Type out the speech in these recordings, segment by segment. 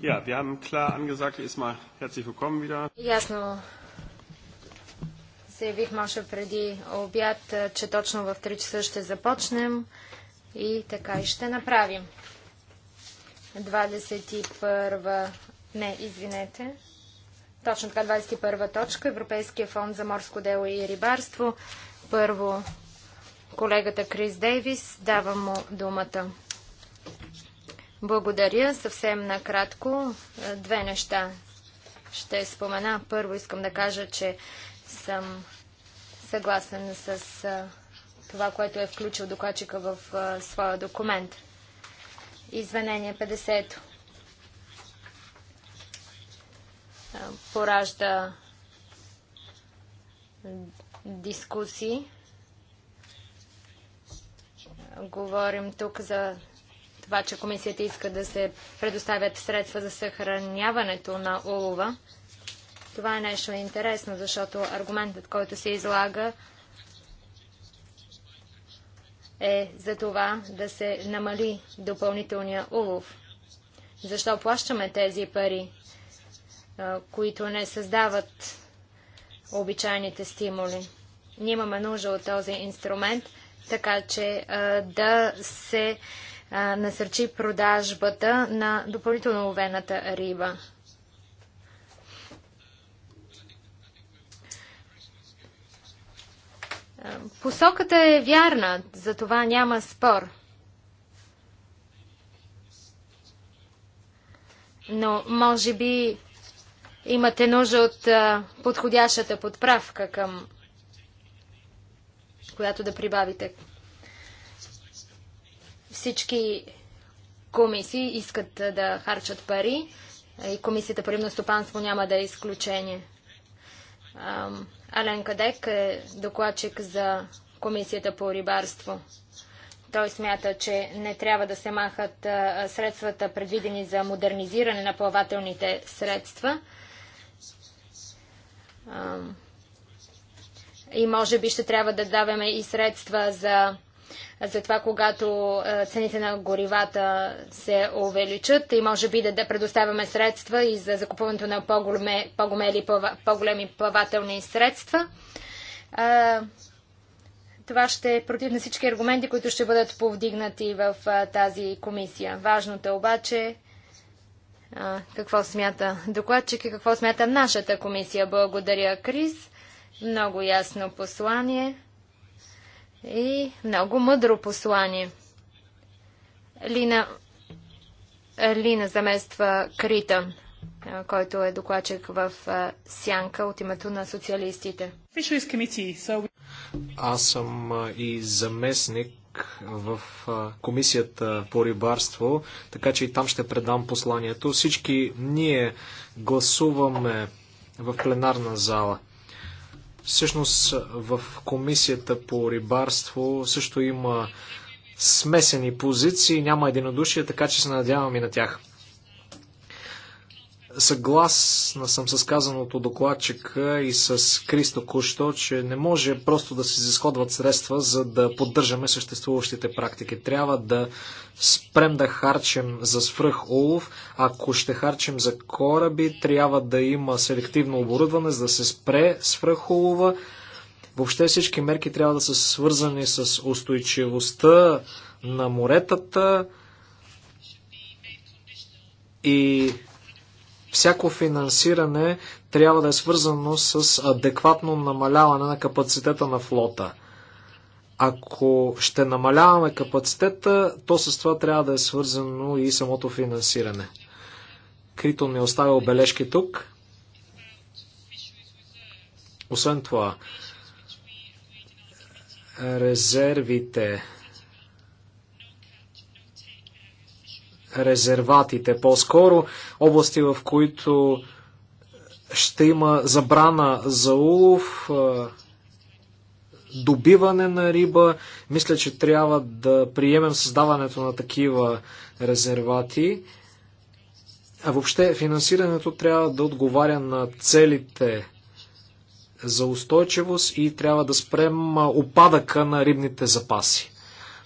Ja, wir haben klar angesagt, Isma, herzlich willkommen wieder. Ясно заявих Маша преди обяд, е, че точно в 3 часа ще започнем и така и ще направим. 21 не, извинете. Точно така, 21 точка. Европейския фонд за морско дело и рибарство. Първо колегата Крис Дейвис. Давам му думата. Благодаря. Съвсем накратко е, две неща ще спомена. Първо искам да кажа, че съм съгласен с е, това, което е включил докладчика в е, своя документ. Извинение 50 поражда дискусии. Говорим тук за това, че комисията иска да се предоставят средства за съхраняването на улова. Това е нещо интересно, защото аргументът, който се излага, е за това да се намали допълнителния улов. Защо плащаме тези пари, които не създават обичайните стимули? Ние имаме нужда от този инструмент, така че да се насърчи продажбата на допълнително ловената риба. Посоката е вярна, за това няма спор. Но може би имате нужда от подходящата подправка към която да прибавите всички комисии искат да харчат пари и комисията по рибно стопанство няма да е изключение. Ален Кадек е докладчик за комисията по рибарство. Той смята, че не трябва да се махат средствата, предвидени за модернизиране на плавателните средства. и може би ще трябва да даваме и средства за затова, когато е, цените на горивата се увеличат и може би да, предоставяме средства и за закупуването на по-големи, по-големи, по-големи плавателни средства. Е, това ще е против на всички аргументи, които ще бъдат повдигнати в е, тази комисия. Важното е обаче какво смята докладчик и какво смята нашата комисия. Благодаря, Крис. Много ясно послание и много мъдро послание. Лина, Лина замества Крита, който е докладчик в Сянка от името на социалистите. Аз съм и заместник в комисията по рибарство, така че и там ще предам посланието. Всички ние гласуваме в пленарна зала. Всъщност в комисията по рибарство също има смесени позиции, няма единодушие, така че се надявам и на тях. Съгласна съм с казаното докладчика и с Кристо Кушто, че не може просто да се изразходват средства, за да поддържаме съществуващите практики. Трябва да спрем да харчим за свръх улов. Ако ще харчим за кораби, трябва да има селективно оборудване, за да се спре свръх улова. Въобще всички мерки трябва да са свързани с устойчивостта на моретата и Всяко финансиране трябва да е свързано с адекватно намаляване на капацитета на флота. Ако ще намаляваме капацитета, то с това трябва да е свързано и самото финансиране. Критон ми е оставя обележки тук. Освен това, резервите резерватите, по-скоро области, в които ще има забрана за улов, добиване на риба. Мисля, че трябва да приемем създаването на такива резервати. А въобще финансирането трябва да отговаря на целите за устойчивост и трябва да спрем опадъка на рибните запаси.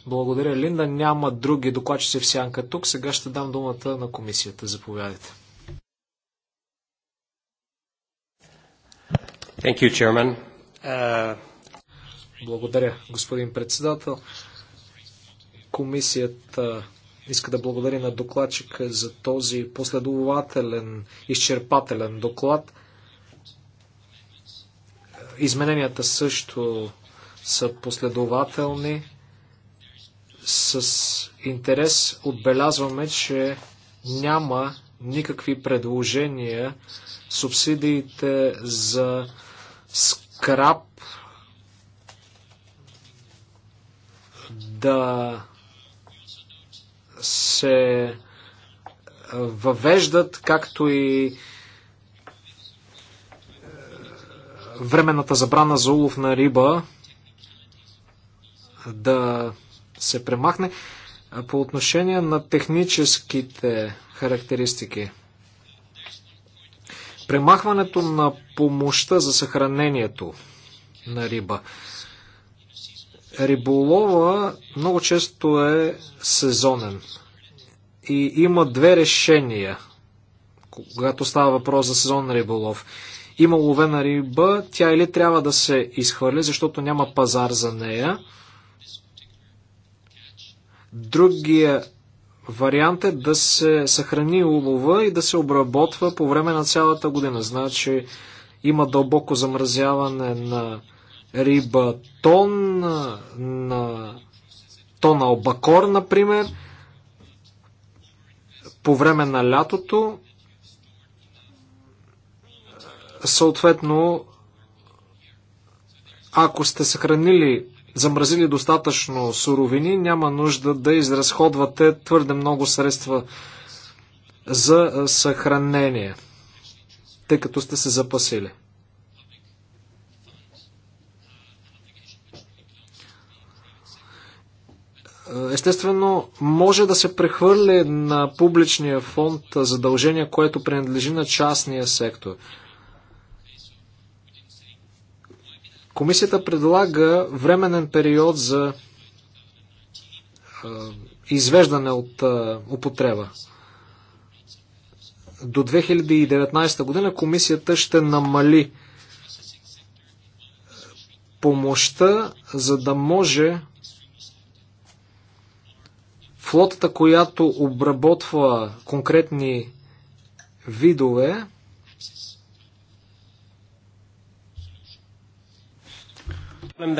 Благодаря, Линда. Няма други докладчици в сянка тук. Сега ще дам думата на комисията. Заповядайте. Thank you, Chairman. Uh... Благодаря, господин председател. Комисията иска да благодари на докладчика за този последователен, изчерпателен доклад. Измененията също са последователни. С интерес отбелязваме, че няма никакви предложения субсидиите за скраб да се въвеждат, както и е, временната забрана за улов на риба да се премахне. По отношение на техническите характеристики, премахването на помощта за съхранението на риба. Риболова много често е сезонен и има две решения, когато става въпрос за сезонен риболов има ловена риба, тя или трябва да се изхвърли, защото няма пазар за нея, Другия вариант е да се съхрани улова и да се обработва по време на цялата година. Значи има дълбоко замразяване на риба тон, на тона албакор, например, по време на лятото. Съответно, ако сте съхранили замразили достатъчно суровини, няма нужда да изразходвате твърде много средства за съхранение, тъй като сте се запасили. Естествено, може да се прехвърли на публичния фонд задължение, което принадлежи на частния сектор. Комисията предлага временен период за извеждане от употреба. До 2019 година комисията ще намали помощта, за да може флотата, която обработва конкретни видове, Да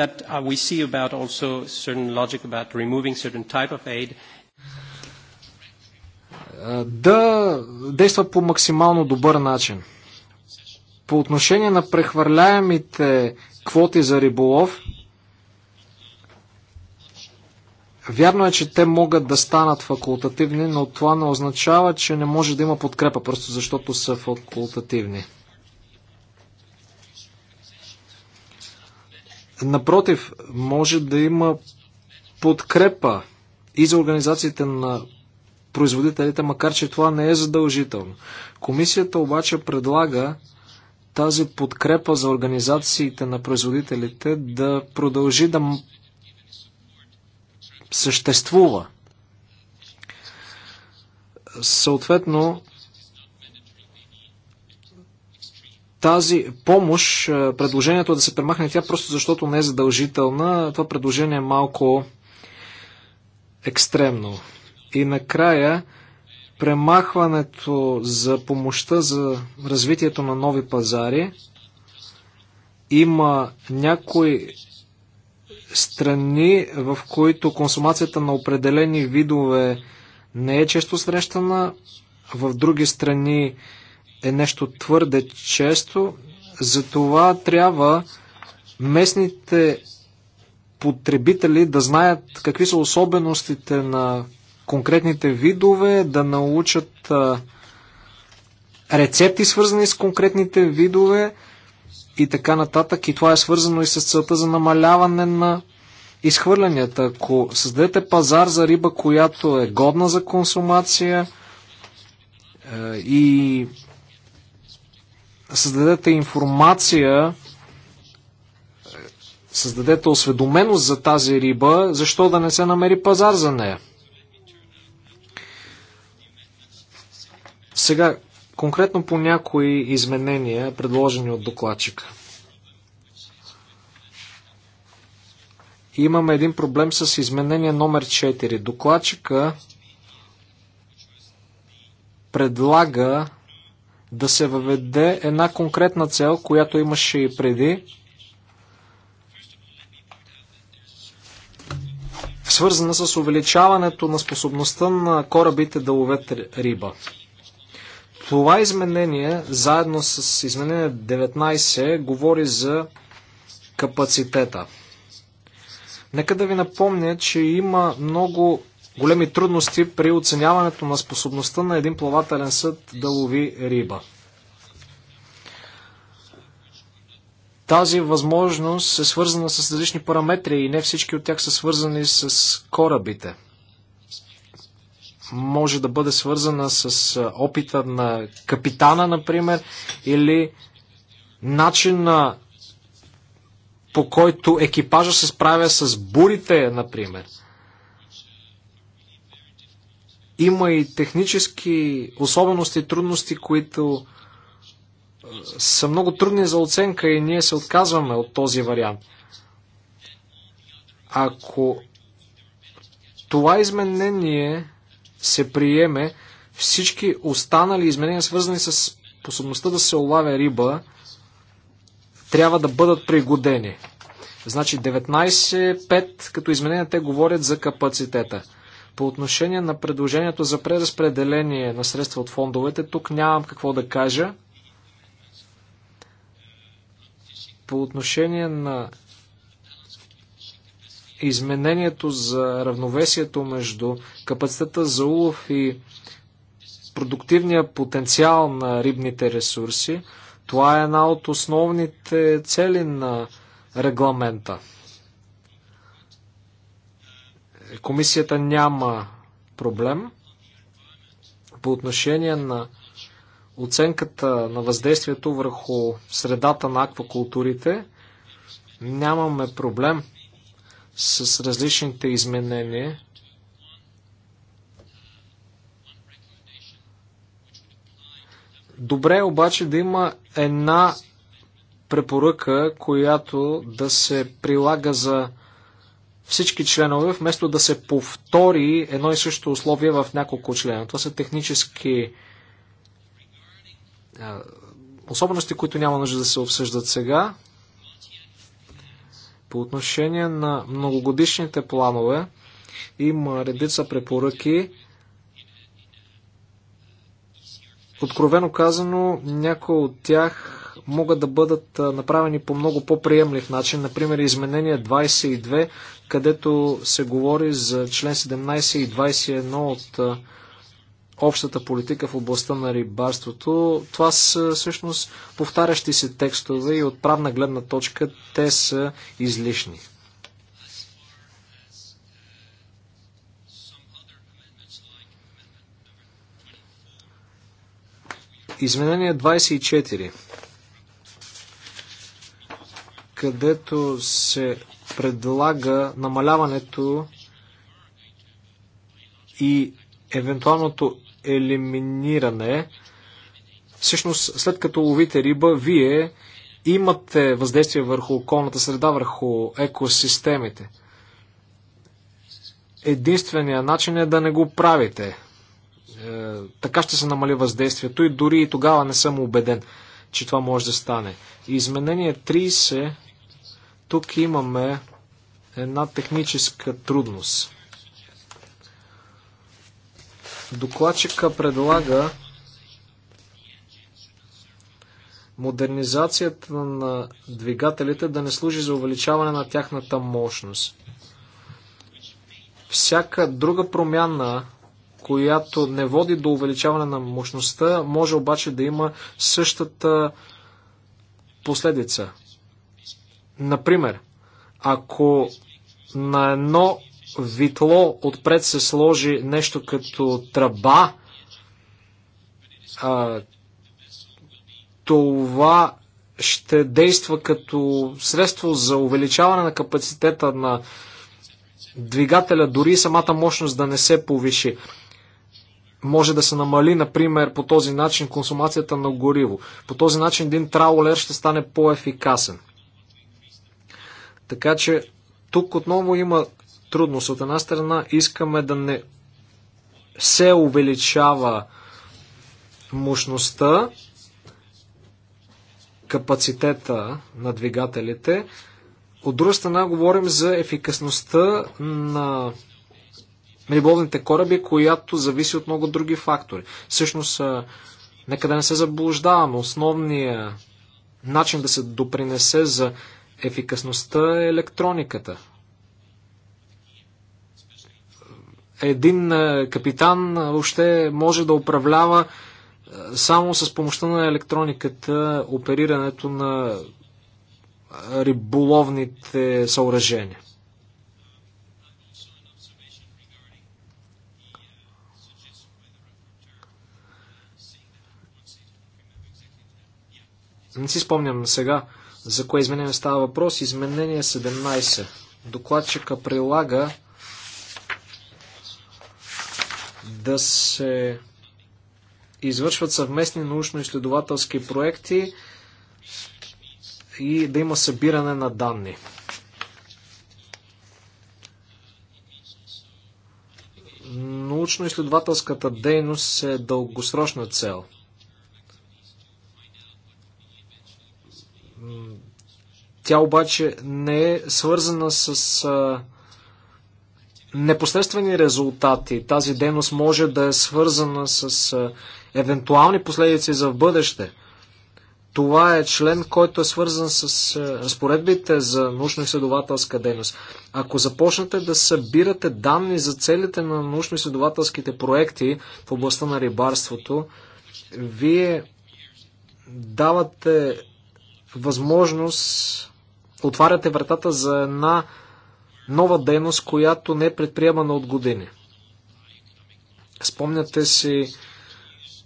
действа по максимално добър начин. По отношение на прехвърляемите квоти за риболов, Вярно е, че те могат да станат факултативни, но това не означава, че не може да има подкрепа, просто защото са факултативни. Напротив, може да има подкрепа и за организациите на производителите, макар че това не е задължително. Комисията обаче предлага тази подкрепа за организациите на производителите да продължи да съществува. Съответно, тази помощ, е, предложението е да се премахне тя просто защото не е задължителна. Това предложение е малко екстремно. И накрая, премахването за помощта за развитието на нови пазари има някои страни, в които консумацията на определени видове не е често срещана, в други страни е нещо твърде често, затова трябва местните потребители да знаят какви са особеностите на конкретните видове, да научат а, рецепти, свързани с конкретните видове и така нататък. И това е свързано и с целта за намаляване на изхвърлянията. Ако създадете пазар за риба, която е годна за консумация и създадете информация, създадете осведоменост за тази риба, защо да не се намери пазар за нея? Сега, конкретно по някои изменения, предложени от докладчика. Имаме един проблем с изменение номер 4. Докладчика предлага да се въведе една конкретна цел, която имаше и преди, свързана с увеличаването на способността на корабите да ловят риба. Това изменение, заедно с изменение 19, говори за капацитета. Нека да ви напомня, че има много големи трудности при оценяването на способността на един плавателен съд да лови риба. Тази възможност е свързана с различни параметри и не всички от тях са свързани с корабите. Може да бъде свързана с опита на капитана, например, или начина по който екипажа се справя с бурите, например – има и технически особености, трудности, които е, са много трудни за оценка и ние се отказваме от този вариант. Ако това изменение се приеме, всички останали изменения, свързани с способността да се олавя риба, трябва да бъдат пригодени. Значи 19.5 като изменения те говорят за капацитета. По отношение на предложението за преразпределение на средства от фондовете, тук нямам какво да кажа. По отношение на изменението за равновесието между капацитета за улов и продуктивния потенциал на рибните ресурси, това е една от основните цели на регламента. Комисията няма проблем по отношение на оценката на въздействието върху средата на аквакултурите. Нямаме проблем с различните изменения. Добре е обаче да има една препоръка, която да се прилага за всички членове, вместо да се повтори едно и също условие в няколко члена. Това са технически особености, които няма нужда да се обсъждат сега. По отношение на многогодишните планове има редица препоръки. Откровено казано, някои от тях могат да бъдат направени по много по-приемлив начин. Например, изменение 22, където се говори за член 17 и 21 от общата политика в областта на рибарството. Това са всъщност повтарящи се текстове и от правна гледна точка те са излишни. Изменение 24 където се предлага намаляването и евентуалното елиминиране, всъщност след като ловите риба, вие имате въздействие върху околната среда, върху екосистемите. Единственият начин е да не го правите. Е, така ще се намали въздействието и дори и тогава не съм убеден че това може да стане. Изменение 30, тук имаме една техническа трудност. Докладчика предлага модернизацията на двигателите да не служи за увеличаване на тяхната мощност. Всяка друга промяна която не води до увеличаване на мощността, може обаче да има същата последица. Например, ако на едно витло отпред се сложи нещо като тръба, а, това ще действа като средство за увеличаване на капацитета на двигателя, дори самата мощност да не се повиши може да се намали, например, по този начин консумацията на гориво. По този начин един траулер ще стане по-ефикасен. Така че тук отново има трудност. От една страна искаме да не се увеличава мощността, капацитета на двигателите. От друга страна говорим за ефикасността на риболовните кораби, която зависи от много други фактори. Всъщност, нека да не се заблуждаваме, основният начин да се допринесе за ефикасността е електрониката. Един капитан въобще може да управлява само с помощта на електрониката оперирането на риболовните съоръжения. Не си спомням сега за кое изменение става въпрос. Изменение 17. Докладчика прилага да се извършват съвместни научно-изследователски проекти и да има събиране на данни. Научно-изследователската дейност е дългосрочна цел – Тя обаче не е свързана с а, непосредствени резултати. Тази дейност може да е свързана с а, евентуални последици за в бъдеще. Това е член, който е свързан с разпоредбите за научно-изследователска дейност. Ако започнете да събирате данни за целите на научно-изследователските проекти в областта на рибарството, вие давате възможност отваряте вратата за една нова дейност, която не е предприемана от години. Спомняте си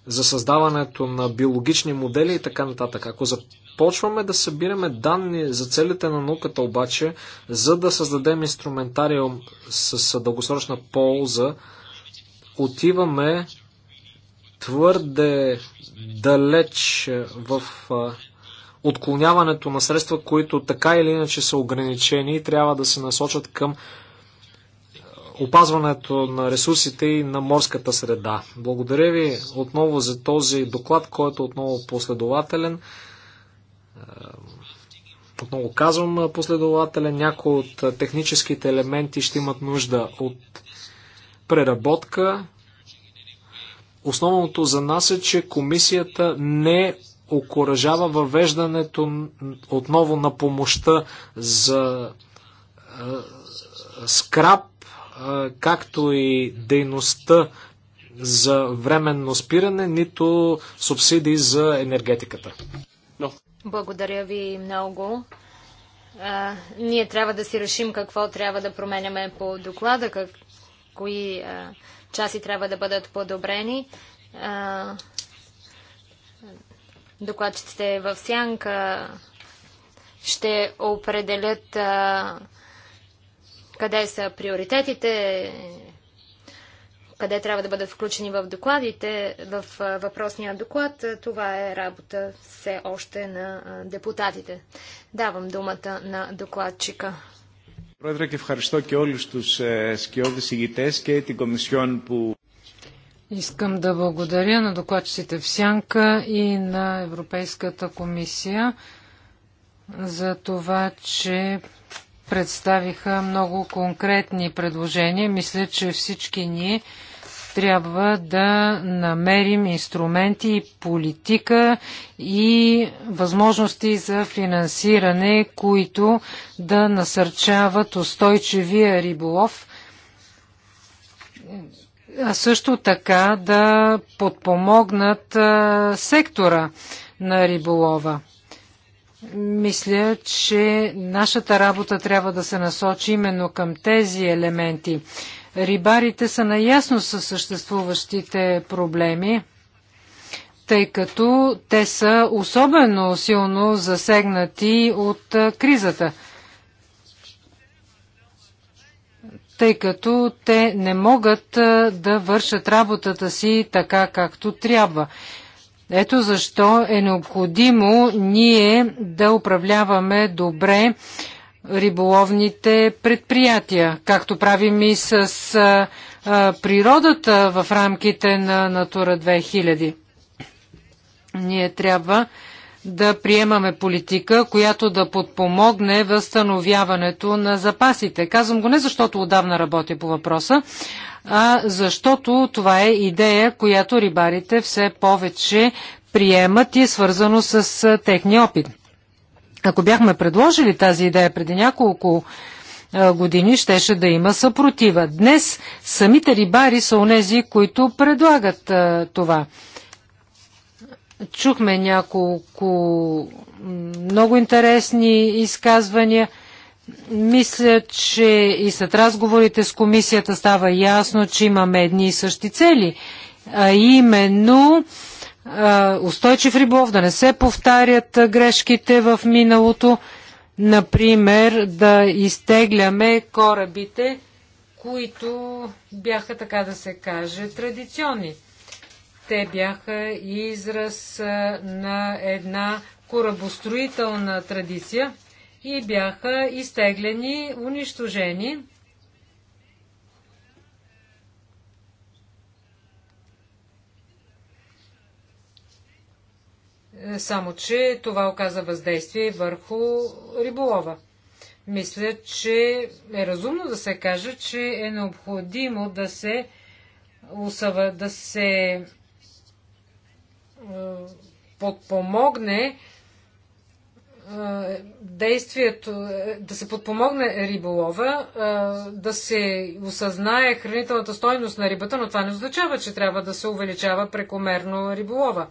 за създаването на биологични модели и така нататък. Ако започваме да събираме данни за целите на науката обаче, за да създадем инструментариум с дългосрочна полза, отиваме твърде далеч в отклоняването на средства, които така или иначе са ограничени и трябва да се насочат към е, опазването на ресурсите и на морската среда. Благодаря ви отново за този доклад, който е отново последователен. Е, отново казвам последователен. Някои от техническите елементи ще имат нужда от преработка. Основното за нас е, че комисията не окоръжава въвеждането отново на помощта за скраб, както и дейността за временно спиране, нито субсидии за енергетиката. Но. Благодаря ви много. А, ние трябва да си решим какво трябва да променяме по доклада, как, кои а, части трябва да бъдат подобрени. А, докладчиците в сянка ще определят а, къде са приоритетите, къде трябва да бъдат включени в докладите, в въпросния доклад. Това е работа все още на депутатите. Давам думата на докладчика. Πρόεδρε, και ευχαριστώ και όλους τους е, σκιώδεις ηγητές και την Κομισιόν που... Искам да благодаря на докладчиците в Сянка и на Европейската комисия за това, че представиха много конкретни предложения. Мисля, че всички ние трябва да намерим инструменти, политика и възможности за финансиране, които да насърчават устойчивия риболов също така да подпомогнат сектора на риболова. Мисля, че нашата работа трябва да се насочи именно към тези елементи. Рибарите са наясно със съществуващите проблеми, тъй като те са особено силно засегнати от кризата – тъй като те не могат да вършат работата си така както трябва. Ето защо е необходимо ние да управляваме добре риболовните предприятия, както правим и с а, а, природата в рамките на Натура 2000. Ние трябва да приемаме политика, която да подпомогне възстановяването на запасите. Казвам го не защото отдавна работя по въпроса, а защото това е идея, която рибарите все повече приемат и е свързано с техния опит. Ако бяхме предложили тази идея преди няколко години щеше да има съпротива. Днес самите рибари са онези, които предлагат това. Чухме няколко много интересни изказвания. Мисля, че и след разговорите с комисията става ясно, че имаме едни и същи цели. А именно устойчив риболов, да не се повтарят грешките в миналото, например да изтегляме корабите, които бяха, така да се каже, традиционни. Те бяха израз на една корабостроителна традиция и бяха изтеглени, унищожени. Само, че това оказа въздействие върху риболова. Мисля, че е разумно да се каже, че е необходимо да се, да се е, подпомогне е, действието, да се подпомогне риболова, е, да се осъзнае хранителната стойност на рибата, но това не означава, че трябва да се увеличава прекомерно риболова.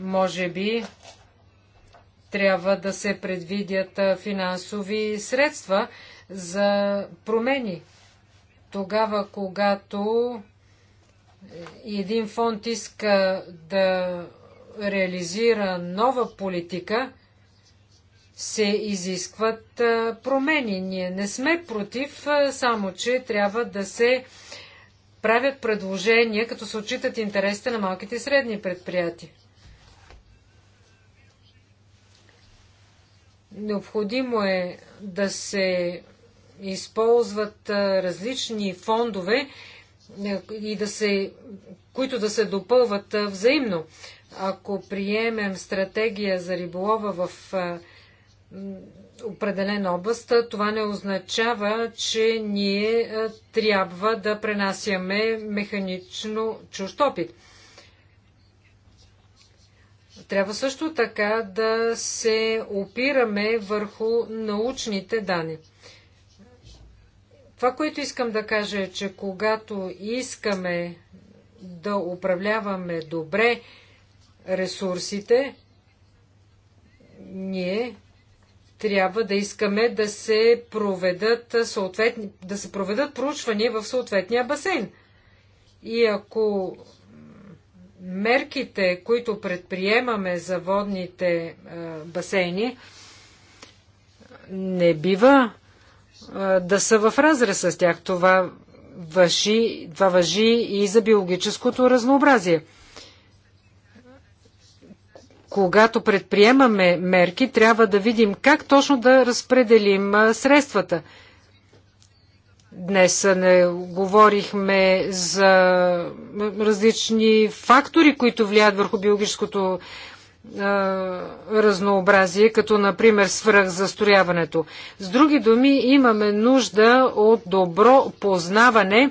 Може би трябва да се предвидят финансови средства за промени тогава, когато е, един фонд иска да реализира нова политика, се изискват е, промени. Ние не сме против, е, само че трябва да се правят предложения, като се отчитат интересите на малките и средни предприятия. Необходимо е да се използват различни фондове и да се, които да се допълват взаимно. Ако приемем стратегия за риболова в определена област, това не означава, че ние трябва да пренасяме механично чужд опит. Трябва също така да се опираме върху научните данни. Това, което искам да кажа е, че когато искаме да управляваме добре ресурсите, ние трябва да искаме да се проведат, съответни, да се проведат проучвания в съответния басейн. И ако мерките, които предприемаме за водните басейни, не бива да са в разрез с тях. Това въжи, това въжи и за биологическото разнообразие. Когато предприемаме мерки, трябва да видим как точно да разпределим средствата. Днес не говорихме за различни фактори, които влияят върху биологическото разнообразие, като например свръхзастрояването. С други думи, имаме нужда от добро познаване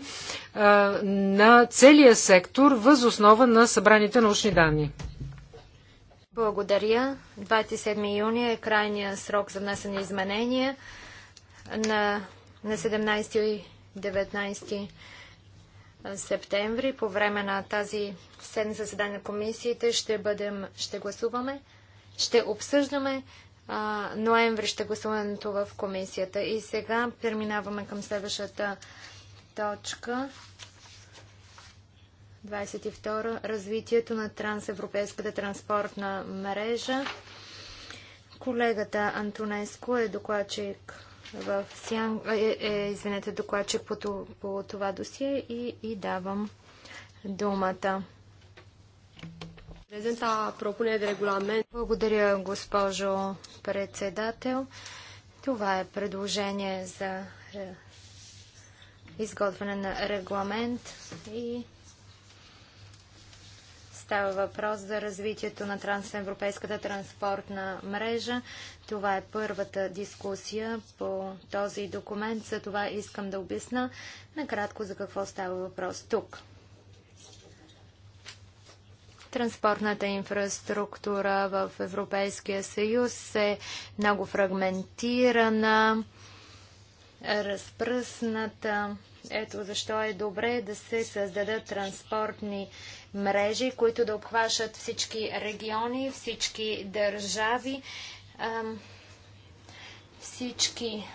на целия сектор въз основа на събраните научни данни. Благодаря. 27 юни е крайния срок за внесени изменения на, на 17 и 19 септември. По време на тази седмица заседание на комисиите ще, бъдем, ще гласуваме, ще обсъждаме. А, ноември ще гласуването в комисията. И сега преминаваме към следващата точка. 22. Развитието на трансевропейската транспортна мрежа. Колегата Антонеско е докладчик в сян... е, е, извинете, докладчик по, по това досие и, и давам думата. Презента пропуне е регламент. Благодаря, госпожо председател. Това е предложение за е, изготвяне на регламент и Става въпрос за развитието на трансевропейската транспортна мрежа. Това е първата дискусия по този документ. За това искам да обясна накратко за какво става въпрос тук. Транспортната инфраструктура в Европейския съюз е много фрагментирана, разпръсната. Ето защо е добре да се създадат транспортни мрежи, които да обхващат всички региони, всички държави, всички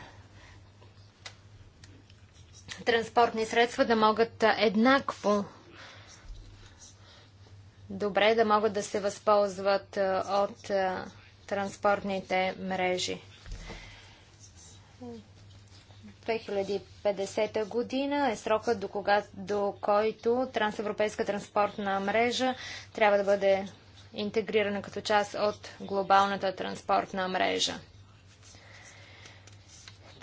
транспортни средства да могат еднакво добре да могат да се възползват от транспортните мрежи. 2050 година е срокът до, кога, до който трансевропейска транспортна мрежа трябва да бъде интегрирана като част от глобалната транспортна мрежа.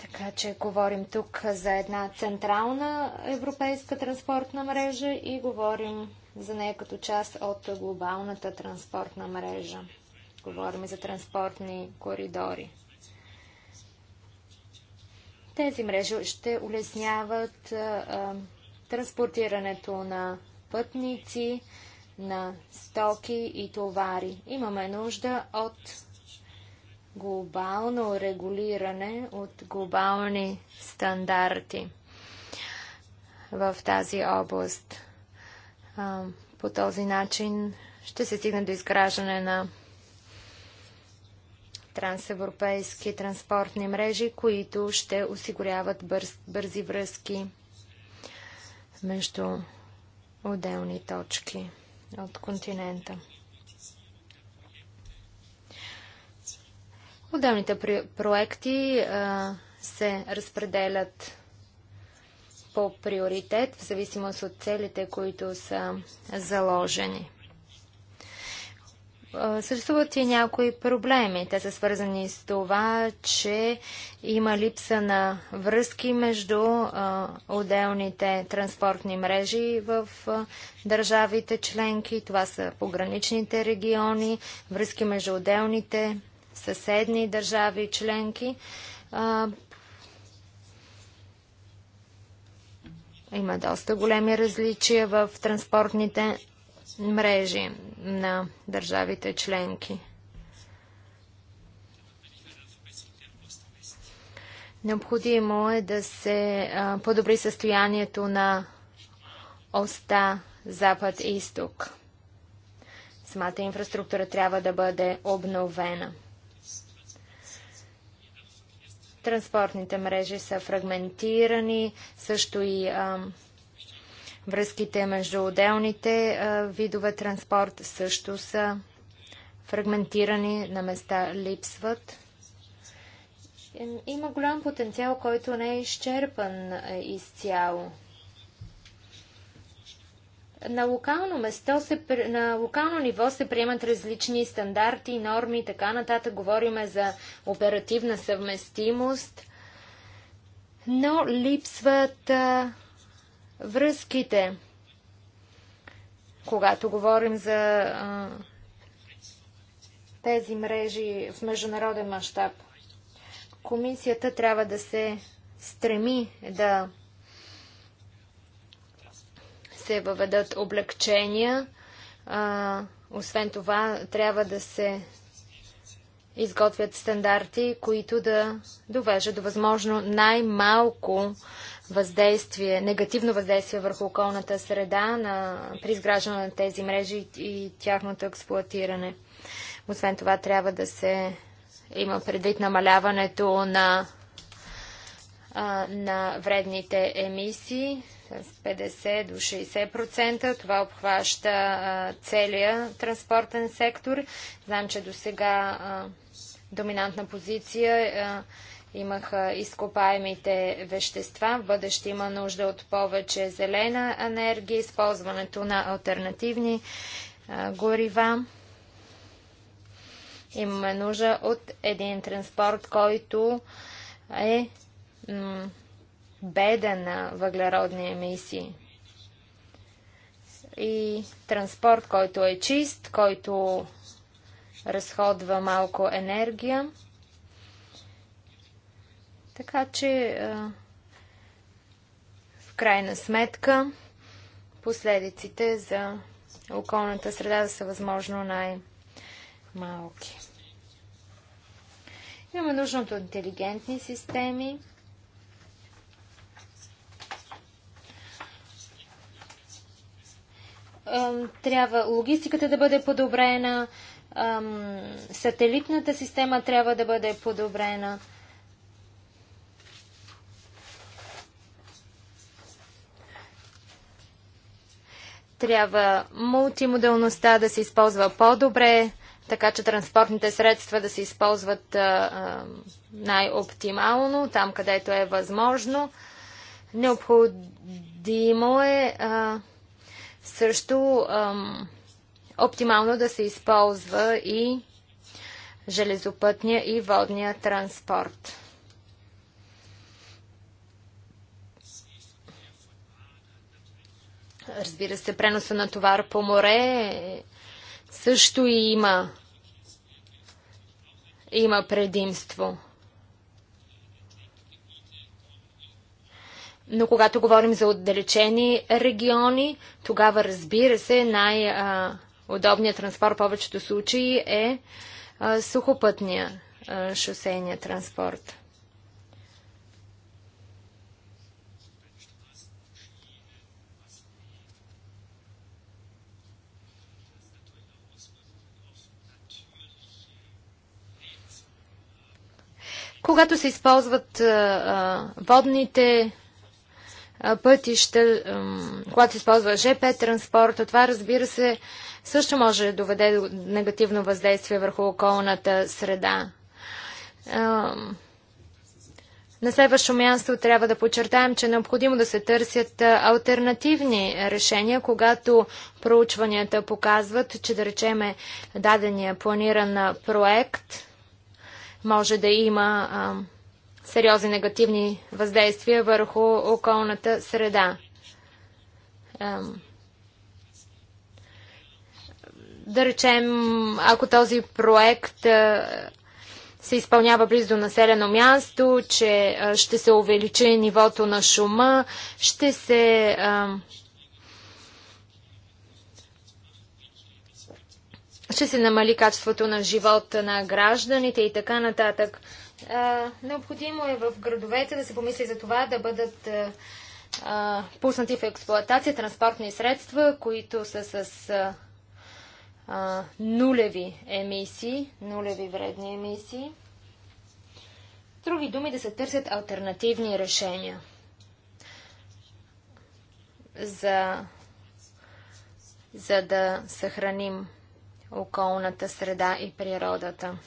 Така че говорим тук за една централна европейска транспортна мрежа и говорим за нея като част от глобалната транспортна мрежа. Говорим за транспортни коридори. Тези мрежи ще улесняват а, транспортирането на пътници, на стоки и товари. Имаме нужда от глобално регулиране, от глобални стандарти в тази област. А, по този начин ще се стигне до изграждане на трансевропейски транспортни мрежи, които ще осигуряват бърз, бързи връзки между отделни точки от континента. Отделните проекти а, се разпределят по приоритет в зависимост от целите, които са заложени съществуват и някои проблеми. Те са свързани с това, че има липса на връзки между отделните транспортни мрежи в държавите членки. Това са пограничните региони, връзки между отделните съседни държави членки. има доста големи различия в транспортните мрежи на държавите членки. Необходимо е да се подобри състоянието на оста запад-исток. Самата инфраструктура трябва да бъде обновена. Транспортните мрежи са фрагментирани, също и а, Връзките между отделните видове транспорт също са фрагментирани, на места липсват. Има голям потенциал, който не е изчерпан изцяло. На локално, место се, на локално ниво се приемат различни стандарти, норми и така нататък. Говориме за оперативна съвместимост, но липсват а, връзките. Когато говорим за а, тези мрежи в международен мащаб, комисията трябва да се стреми да се въведат облегчения. А, освен това, трябва да се изготвят стандарти, които да довежат до възможно най-малко въздействие, негативно въздействие върху околната среда на, при изграждане на тези мрежи и, и тяхното експлуатиране. Освен това трябва да се има предвид намаляването на, а, на вредните емисии с 50 до 60%. Това обхваща а, целия транспортен сектор. Знам, че до сега доминантна позиция а, имаха изкопаемите вещества. В бъдеще има нужда от повече зелена енергия, използването на альтернативни горива. Имаме нужда от един транспорт, който е беден на въглеродни емисии. И транспорт, който е чист, който разходва малко енергия. Така че в крайна сметка последиците за околната среда да са възможно най-малки. Имаме нужното от интелигентни системи. Трябва логистиката да бъде подобрена, сателитната система трябва да бъде подобрена. Трябва мултимоделността да се използва по-добре, така че транспортните средства да се използват най-оптимално, там където е възможно. Необходимо е а, също а, оптимално да се използва и железопътния и водния транспорт. Разбира се, преноса на товар по море също и има, има предимство. Но когато говорим за отдалечени региони, тогава разбира се най-удобният транспорт в повечето случаи е сухопътния шосейния транспорт. Когато се използват водните пътища, когато се използва ЖП транспорта, това разбира се също може да доведе до негативно въздействие върху околната среда. На следващо място трябва да подчертаем, че е необходимо да се търсят альтернативни решения, когато проучванията показват, че да речеме дадения планиран проект – може да има а, сериозни негативни въздействия върху околната среда. А, да речем, ако този проект а, се изпълнява близо до населено място, че ще се увеличи нивото на шума, ще се ще се намали качеството на живота на гражданите и така нататък. А, необходимо е в градовете да се помисли за това да бъдат а, пуснати в експлоатация транспортни средства, които са с а, нулеви емисии, нулеви вредни емисии. Други думи да се търсят альтернативни решения за, за да съхраним околната среда и природата.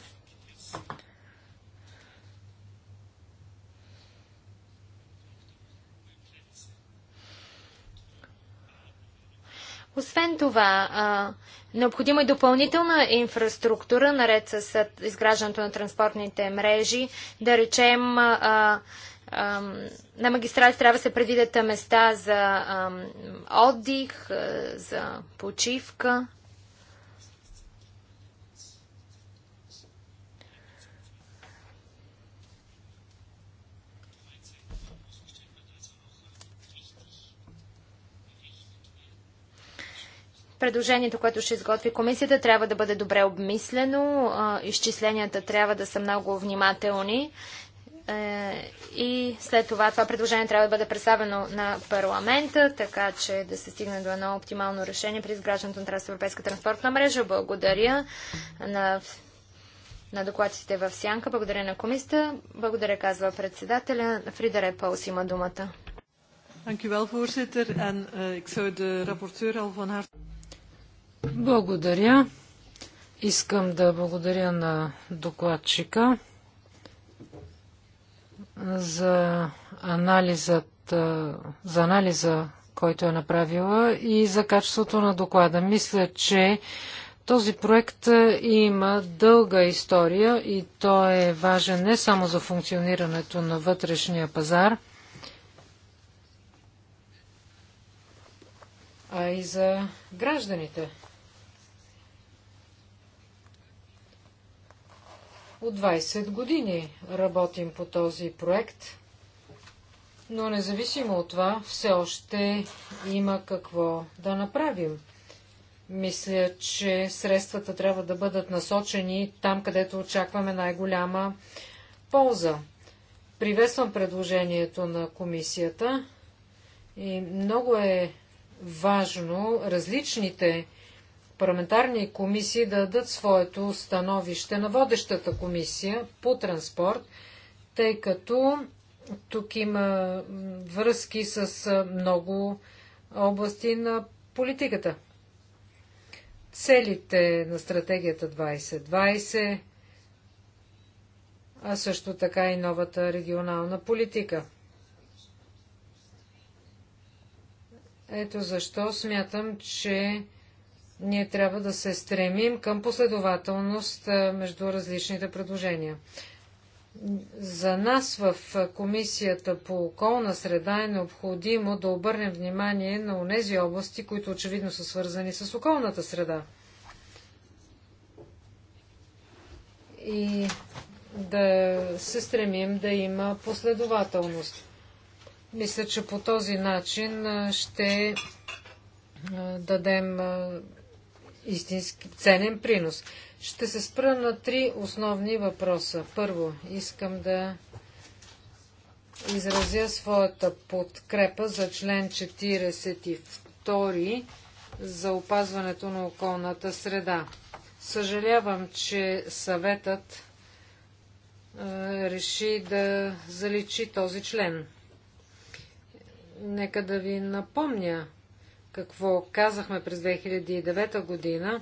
Освен това, необходима е допълнителна инфраструктура, наред с изграждането на транспортните мрежи. Да речем, на магистрали трябва да се предвидят места за отдих, за почивка. Предложението, което ще изготви комисията, трябва да бъде добре обмислено. Изчисленията трябва да са много внимателни. Е, и след това това предложение трябва да бъде представено на парламента, така че да се стигне до едно оптимално решение при изграждането на трансевропейска транспортна мрежа. Благодаря на на докладците в Сянка. Благодаря на комисията. Благодаря, казва председателя. Фрида Репаус има думата. Dank u wel, voorzitter. En uh, ik zou de rapporteur al van harte... Благодаря. Искам да благодаря на докладчика за анализът, за анализа, който е направила и за качеството на доклада. Мисля, че този проект има дълга история и той е важен не само за функционирането на вътрешния пазар, а и за гражданите. От 20 години работим по този проект, но независимо от това, все още има какво да направим. Мисля, че средствата трябва да бъдат насочени там, където очакваме най-голяма полза. Привесвам предложението на комисията и много е важно различните парламентарни комисии да дадат своето становище на водещата комисия по транспорт, тъй като тук има връзки с много области на политиката. Целите на стратегията 2020, а също така и новата регионална политика. Ето защо смятам, че ние трябва да се стремим към последователност между различните предложения. За нас в Комисията по околна среда е необходимо да обърнем внимание на тези области, които очевидно са свързани с околната среда. И да се стремим да има последователност. Мисля, че по този начин ще дадем истински ценен принос. Ще се спра на три основни въпроса. Първо, искам да изразя своята подкрепа за член 42 за опазването на околната среда. Съжалявам, че съветът е, реши да заличи този член. Нека да ви напомня какво казахме през 2009 година,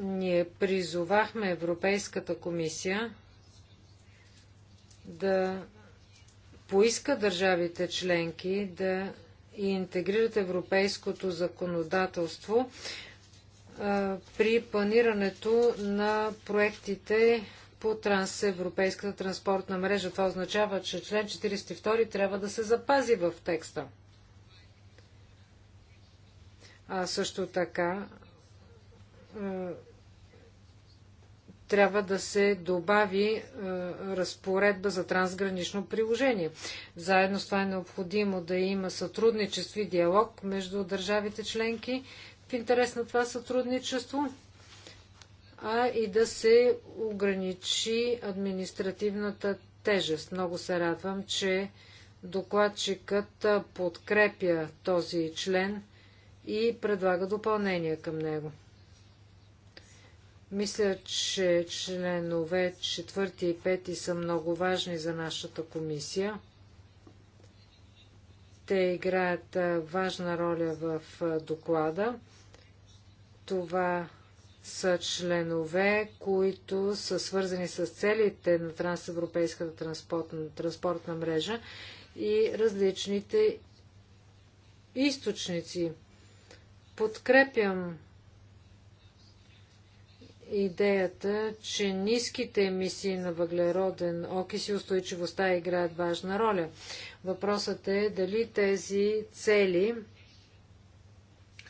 ние призовахме Европейската комисия да поиска държавите членки да интегрират европейското законодателство при планирането на проектите по трансевропейската транспортна мрежа. Това означава, че член 42 трябва да се запази в текста. А също така е, трябва да се добави е, разпоредба за трансгранично приложение. Заедно с това е необходимо да има сътрудничество и диалог между държавите членки в интерес на това сътрудничество а и да се ограничи административната тежест. Много се радвам, че докладчикът подкрепя този член и предлага допълнение към него. Мисля, че членове 4 и 5 са много важни за нашата комисия. Те играят важна роля в доклада. Това са членове, които са свързани с целите на трансевропейската транспортна, транспортна мрежа и различните източници. Подкрепям идеята, че ниските емисии на въглероден окис и устойчивостта играят важна роля. Въпросът е дали тези цели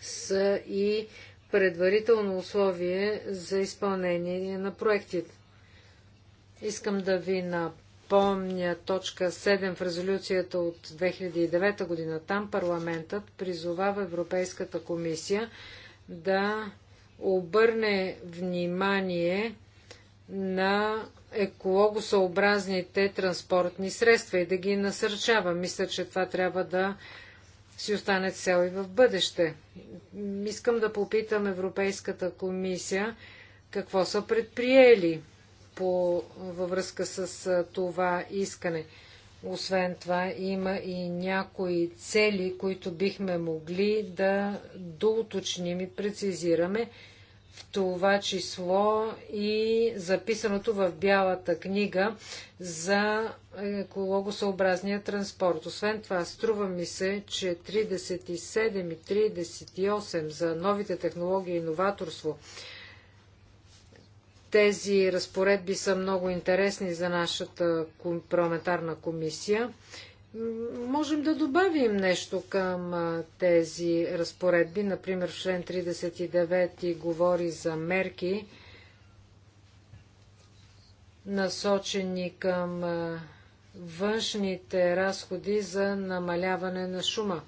са и предварително условие за изпълнение на проектите. Искам да ви напомня точка 7 в резолюцията от 2009 година. Там парламентът призовава Европейската комисия да обърне внимание на екологосъобразните транспортни средства и да ги насърчава. Мисля, че това трябва да си остане цел и в бъдеще. Искам да попитам Европейската комисия какво са предприели по, във връзка с това искане. Освен това, има и някои цели, които бихме могли да доуточним и прецизираме, в това число и записаното в Бялата книга за екологосъобразния транспорт. Освен това, струва ми се, че 37 и 38 за новите технологии и новаторство, тези разпоредби са много интересни за нашата парламентарна комисия. Можем да добавим нещо към тези разпоредби. Например, в член 39 говори за мерки, насочени към външните разходи за намаляване на шума.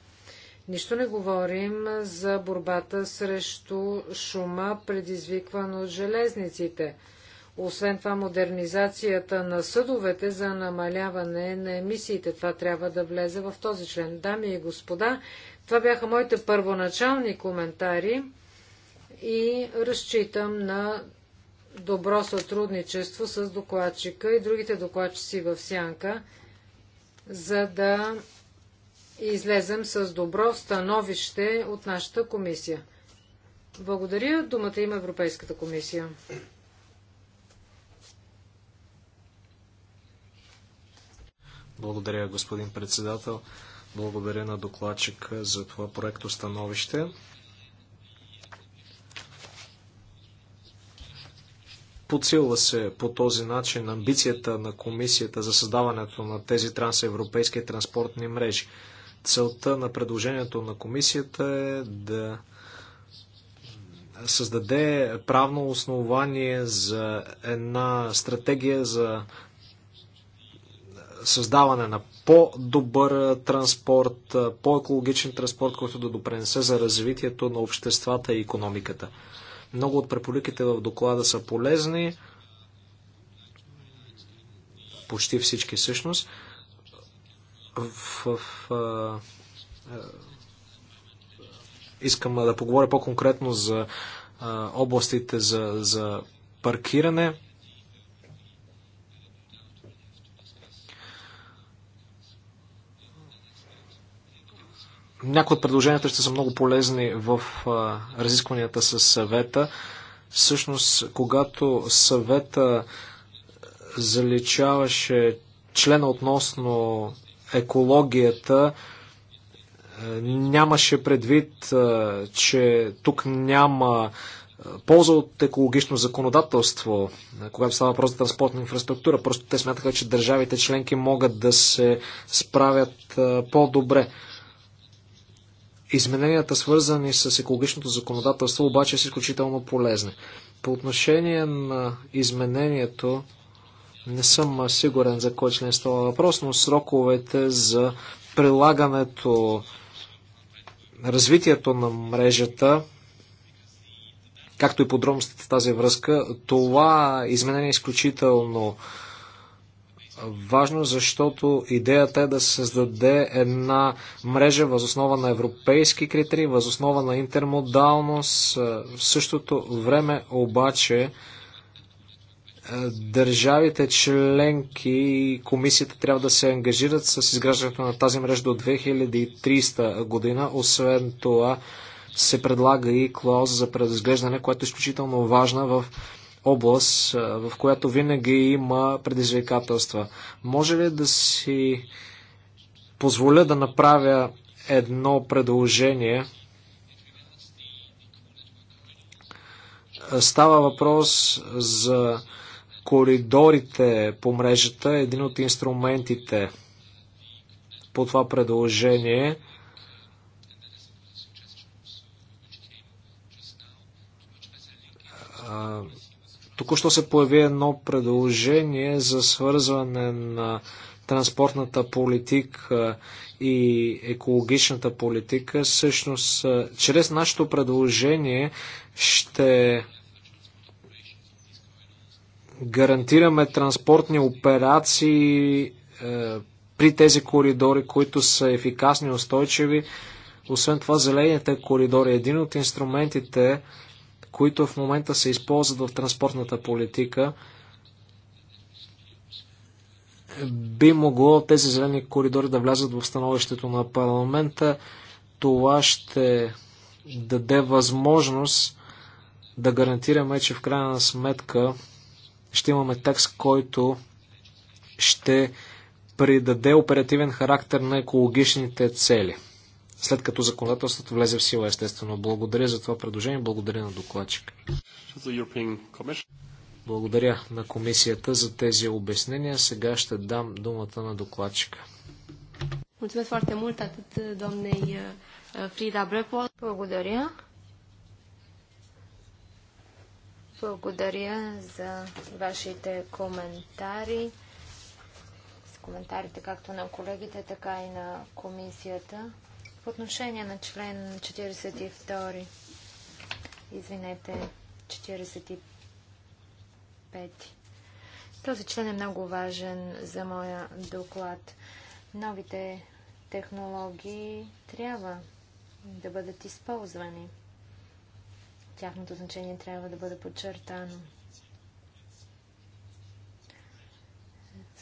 Нищо не говорим за борбата срещу шума, предизвикван от железниците. Освен това, модернизацията на съдовете за намаляване на емисиите. Това трябва да влезе в този член. Дами и господа, това бяха моите първоначални коментари и разчитам на добро сътрудничество с докладчика и другите докладчици в сянка, за да излезем с добро становище от нашата комисия. Благодаря. Думата има Европейската комисия. Благодаря, господин председател. Благодаря на докладчика за това проекто становище. Подсилва се по този начин амбицията на комисията за създаването на тези трансевропейски транспортни мрежи. Целта на предложението на комисията е да създаде правно основание за една стратегия за създаване на по-добър транспорт, по-екологичен транспорт, който да допренесе за развитието на обществата и економиката. Много от препоръките в доклада са полезни. Почти всички всъщност. В, в, а, искам да поговоря по-конкретно за а, областите за, за паркиране. Някои от предложенията ще са много полезни в разискванията с съвета. Всъщност, когато съвета заличаваше члена относно екологията, нямаше предвид, че тук няма полза от екологично законодателство, когато става въпрос за транспортна инфраструктура. Просто те смятаха, че държавите членки могат да се справят по-добре. Измененията, свързани с екологичното законодателство, обаче са изключително полезни. По отношение на изменението, не съм сигурен за кой член става въпрос, но сроковете за прилагането, развитието на мрежата, както и подробностите в тази връзка, това изменение е изключително важно, защото идеята е да се създаде една мрежа възоснова на европейски критерии, възоснова на интермодалност. Е, в същото време обаче е, държавите членки и комисията трябва да се ангажират с изграждането на тази мрежа до 2300 година. Освен това се предлага и клауза за преразглеждане, която е изключително важна в област, в която винаги има предизвикателства. Може ли да си позволя да направя едно предложение? Става въпрос за коридорите по мрежата, един от инструментите по това предложение. Току-що се появи едно предложение за свързване на транспортната политика и екологичната политика. Същност, чрез нашето предложение ще гарантираме транспортни операции е, при тези коридори, които са ефикасни и устойчиви. Освен това, зелените коридори е един от инструментите, които в момента се използват в транспортната политика, би могло тези зелени коридори да влязат в становището на парламента. Това ще даде възможност да гарантираме, че в крайна сметка ще имаме текст, който ще придаде оперативен характер на екологичните цели – след като законодателството влезе в сила, естествено. Благодаря за това предложение, благодаря на докладчик. Благодаря на комисията за тези обяснения. Сега ще дам думата на докладчика. Mulțumesc foarte mult atât doamnei е, е, Frida Благодаря. Благодаря за вашите коментари. С коментарите както на колегите, така и на комисията отношение на член 42, извинете, 45. Този член е много важен за моя доклад. Новите технологии трябва да бъдат използвани. Тяхното значение трябва да бъде подчертано.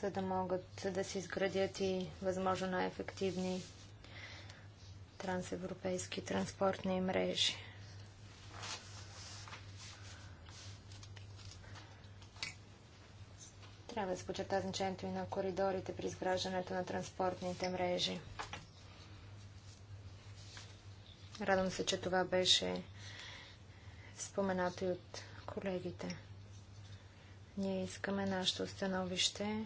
За да могат да се изградят и възможно най-ефективни трансевропейски транспортни мрежи. Трябва да се значението и на коридорите при изграждането на транспортните мрежи. Радвам се, че това беше споменато и от колегите. Ние искаме нашето становище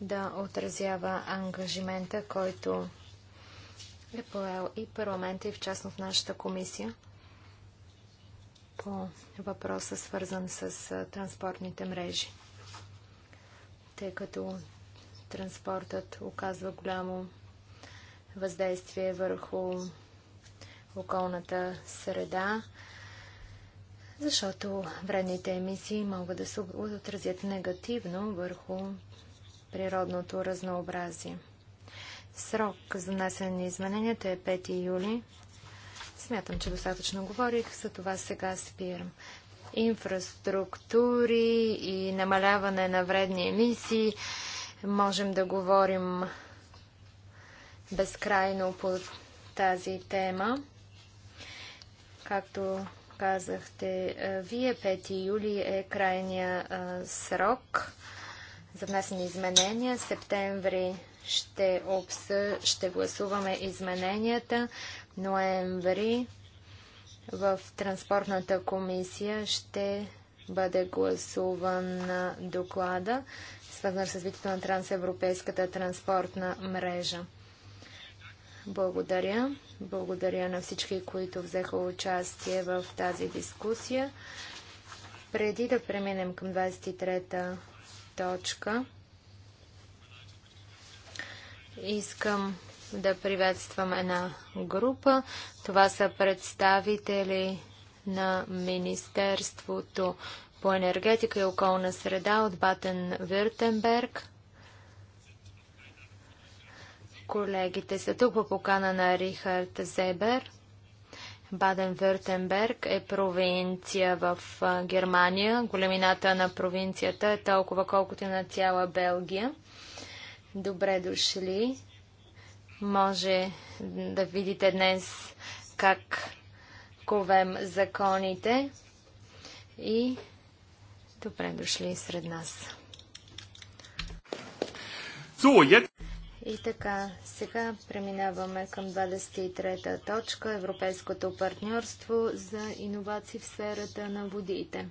да отразява ангажимента, който е поел и парламента, и в частност нашата комисия по въпроса, свързан с транспортните мрежи. Тъй като транспортът оказва голямо въздействие върху околната среда, защото вредните емисии могат да се отразят негативно върху природното разнообразие. Срок за внасяне на измененията е 5 юли. Смятам, че достатъчно говорих, за това сега спирам. Инфраструктури и намаляване на вредни емисии. Можем да говорим безкрайно по тази тема. Както казахте, вие 5 юли е крайния а, срок за внесени изменения. Септември ще, обсъ... ще гласуваме измененията. Ноември в Транспортната комисия ще бъде гласуван доклада, свързан с развитието на трансевропейската транспортна мрежа. Благодаря. Благодаря на всички, които взеха участие в тази дискусия. Преди да преминем към 23-та точка. Искам да приветствам една група. Това са представители на Министерството по енергетика и околна среда от батен виртенберг Колегите са тук по покана на Рихард Зебер баден Въртенберг е провинция в Германия. Големината на провинцията е толкова колкото на цяла Белгия. Добре дошли! Може да видите днес как ковем законите и добре дошли сред нас. И така, сега преминаваме към 23-та точка Европейското партньорство за иновации в сферата на водите.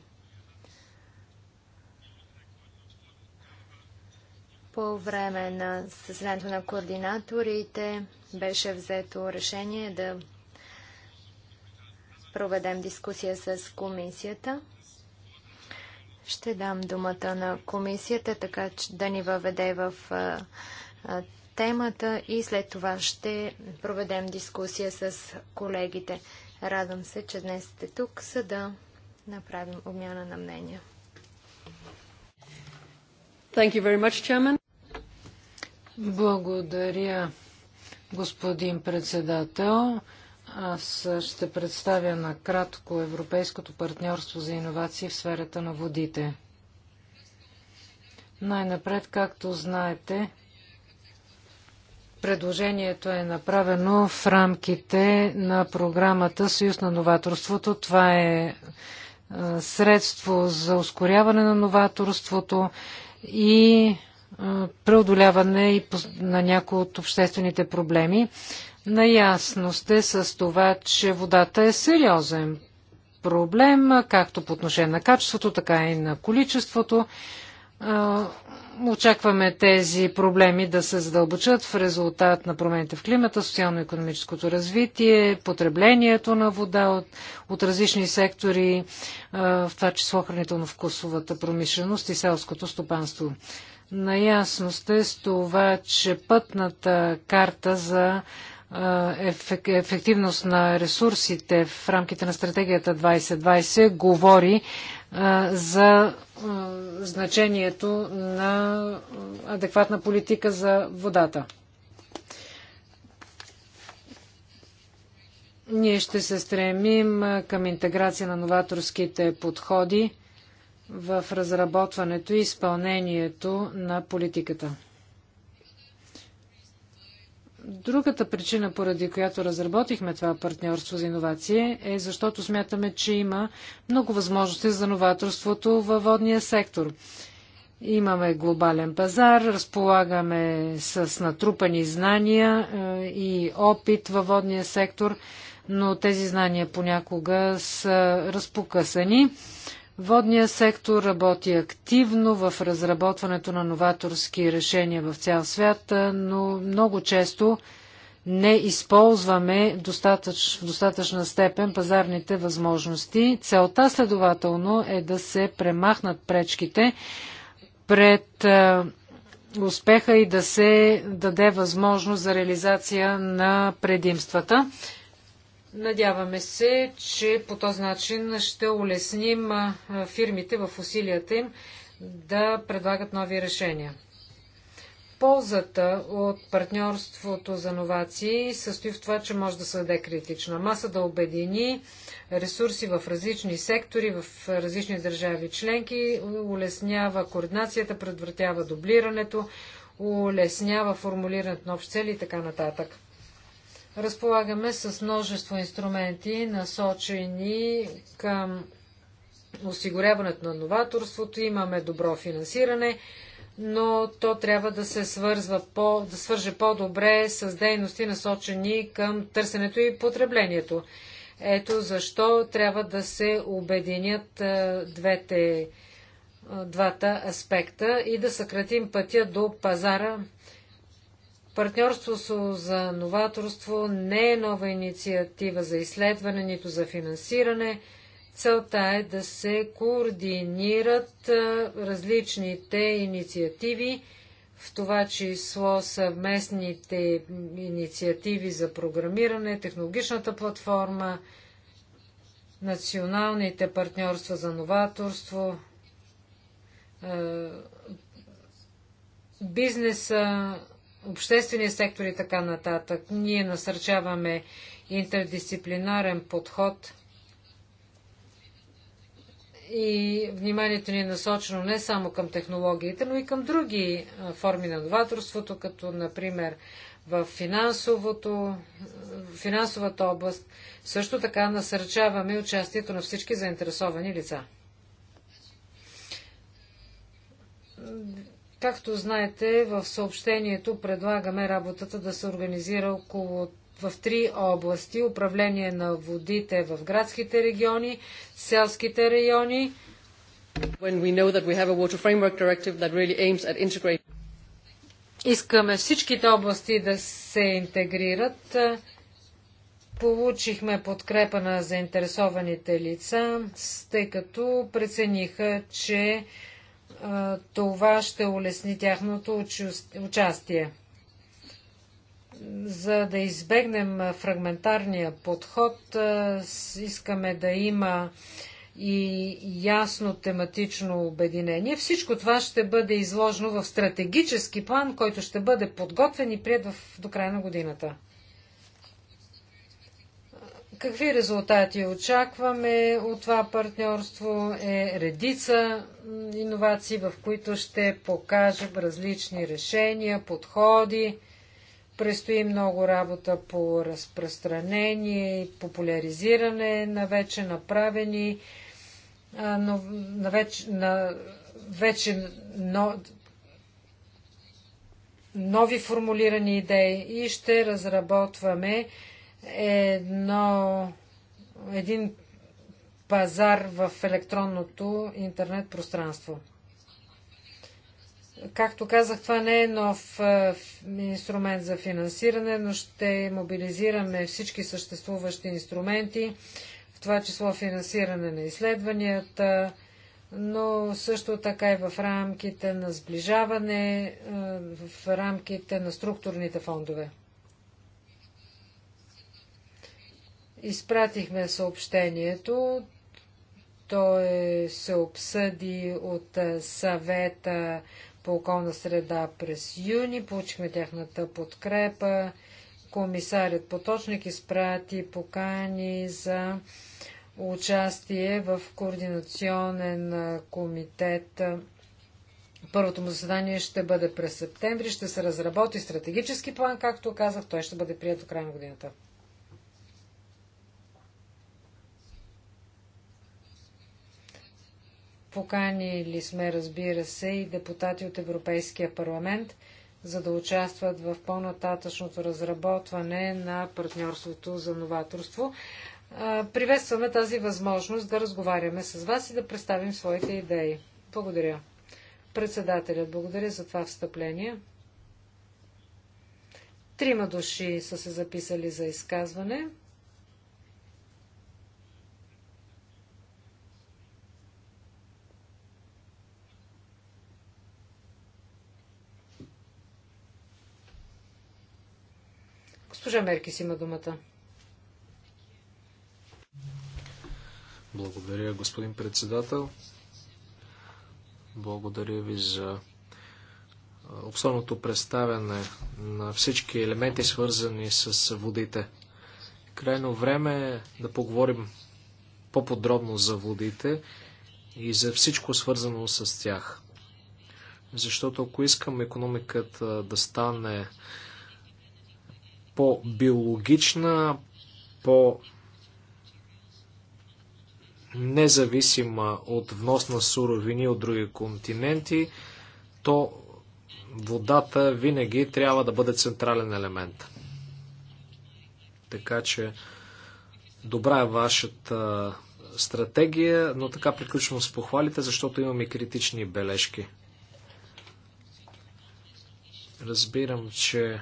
По време на съседанието на координаторите беше взето решение да проведем дискусия с комисията. Ще дам думата на комисията, така че да ни въведе в темата и след това ще проведем дискусия с колегите. Радвам се, че днес сте тук, за да направим обмяна на мнения. Thank you very much, Благодаря, господин председател. Аз ще представя накратко Европейското партньорство за иновации в сферата на водите. Най-напред, както знаете, Предложението е направено в рамките на програмата Съюз на новаторството. Това е, е средство за ускоряване на новаторството и е, преодоляване на някои от обществените проблеми. Наясно сте с това, че водата е сериозен проблем, както по отношение на качеството, така и на количеството. Е, Очакваме тези проблеми да се задълбочат в резултат на промените в климата, социално-економическото развитие, потреблението на вода от, от различни сектори, в това число хранително-вкусовата промишленост и селското стопанство. Наясно сте с това, че пътната карта за ефективност на ресурсите в рамките на стратегията 2020 говори за значението на адекватна политика за водата. Ние ще се стремим към интеграция на новаторските подходи в разработването и изпълнението на политиката. Другата причина, поради която разработихме това партньорство за иновации, е защото смятаме, че има много възможности за новаторството във водния сектор. Имаме глобален пазар, разполагаме с натрупани знания е, и опит във водния сектор, но тези знания понякога са разпокъсани Водният сектор работи активно в разработването на новаторски решения в цял свят, но много често не използваме в достатъчна степен пазарните възможности. Целта следователно е да се премахнат пречките пред успеха и да се даде възможност за реализация на предимствата. Надяваме се, че по този начин ще улесним фирмите в усилията им да предлагат нови решения. Ползата от партньорството за новации състои в това, че може да се даде критична маса, да обедини ресурси в различни сектори, в различни държави членки, улеснява координацията, предвратява дублирането, улеснява формулирането на общи цели и така нататък. Разполагаме с множество инструменти, насочени към осигуряването на новаторството. Имаме добро финансиране, но то трябва да се свързва по, да свърже по-добре с дейности, насочени към търсенето и потреблението. Ето защо трябва да се обединят е, двете, е, двата аспекта и да съкратим пътя до пазара Партньорство за новаторство не е нова инициатива за изследване, нито за финансиране. Целта е да се координират различните инициативи, в това число съвместните инициативи за програмиране, технологичната платформа, националните партньорства за новаторство, бизнеса, обществения сектор и така нататък. Ние насърчаваме интердисциплинарен подход и вниманието ни е насочено не само към технологиите, но и към други форми на новаторството, като например в финансовото, финансовата област. Също така насърчаваме участието на всички заинтересовани лица Както знаете, в съобщението предлагаме работата да се организира около в три области – управление на водите в градските региони, селските райони. Искаме всичките области да се интегрират. Получихме подкрепа на заинтересованите лица, тъй като прецениха, че това ще улесни тяхното участие. За да избегнем фрагментарния подход, искаме да има и ясно тематично обединение. Всичко това ще бъде изложено в стратегически план, който ще бъде подготвен и прият до края на годината. Какви резултати очакваме от това партньорство е редица иновации, в които ще покажем различни решения, подходи. Престои много работа по разпространение и популяризиране на вече направени, но, на вече, на вече но, нови формулирани идеи и ще разработваме едно, един пазар в електронното интернет пространство. Както казах, това не е нов е, инструмент за финансиране, но ще мобилизираме всички съществуващи инструменти, в това число финансиране на изследванията, но също така и в рамките на сближаване, е, в рамките на структурните фондове. Изпратихме съобщението, то е, се обсъди от съвета по околна среда през юни, получихме тяхната подкрепа, комисарят Поточник изпрати покани за участие в координационен комитет. Първото му заседание ще бъде през септември, ще се разработи стратегически план, както казах, той ще бъде прият до края на годината. Поканили сме, разбира се, и депутати от Европейския парламент, за да участват в по-нататъчното разработване на партньорството за новаторство. Приветстваме тази възможност да разговаряме с вас и да представим своите идеи. Благодаря. Председателят, благодаря за това встъпление. Трима души са се записали за изказване. Госпожа Меркис има думата. Благодаря, господин председател. Благодаря ви за обстойното представяне на всички елементи, свързани с водите. Крайно време е да поговорим по-подробно за водите и за всичко свързано с тях. Защото ако искам економиката да стане по-биологична, по независима от внос на суровини от други континенти, то водата винаги трябва да бъде централен елемент. Така че добра е вашата стратегия, но така приключвам с похвалите, защото имаме критични бележки. Разбирам, че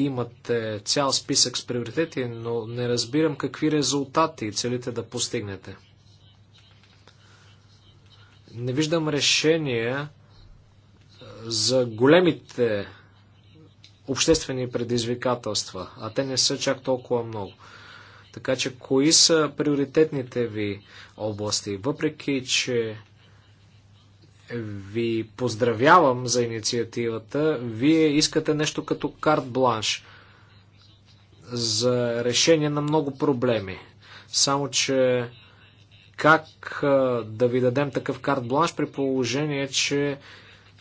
Имате цял списък с приоритети, но не разбирам какви резултати целите да постигнете. Не виждам решение за големите обществени предизвикателства, а те не са чак толкова много. Така че, кои са приоритетните ви области? Въпреки, че ви поздравявам за инициативата. Вие искате нещо като карт бланш за решение на много проблеми. Само, че как да ви дадем такъв карт бланш при положение, че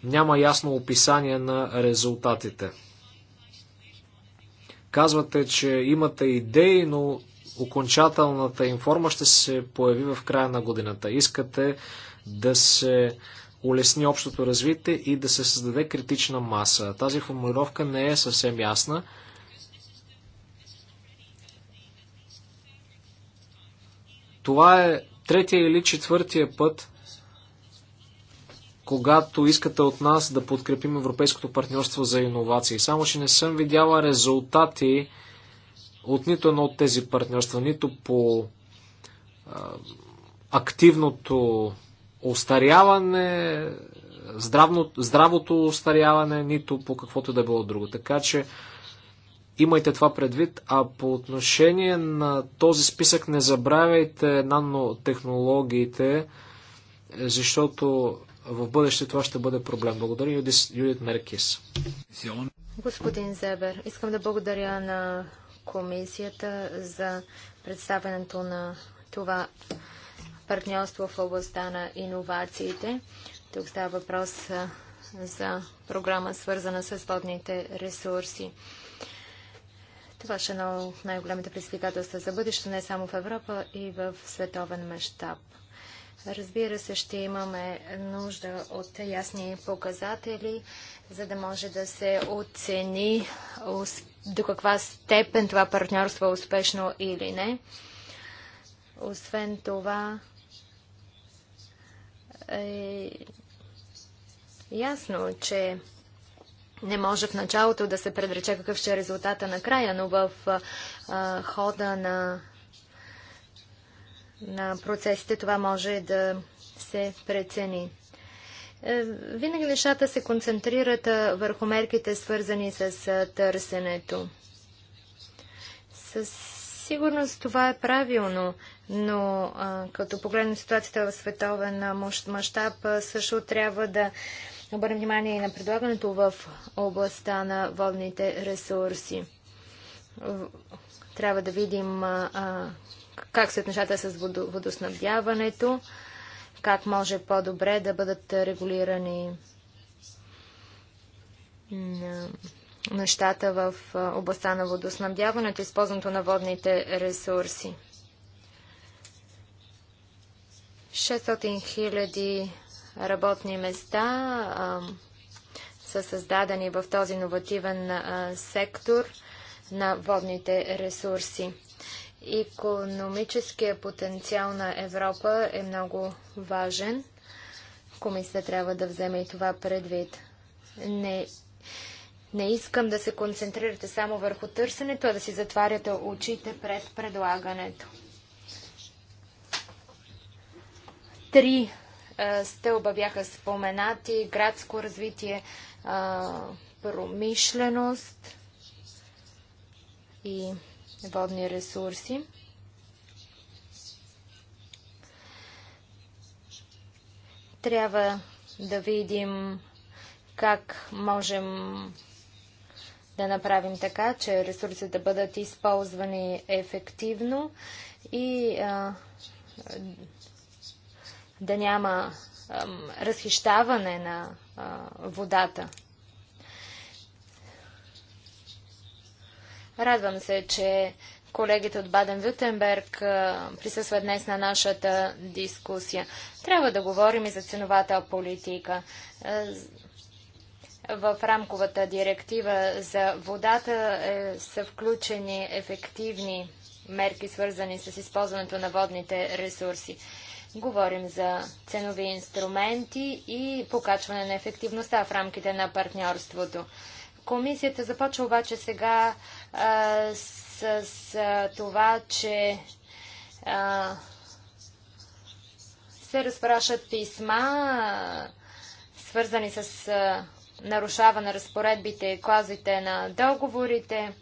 няма ясно описание на резултатите? Казвате, че имате идеи, но окончателната информа ще се появи в края на годината. Искате да се улесни общото развитие и да се създаде критична маса. Тази формулировка не е съвсем ясна. Това е третия или четвъртия път, когато искате от нас да подкрепим Европейското партньорство за иновации. Само, че не съм видяла резултати от нито едно от тези партньорства, нито по а, активното остаряване, здравно, здравото остаряване, нито по каквото да било друго. Така че имайте това предвид. А по отношение на този списък не забравяйте нанотехнологиите, защото в бъдеще това ще бъде проблем. Благодаря, Юдит Меркис. Господин Зебер, искам да благодаря на комисията за представенето на това партньорство в областта на иновациите. Тук става въпрос за програма, свързана с водните ресурси. Това ще е едно от най-големите предизвикателства за бъдеще, не само в Европа и в световен мащаб. Разбира се, ще имаме нужда от ясни показатели, за да може да се оцени до каква степен това партньорство е успешно или не. Освен това, е ясно, че не може в началото да се предрече какъв ще е резултата на края, но в а, хода на, на процесите това може да се прецени. Е, винаги нещата се концентрират върху мерките, свързани с търсенето. Със сигурност това е правилно, но а, като погледнем ситуацията в световен мащаб, също трябва да обърнем внимание и на предлагането в областта на водните ресурси. Трябва да видим а, как се отношата с водоснабдяването, как може по-добре да бъдат регулирани нещата в областта на водоснабдяването, използването на водните ресурси. 600 хиляди работни места са създадени в този иновативен сектор на водните ресурси. Икономическия потенциал на Европа е много важен. Комисията трябва да вземе и това предвид. Не, не искам да се концентрирате само върху търсенето, а да си затваряте очите пред предлагането. Три е, стълба бяха споменати градско развитие, е, промишленост и водни ресурси. Трябва да видим как можем да направим така, че ресурсите да бъдат използвани ефективно и а, е, да няма ам, разхищаване на а, водата. Радвам се, че колегите от Баден-Вютенберг присъстват днес на нашата дискусия. Трябва да говорим и за ценовата политика. В рамковата директива за водата е, са включени ефективни мерки, свързани с използването на водните ресурси. Говорим за ценови инструменти и покачване на ефективността в рамките на партньорството. Комисията започва обаче сега а, с, с това, че а, се разпрашат писма, свързани с а, нарушаване на разпоредбите, клазите на договорите.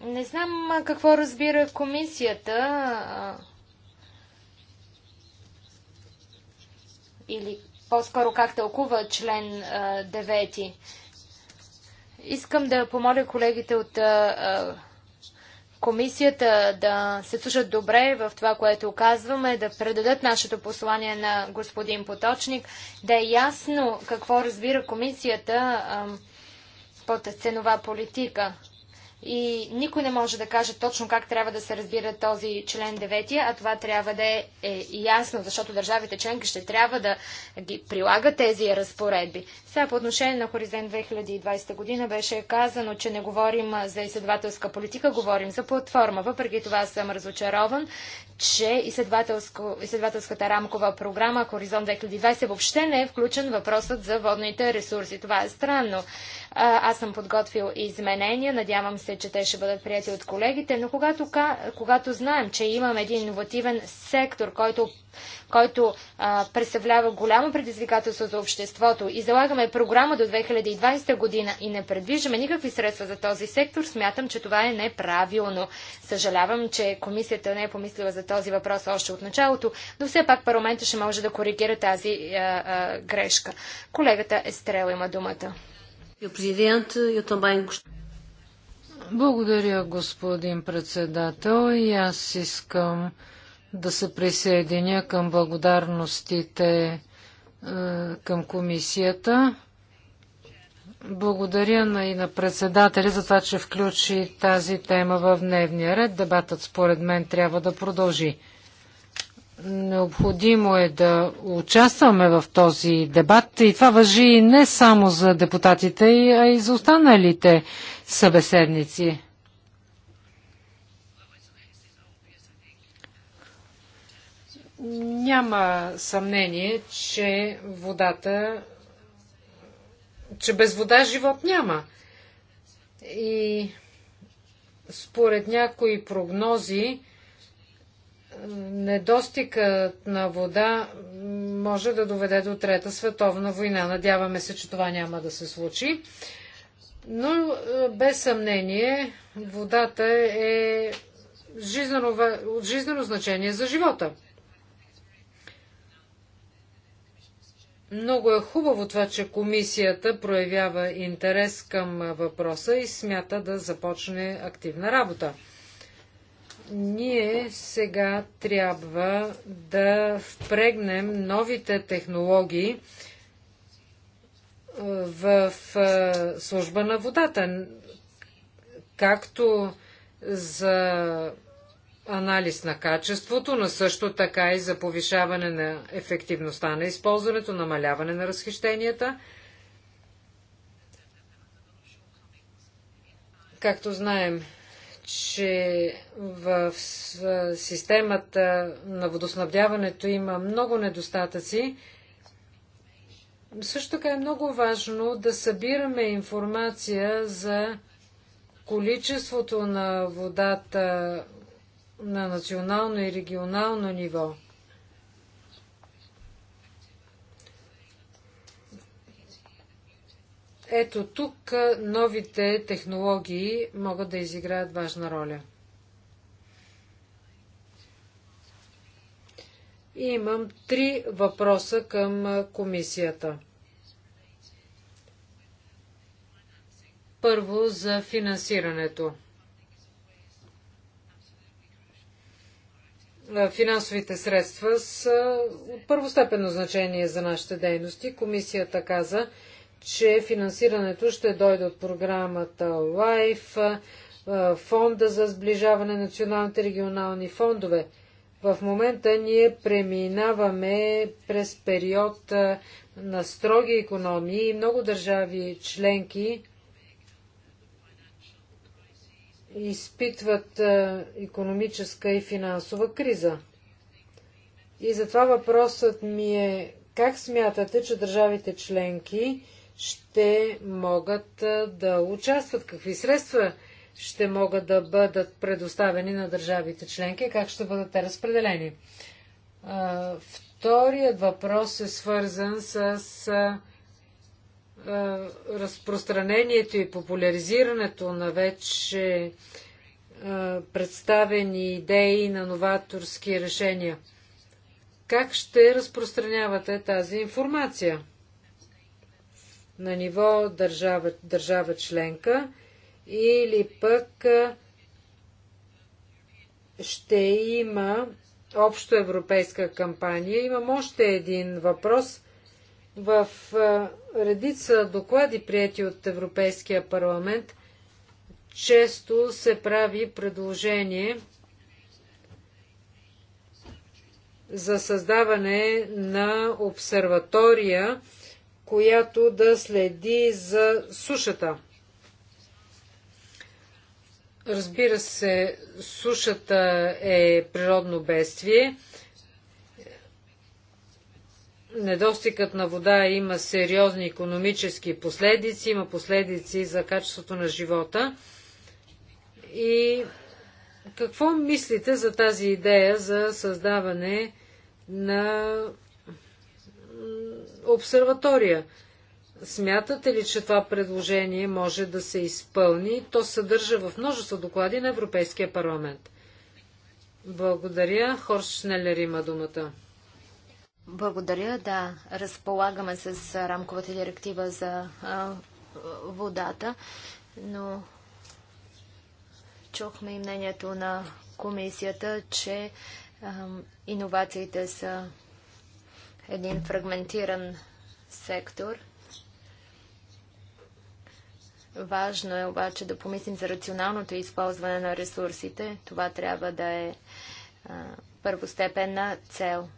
Не знам какво разбира комисията или по-скоро как тълкува член 9. Искам да помоля колегите от комисията да се слушат добре в това, което казваме, да предадат нашето послание на господин Поточник, да е ясно какво разбира комисията под ценова политика. И никой не може да каже точно как трябва да се разбира този член 9, а това трябва да е, е ясно, защото държавите членки ще трябва да ги прилагат тези разпоредби. Сега по отношение на Хоризонт 2020 година беше казано, че не говорим за изследователска политика, говорим за платформа. Въпреки това съм разочарован, че изследователската рамкова програма Хоризонт 2020 въобще не е включен въпросът за водните ресурси. Това е странно. аз съм подготвил изменения, надявам се, че те ще бъдат прияти от колегите, но когато, когато знаем, че имам един иновативен сектор, който който а, представлява голямо предизвикателство за обществото и залагаме програма до 2020 година и не предвиждаме никакви средства за този сектор, смятам, че това е неправилно. Съжалявам, че комисията не е помислила за този въпрос още от началото, но все пак парламента ще може да коригира тази а, а, грешка. Колегата Естрела има думата. Благодаря, господин председател. И аз искам да се присъединя към благодарностите е, към комисията. Благодаря на и на председателя за това, че включи тази тема в дневния ред. Дебатът според мен трябва да продължи. Необходимо е да участваме в този дебат и това въжи не само за депутатите, а и за останалите събеседници. Няма съмнение, че водата, че без вода живот няма. И според някои прогнози, недостигът на вода може да доведе до Трета световна война. Надяваме се, че това няма да се случи. Но е, без съмнение водата е жизнено, от жизнено значение за живота. Много е хубаво това, че комисията проявява интерес към въпроса и смята да започне активна работа. Ние сега трябва да впрегнем новите технологии в служба на водата, както за анализ на качеството, но също така и за повишаване на ефективността на използването, намаляване на разхищенията. Както знаем, че в системата на водоснабдяването има много недостатъци, също така е много важно да събираме информация за количеството на водата, на национално и регионално ниво. Ето тук новите технологии могат да изиграят важна роля. И имам три въпроса към комисията. Първо за финансирането. финансовите средства са от първостепенно значение за нашите дейности. Комисията каза, че финансирането ще дойде от програмата LIFE, фонда за сближаване на националните регионални фондове. В момента ние преминаваме през период на строги економии и много държави членки изпитват економическа и финансова криза. И затова въпросът ми е как смятате, че държавите членки ще могат е, да участват? Какви средства ще могат да бъдат предоставени на държавите членки? Как ще бъдат те разпределени? Е, вторият въпрос е свързан с е, разпространението и популяризирането на вече представени идеи на новаторски решения. Как ще разпространявате тази информация? На ниво държава, държава членка или пък ще има общо европейска кампания. Имам още един въпрос – в редица доклади, прияти от Европейския парламент, често се прави предложение за създаване на обсерватория, която да следи за сушата. Разбира се, сушата е природно бедствие недостигът на вода има сериозни економически последици, има последици за качеството на живота. И какво мислите за тази идея за създаване на обсерватория? Смятате ли, че това предложение може да се изпълни? То съдържа в множество доклади на Европейския парламент. Благодаря. Хорш Шнелер има думата. Благодаря. Да, разполагаме с рамковата директива за а, водата, но чухме и мнението на комисията, че а, иновациите са един фрагментиран сектор. Важно е обаче да помислим за рационалното използване на ресурсите. Това трябва да е а, първостепенна цел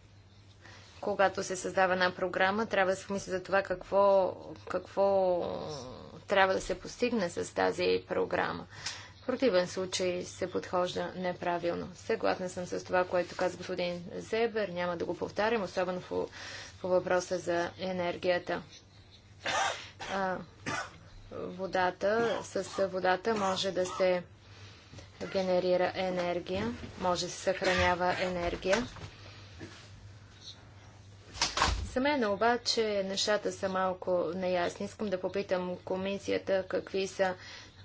когато се създава една програма, трябва да се мисли за това какво, какво трябва да се постигне с тази програма. В противен случай се подхожда неправилно. Съгласна съм с това, което каза господин Зебер. Няма да го повтарям, особено по, по въпроса за енергията. А, водата, с водата може да се генерира енергия, може да се съхранява енергия. За мен обаче нещата са малко неясни. Искам да попитам комисията какви са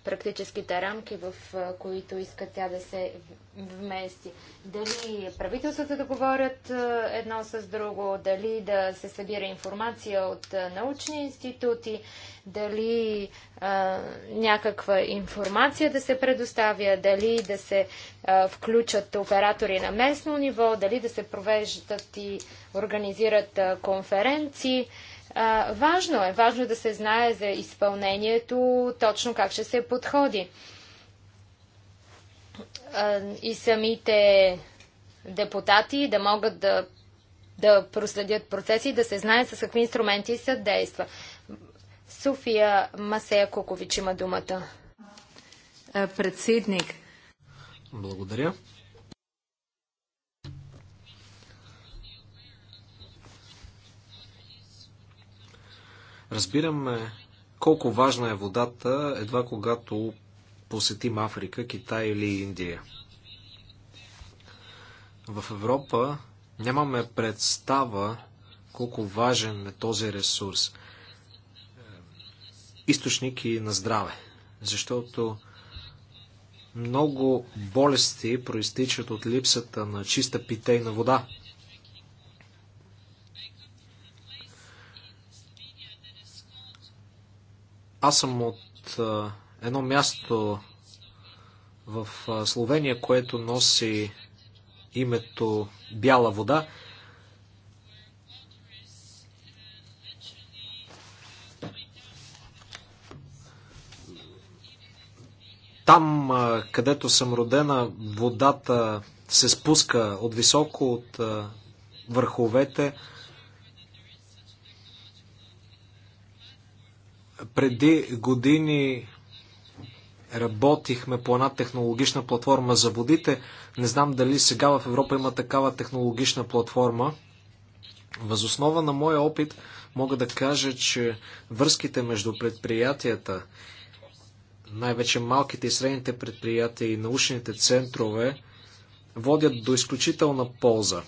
практическите рамки, в които искат тя да се вмести. Дали правителствата да говорят едно с друго, дали да се събира информация от научни институти, дали а, някаква информация да се предоставя, дали да се а, включат оператори на местно ниво, дали да се провеждат и организират а, конференции. А, важно е, важно е да се знае за изпълнението, точно как ще се подходи. А, и самите депутати да могат да, да проследят процеси и да се знае с какви инструменти се действа. София Масея Кукович има думата. Е, председник. Благодаря. Разбираме колко важна е водата, едва когато посетим Африка, Китай или Индия. В Европа нямаме представа колко важен е този ресурс. Източник и на здраве. Защото много болести проистичат от липсата на чиста питейна вода. Аз съм от едно място в Словения, което носи името Бяла вода. Там, където съм родена, водата се спуска от високо, от върховете. Преди години работихме по една технологична платформа за водите. Не знам дали сега в Европа има такава технологична платформа. Възоснова на моя опит мога да кажа, че връзките между предприятията, най-вече малките и средните предприятия и научните центрове, водят до изключителна полза.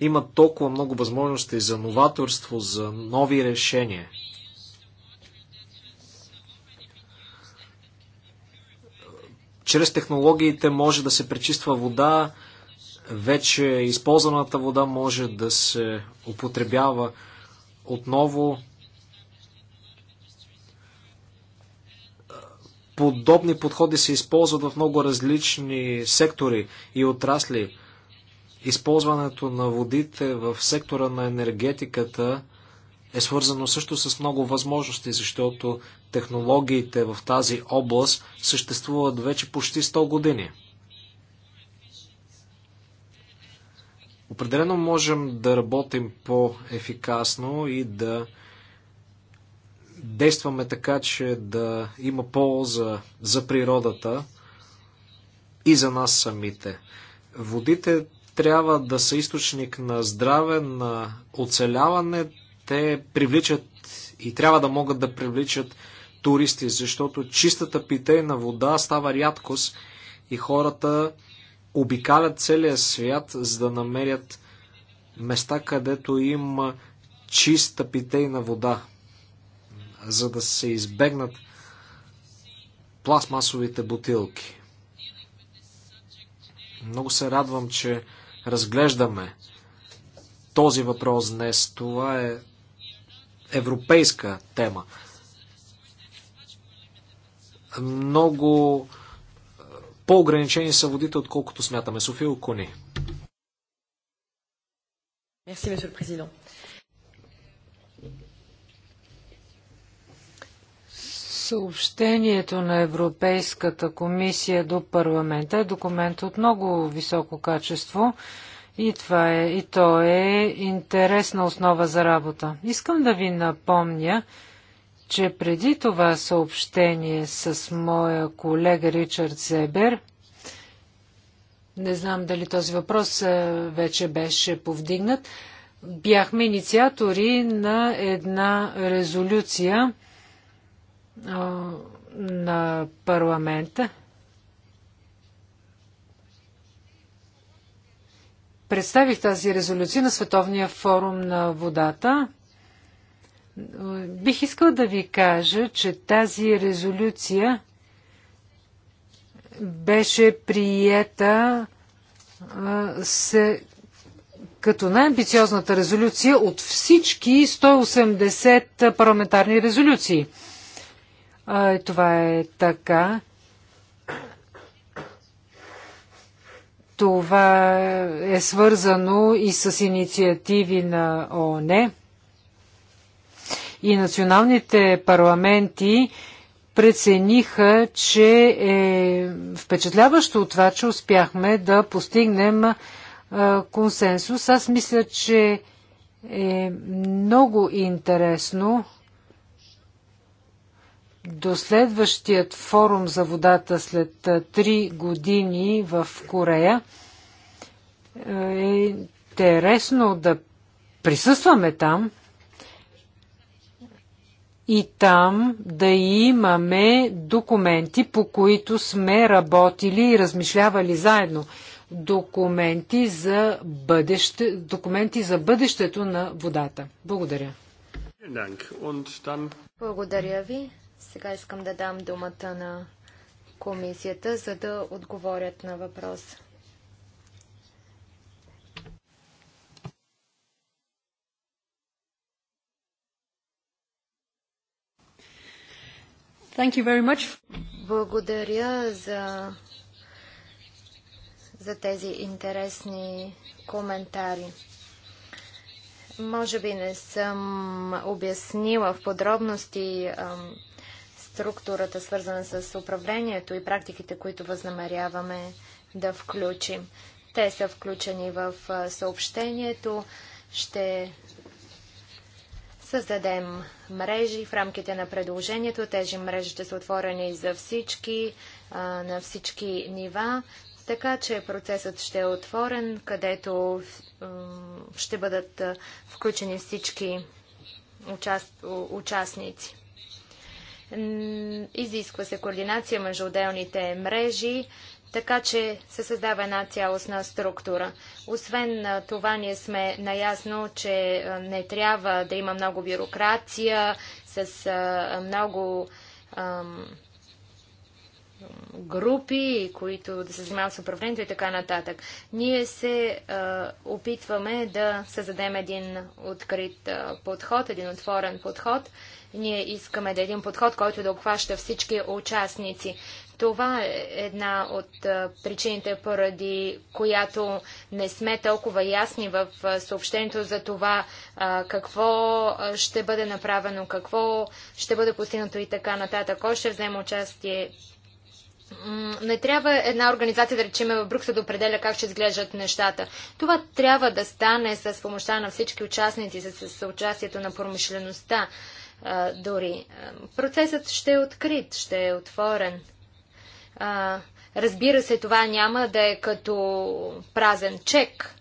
Има толкова много възможности за новаторство, за нови решения – Чрез технологиите може да се пречиства вода, вече използваната вода може да се употребява отново. Подобни подходи се използват в много различни сектори и отрасли. Използването на водите в сектора на енергетиката – е свързано също с много възможности, защото технологиите в тази област съществуват вече почти 100 години. Определено можем да работим по-ефикасно и да действаме така, че да има полза за природата и за нас самите. Водите трябва да са източник на здраве, на оцеляване, те привличат и трябва да могат да привличат туристи, защото чистата питейна вода става рядкост и хората обикалят целия свят, за да намерят места, където има чиста питейна вода, за да се избегнат пластмасовите бутилки. Много се радвам, че разглеждаме този въпрос днес. Това е европейска тема. Много е, по-ограничени са водите, отколкото смятаме. София Кони. Мерси, monsieur президент. Съобщението на Европейската комисия до парламента е документ от много високо качество. И, това е, и то е интересна основа за работа. Искам да ви напомня, че преди това съобщение с моя колега Ричард Зебер, не знам дали този въпрос вече беше повдигнат, бяхме инициатори на една резолюция на парламента представих тази резолюция на Световния форум на водата. Бих искал да ви кажа, че тази резолюция беше приета се, като най-амбициозната резолюция от всички 180 парламентарни резолюции. Това е така Това е свързано и с инициативи на ООН. И националните парламенти прецениха, че е впечатляващо от това, че успяхме да постигнем консенсус. Аз мисля, че е много интересно до следващият форум за водата след три години в Корея е, е интересно да присъстваме там и там да имаме документи, по които сме работили и размишлявали заедно. Документи за, бъдеще, документи за бъдещето на водата. Благодаря. Благодаря ви. Сега искам да дам думата на комисията, за да отговорят на въпроса. Благодаря за, за тези интересни коментари. Може би не съм обяснила в подробности ам, структурата, свързана с управлението и практиките, които възнамеряваме да включим. Те са включени в съобщението. Ще създадем мрежи в рамките на предложението. Тези мрежи ще са отворени за всички, на всички нива, така че процесът ще е отворен, където ще бъдат включени всички участници. Изисква се координация между отделните мрежи, така че се създава една цялостна структура. Освен това, ние сме наясно, че не трябва да има много бюрокрация с много ам, групи, които да се занимават с управлението и така нататък. Ние се а, опитваме да създадем един открит а, подход, един отворен подход. Ние искаме да е един подход, който да обхваща всички участници. Това е една от а, причините, поради която не сме толкова ясни в а, съобщението за това а, какво ще бъде направено, какво ще бъде постигнато и така нататък. Кой ще вземе участие не трябва една организация, да речеме в Брюксел, да определя как ще изглеждат нещата. Това трябва да стане с помощта на всички участници, с, с участието на промишлеността а, дори. Процесът ще е открит, ще е отворен. А, разбира се, това няма да е като празен чек.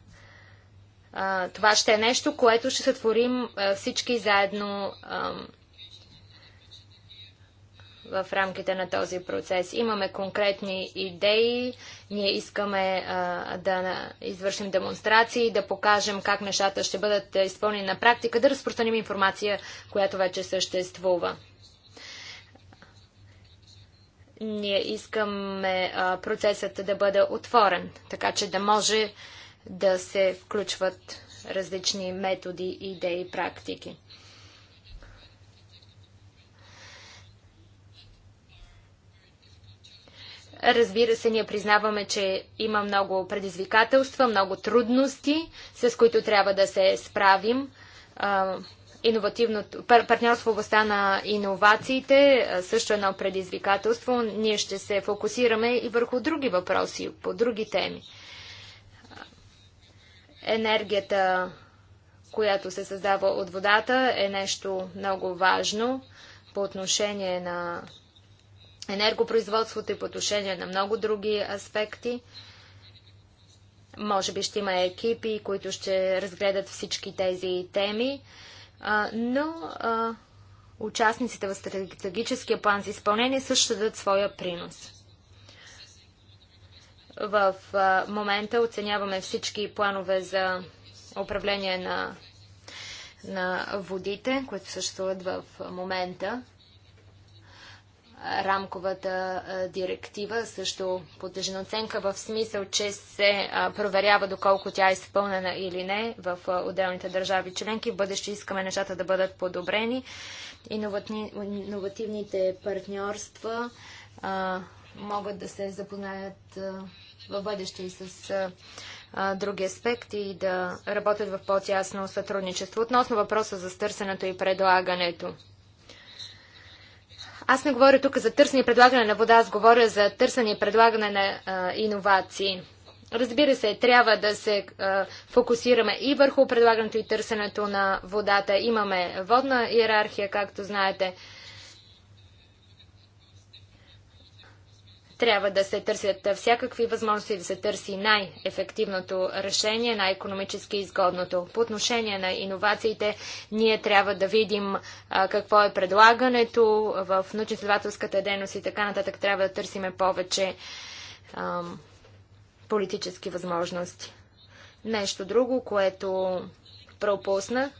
А, това ще е нещо, което ще сътворим всички заедно в рамките на този процес. Имаме конкретни идеи, ние искаме а, да извършим демонстрации, да покажем как нещата ще бъдат изпълнени на практика, да разпространим информация, която вече съществува. Ние искаме а, процесът да бъде отворен, така че да може да се включват различни методи, идеи, практики. Разбира се, ние признаваме, че има много предизвикателства, много трудности, с които трябва да се справим. Иновативното, партньорство в областта на иновациите също е едно предизвикателство. Ние ще се фокусираме и върху други въпроси, по други теми. Енергията, която се създава от водата, е нещо много важно по отношение на енергопроизводството и по отношение на много други аспекти. Може би ще има екипи, които ще разгледат всички тези теми, но участниците в стратегическия план за изпълнение също дадат своя принос. В момента оценяваме всички планове за управление на, на водите, които съществуват в момента рамковата директива също подлежи на оценка в смисъл, че се проверява доколко тя е изпълнена или не в отделните държави членки. В бъдеще искаме нещата да бъдат подобрени. Иновативните партньорства а, могат да се запознаят в бъдеще и с а, други аспекти и да работят в по-тясно сътрудничество. Относно въпроса за стърсенето и предлагането. Аз не говоря тук за търсене и предлагане на вода, аз говоря за търсене и предлагане на а, иновации. Разбира се, трябва да се а, фокусираме и върху предлагането и търсенето на водата. Имаме водна иерархия, както знаете. Трябва да се търсят всякакви възможности да се търси най-ефективното решение, най-економически изгодното. По отношение на иновациите, ние трябва да видим а, какво е предлагането в научно-изследователската дейност и така нататък. Трябва да търсиме повече а, политически възможности. Нещо друго, което пропусна,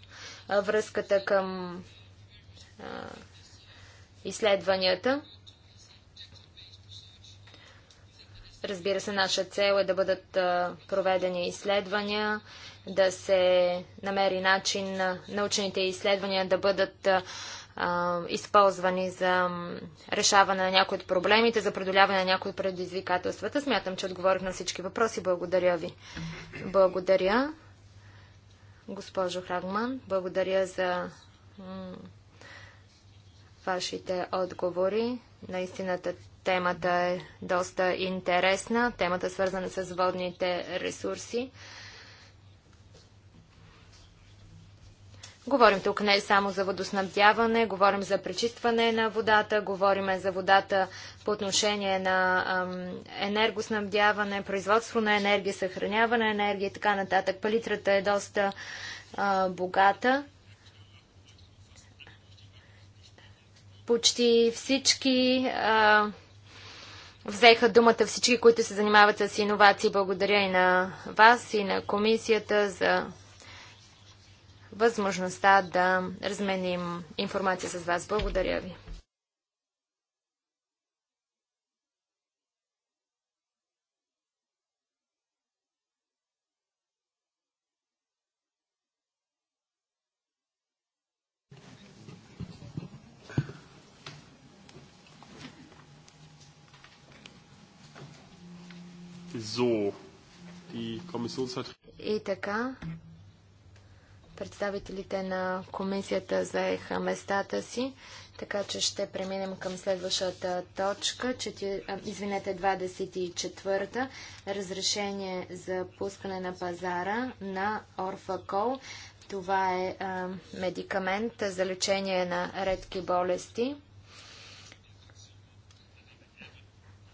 връзката към а, изследванията. Разбира се, наша цел е да бъдат проведени изследвания, да се намери начин на научните изследвания да бъдат използвани за решаване на някои от проблемите, за преодоляване на някои от предизвикателствата. Смятам, че отговорих на всички въпроси. Благодаря ви. Благодаря, госпожо Храгман. Благодаря за вашите отговори. Наистина Темата е доста интересна. Темата е свързана с водните ресурси. Говорим тук не само за водоснабдяване, говорим за пречистване на водата, говорим за водата по отношение на енергоснабдяване, производство на енергия, съхраняване на енергия и така нататък. Палитрата е доста богата. Почти всички а, взеха думата всички, които се занимават с иновации. Благодаря и на вас, и на комисията за възможността да разменим информация с вас. Благодаря ви. So, die И така, представителите на комисията заеха местата си, така че ще преминем към следващата точка, извинете, 24-та, разрешение за пускане на пазара на Орфакол. Това е медикамент за лечение на редки болести.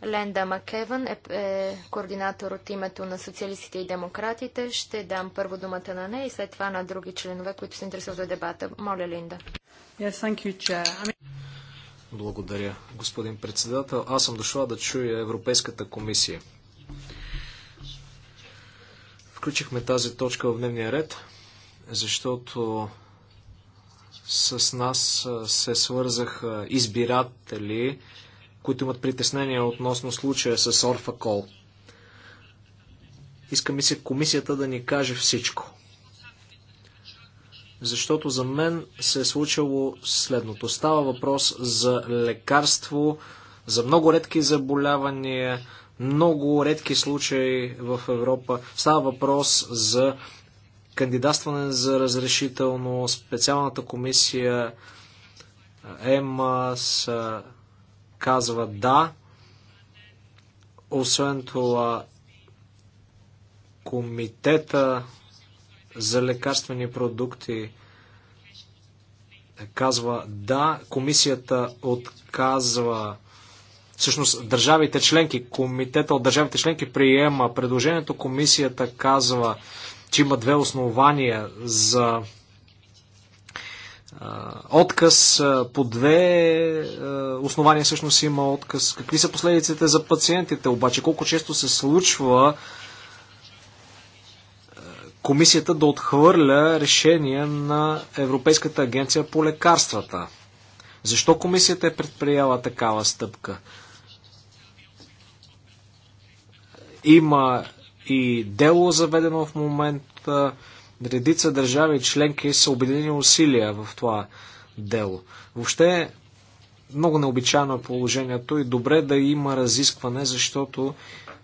Ленда Макеван е, е координатор от името на социалистите и демократите. Ще дам първо думата на нея и след това на други членове, които се интересуват за дебата. Моля, Линда. Yes, thank you, chair. I mean... Благодаря, господин председател. Аз съм дошла да чуя Европейската комисия. Включихме тази точка в дневния ред, защото с нас се свързаха избиратели, които имат притеснения относно случая с Орфакол. Иска ми се комисията да ни каже всичко. Защото за мен се е случило следното. Става въпрос за лекарство, за много редки заболявания, много редки случаи в Европа. Става въпрос за кандидатстване за разрешително, специалната комисия ЕМА с казва да. Освен това, комитета за лекарствени продукти казва да, комисията отказва всъщност държавите членки, комитета от държавите членки приема предложението, комисията казва, че има две основания за отказ по две основания всъщност има отказ. Какви са последиците за пациентите обаче? Колко често се случва комисията да отхвърля решение на Европейската агенция по лекарствата? Защо комисията е предприяла такава стъпка? Има и дело заведено в момента Редица държави членки са обединени усилия в това дело. Въобще много необичайно е положението и добре да има разискване, защото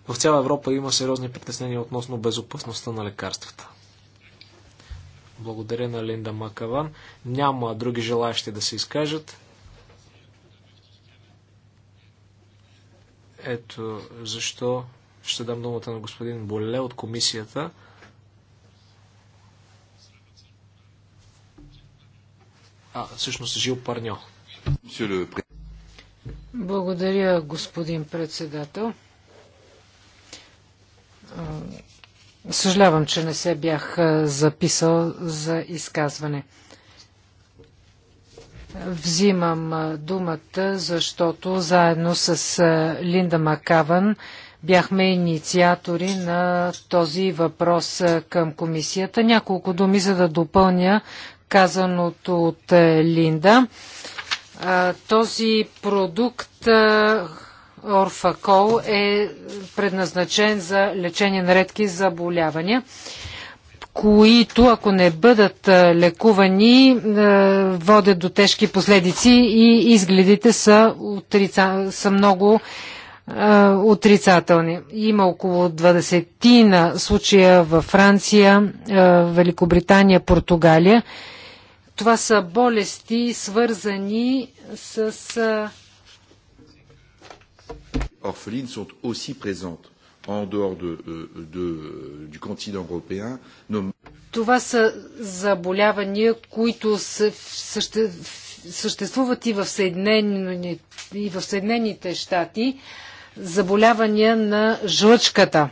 в цяла Европа има сериозни притеснения относно безопасността на лекарствата. Благодаря на Линда Макаван. Няма други желаящи да се изкажат. Ето защо ще дам думата на господин Боле от комисията. А, всъщност Жил Парньо. Благодаря, господин председател. Съжалявам, че не се бях записал за изказване. Взимам думата, защото заедно с Линда Макаван бяхме инициатори на този въпрос към комисията. Няколко думи, за да допълня казаното от е, Линда. Този продукт Орфакол е предназначен за лечение на редки заболявания, които, ако не бъдат лекувани, водят до тежки последици и изгледите са, отрица... са много отрицателни. Има около 20 на случая във Франция, Великобритания, Португалия. Това са болести, свързани с. Orphelines са aussi présentes en dehors de, euh, de, du continent européen. Nom... Това са заболявания, които съще, съществуват и в, Съединени, и в Съединените щати. Заболявания на жлъчката.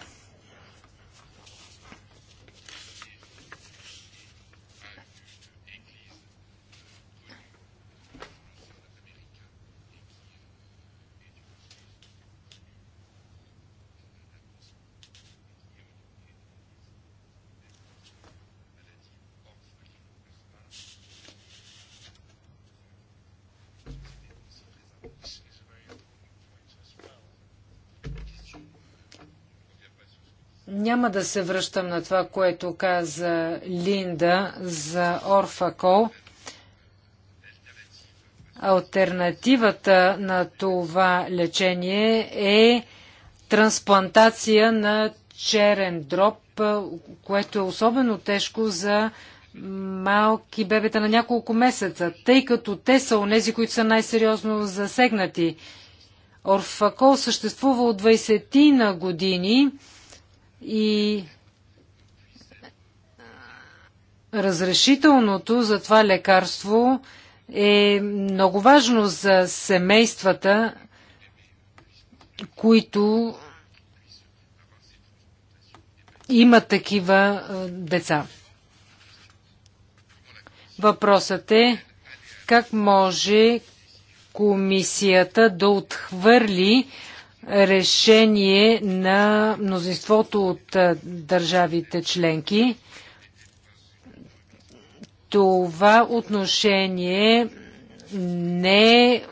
Няма да се връщам на това, което каза Линда за Орфакол. Альтернативата на това лечение е трансплантация на черен дроб, което е особено тежко за малки бебета на няколко месеца, тъй като те са онези, които са най-сериозно засегнати. Орфакол съществува от 20 ти на години и разрешителното за това лекарство е много важно за семействата, които имат такива деца. Въпросът е как може комисията да отхвърли решение на мнозинството от държавите членки. Това отношение не,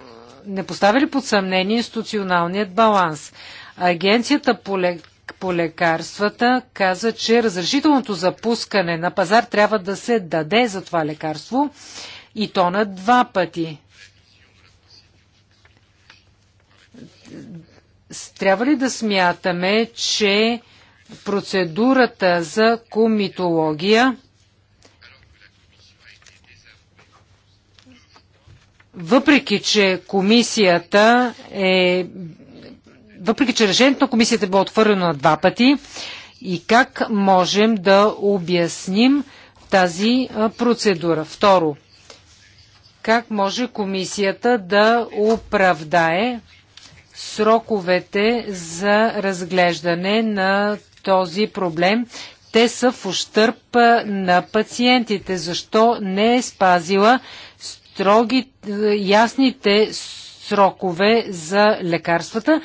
не поставя ли под съмнение институционалният баланс? Агенцията по, лек, по лекарствата каза, че разрешителното запускане на пазар трябва да се даде за това лекарство и то на два пъти трябва ли да смятаме, че процедурата за комитология въпреки че комисията е въпреки че решението на комисията бе отвърлено на два пъти и как можем да обясним тази процедура. Второ, как може комисията да оправдае сроковете за разглеждане на този проблем. Те са в ущърп на пациентите. Защо не е спазила строги, ясните срокове за лекарствата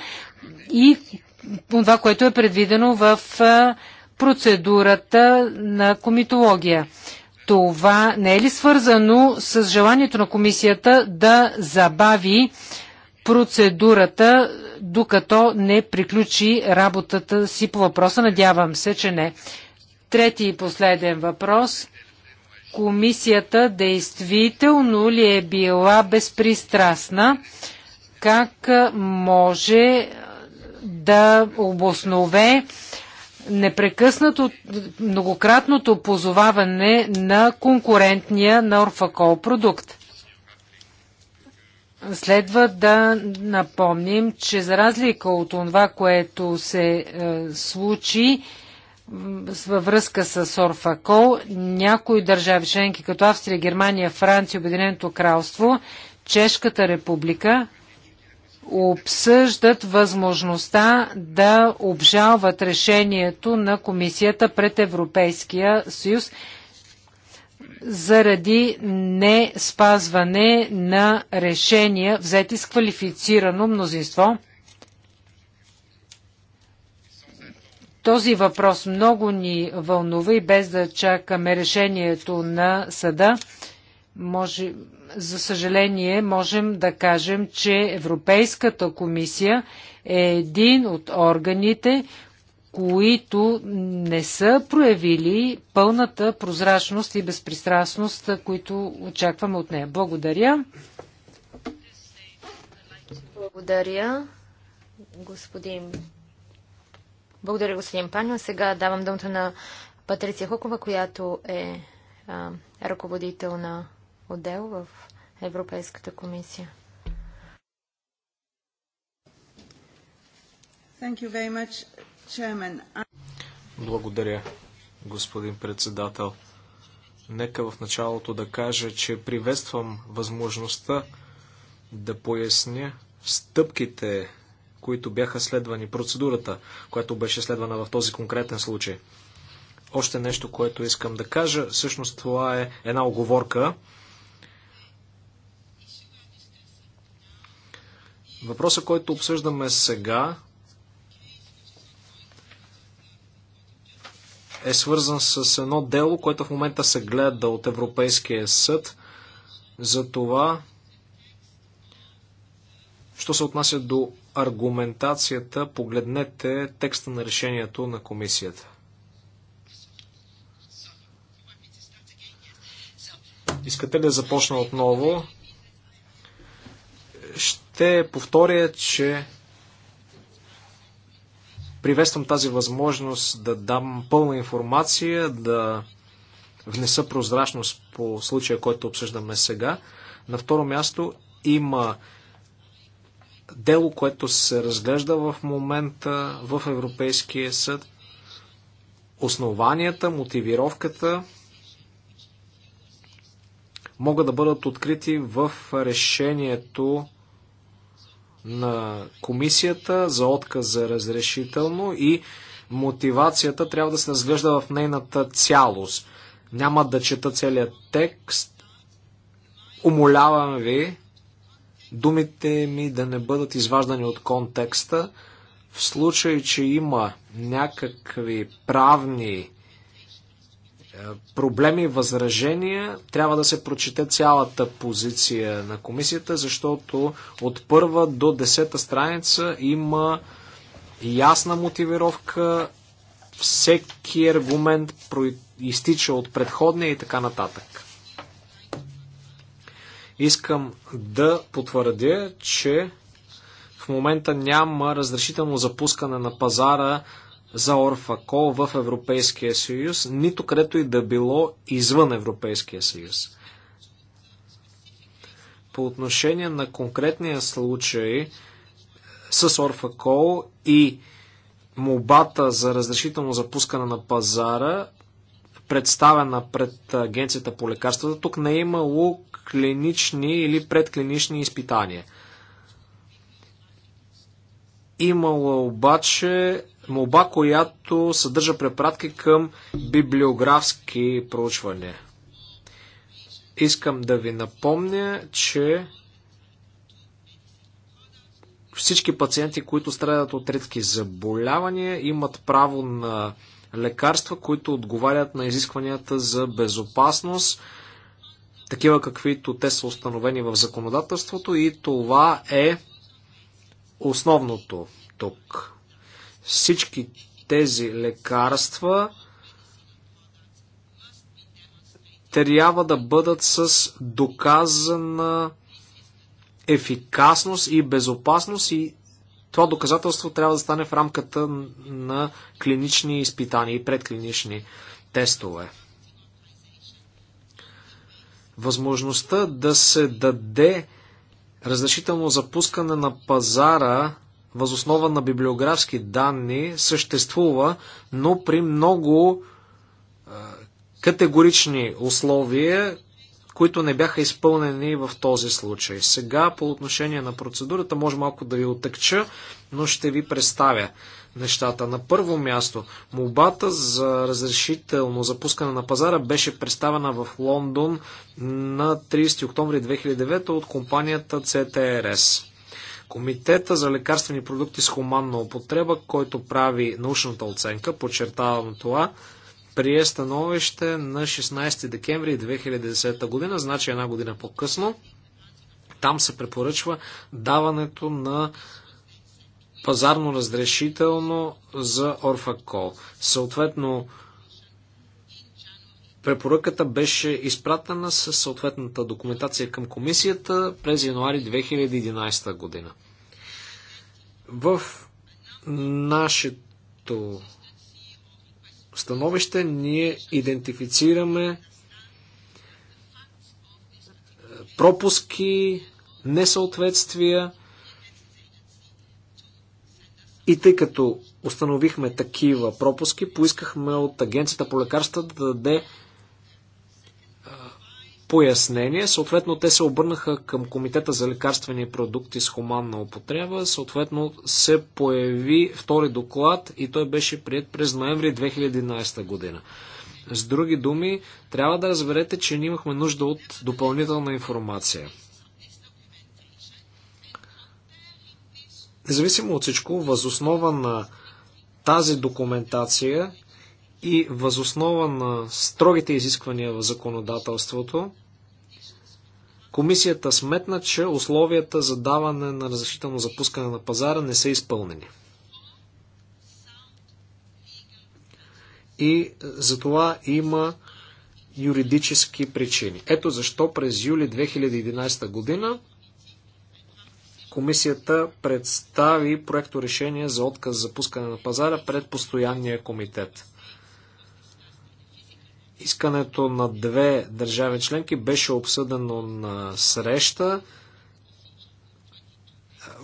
и това, което е предвидено в процедурата на комитология. Това не е ли свързано с желанието на комисията да забави процедурата, докато не приключи работата си по въпроса. Надявам се, че не. Трети и последен въпрос. Комисията действително ли е била безпристрастна? Как може да обоснове непрекъснато многократното позоваване на конкурентния на Орфакол продукт? Следва да напомним, че за разлика от това, което се е, случи във връзка с Орфакол, някои държави членки, като Австрия, Германия, Франция, Обединеното кралство, Чешката република, обсъждат възможността да обжалват решението на комисията пред Европейския съюз заради не спазване на решения, взети с квалифицирано мнозинство. Този въпрос много ни вълнува и без да чакаме решението на съда, може, за съжаление можем да кажем, че Европейската комисия е един от органите, които не са проявили пълната прозрачност и безпристрастност, които очакваме от нея. Благодаря. Благодаря, господин. Благодаря, господин Панин. Сега давам думата на Патриция Хукова, която е а, ръководител на отдел в Европейската комисия. Thank you very much. Благодаря, господин председател. Нека в началото да кажа, че приветствам възможността да поясня стъпките, които бяха следвани, процедурата, която беше следвана в този конкретен случай. Още нещо, което искам да кажа, всъщност това е една оговорка. Въпросът, който обсъждаме сега, е свързан с едно дело, което в момента се гледа от Европейския съд за това, що се отнася до аргументацията, погледнете текста на решението на комисията. Искате ли да започна отново? Ще повторя, че Приветствам тази възможност да дам пълна информация, да внеса прозрачност по случая, който обсъждаме сега. На второ място има дело, което се разглежда в момента в Европейския съд. Основанията, мотивировката могат да бъдат открити в решението на комисията за отказ за разрешително и мотивацията трябва да се разглежда в нейната цялост. Няма да чета целият текст. Умолявам ви думите ми да не бъдат изваждани от контекста. В случай, че има някакви правни проблеми, възражения, трябва да се прочете цялата позиция на комисията, защото от първа до десета страница има ясна мотивировка, всеки аргумент изтича от предходния и така нататък. Искам да потвърдя, че в момента няма разрешително запускане на пазара за Орфакол в Европейския съюз, нито където и да било извън Европейския съюз. По отношение на конкретния случай е, с Орфакол и мобата за разрешително запускане на пазара, представена пред Агенцията по лекарствата, тук не е имало клинични или предклинични изпитания. Имало е обаче молба, която съдържа препратки към библиографски проучвания. Искам да ви напомня, че всички пациенти, които страдат от редки заболявания, имат право на лекарства, които отговарят на изискванията за безопасност, такива каквито те са установени в законодателството и това е основното тук. Всички тези лекарства трябва да бъдат с доказана ефикасност и безопасност и това доказателство трябва да стане в рамката на клинични изпитания и предклинични тестове. Възможността да се даде разрешително запускане на пазара възоснова на библиографски данни съществува, но при много категорични условия, които не бяха изпълнени в този случай. Сега по отношение на процедурата може малко да ви отъкча, но ще ви представя нещата. На първо място, молбата за разрешително запускане на пазара беше представена в Лондон на 30 октомври 2009 от компанията CTRS. Комитета за лекарствени продукти с хуманна употреба, който прави научната оценка, подчертавам това, прие становище на 16 декември 2010 година, значи една година по-късно. Там се препоръчва даването на пазарно разрешително за орфакол. Съответно, препоръката беше изпратена със съответната документация към комисията през януари 2011 година. В нашето становище ние идентифицираме е, пропуски, несъответствия и тъй като установихме такива пропуски, поискахме от Агенцията по лекарства да даде пояснение. Съответно, те се обърнаха към Комитета за лекарствени продукти с хуманна употреба. Съответно, се появи втори доклад и той беше прият през ноември 2011 година. С други думи, трябва да разберете, че ние имахме нужда от допълнителна информация. Независимо от всичко, възоснова на тази документация и възоснова на строгите изисквания в законодателството, Комисията сметна, че условията за даване на разрешително запускане на пазара не са изпълнени. И за това има юридически причини. Ето защо през юли 2011 година комисията представи проекто решение за отказ за пускане на пазара пред постоянния комитет. Искането на две държави членки беше обсъдено на среща.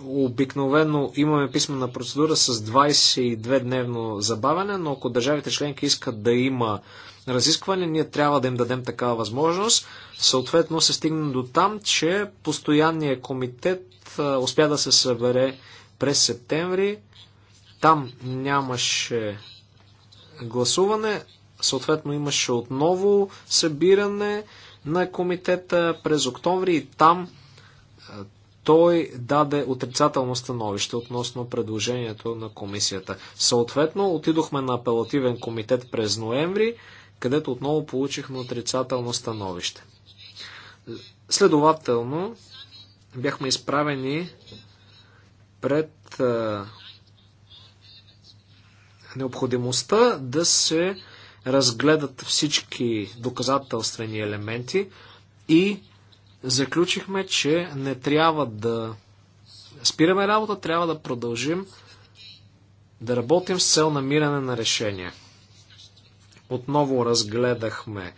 Обикновено имаме писмена процедура с 22-дневно забавяне, но ако държавите членки искат да има разискване, ние трябва да им дадем такава възможност. Съответно се стигна до там, че постоянният комитет успя да се събере през септември. Там нямаше гласуване. Съответно имаше отново събиране на комитета през октомври и там е, той даде отрицателно становище относно предложението на комисията. Съответно, отидохме на апелативен комитет през ноември, където отново получихме отрицателно становище. Следователно, бяхме изправени пред е, необходимостта да се разгледат всички доказателствени елементи и заключихме, че не трябва да спираме работа, трябва да продължим да работим с цел намиране на решение. Отново разгледахме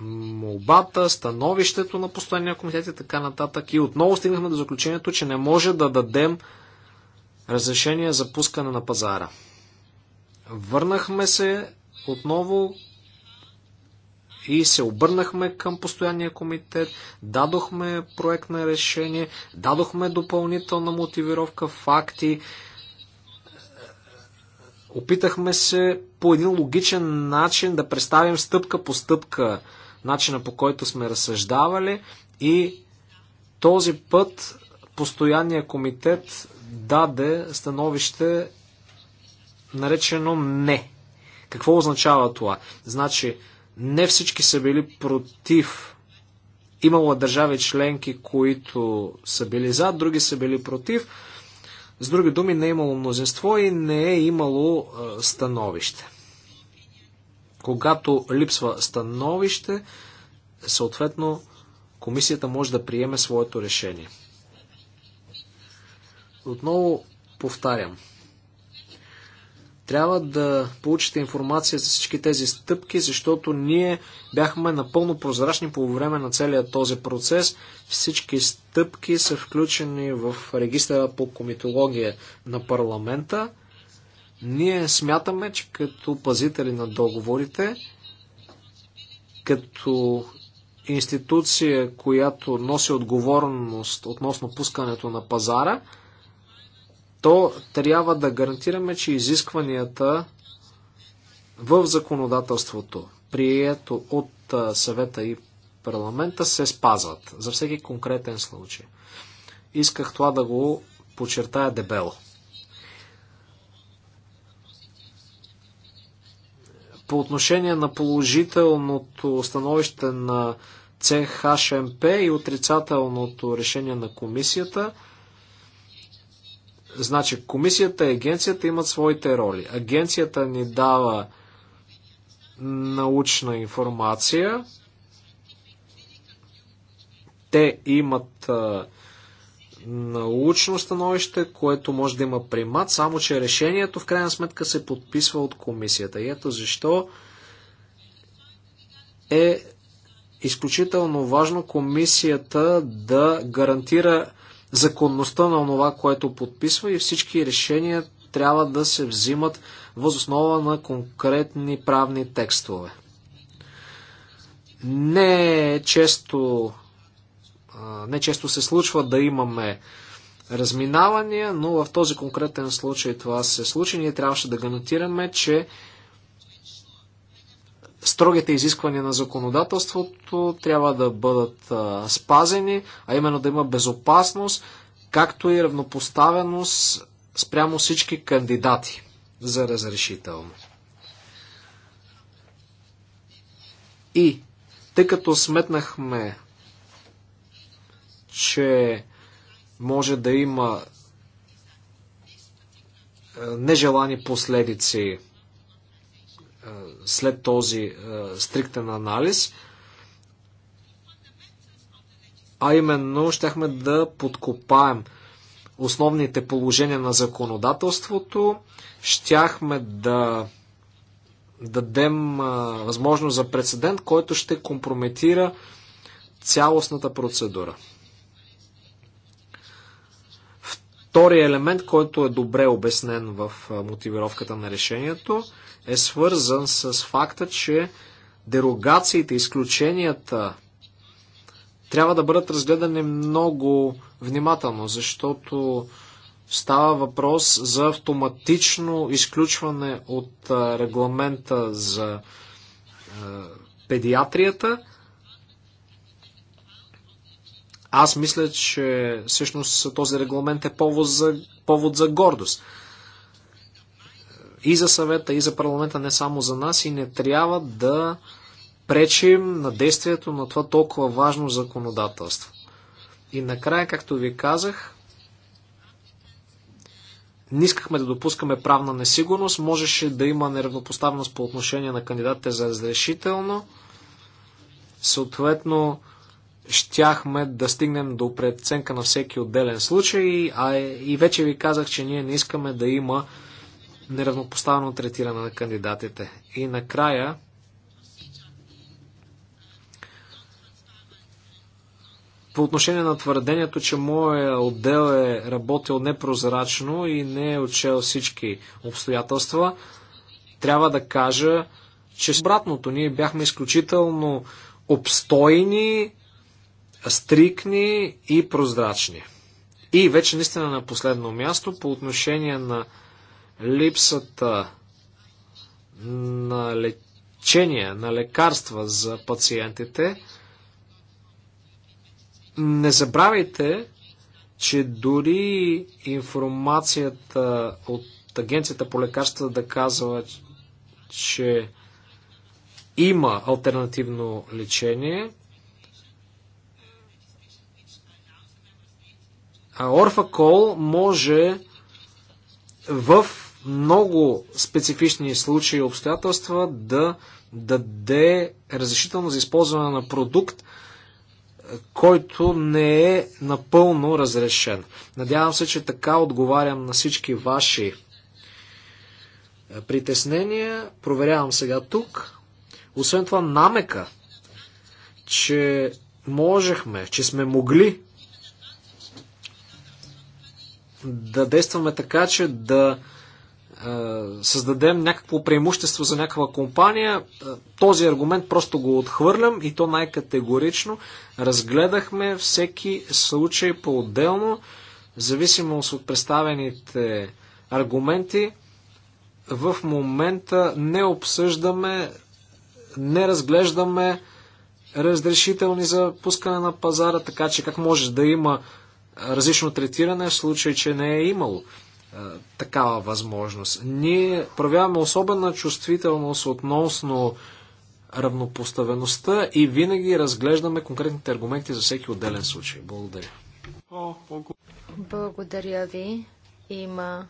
молбата, становището на постоянния комитет и така нататък. И отново стигнахме до заключението, че не може да дадем разрешение за пускане на пазара. Върнахме се отново и се обърнахме към постоянния комитет, дадохме проект на решение, дадохме допълнителна мотивировка, факти, опитахме се по един логичен начин да представим стъпка по стъпка начина по който сме разсъждавали и този път постоянния комитет даде становище наречено не. Какво означава това? Значи, не всички са били против. Имало е държави членки, които са били за, други са били против. С други думи, не е имало мнозинство и не е имало е, становище. Когато липсва становище, съответно комисията може да приеме своето решение. Отново повтарям, трябва да получите информация за всички тези стъпки, защото ние бяхме напълно прозрачни по време на целия този процес. Всички стъпки са включени в регистъра по комитология на парламента. Ние смятаме, че като пазители на договорите, като институция, която носи отговорност относно пускането на пазара, то трябва да гарантираме, че изискванията в законодателството, прието от съвета и парламента, се спазват за всеки конкретен случай. Исках това да го подчертая дебело. По отношение на положителното становище на ЦХМП и отрицателното решение на комисията – Значи, комисията и агенцията имат своите роли. Агенцията ни дава научна информация. Те имат а, научно становище, което може да има примат, само че решението в крайна сметка се подписва от комисията. И ето защо е изключително важно комисията да гарантира законността на това, което подписва и всички решения трябва да се взимат възоснова на конкретни правни текстове. Не често, не често се случва да имаме разминавания, но в този конкретен случай това се случи. Ние трябваше да гарантираме, че строгите изисквания на законодателството трябва да бъдат а, спазени, а именно да има безопасност, както и равнопоставеност спрямо всички кандидати за разрешително. И тъй като сметнахме, че може да има нежелани последици след този е, стриктен анализ, а именно щяхме да подкопаем основните положения на законодателството, щяхме да дадем е, възможност за прецедент, който ще компрометира цялостната процедура. Втори елемент, който е добре обяснен в е, мотивировката на решението – е свързан с факта, че дерогациите, изключенията трябва да бъдат разгледани много внимателно, защото става въпрос за автоматично изключване от регламента за педиатрията. Аз мисля, че всъщност този регламент е повод за, повод за гордост и за съвета, и за парламента, не само за нас и не трябва да пречим на действието на това толкова важно законодателство. И накрая, както ви казах, не искахме да допускаме правна несигурност, можеше да има неравнопоставност по отношение на кандидатите за разрешително. Съответно, щяхме да стигнем до преценка на всеки отделен случай, а и вече ви казах, че ние не искаме да има неравнопоставено третиране на кандидатите. И накрая по отношение на твърдението, че моя отдел е работил непрозрачно и не е отчел всички обстоятелства, трябва да кажа, че обратното ние бяхме изключително обстойни, стрикни и прозрачни. И вече наистина на последно място по отношение на липсата на лечение, на лекарства за пациентите, не забравяйте, че дори информацията от Агенцията по лекарства да казва, че има альтернативно лечение, а орфакол може в много специфични случаи и обстоятелства да даде разрешително за използване на продукт, който не е напълно разрешен. Надявам се, че така отговарям на всички ваши е, притеснения. Проверявам сега тук. Освен това, намека, че можехме, че сме могли да действаме така, че да е, създадем някакво преимущество за някаква компания, е, този аргумент просто го отхвърлям и то най-категорично. Разгледахме всеки случай по-отделно, в зависимост от представените аргументи. В момента не обсъждаме, не разглеждаме разрешителни за пускане на пазара, така че как може да има различно третиране в случай, че не е имало. Е, такава възможност. Ние проявяваме особена чувствителност относно равнопоставеността и винаги разглеждаме конкретните аргументи за всеки отделен случай. Благодаря. Благодаря ви. Има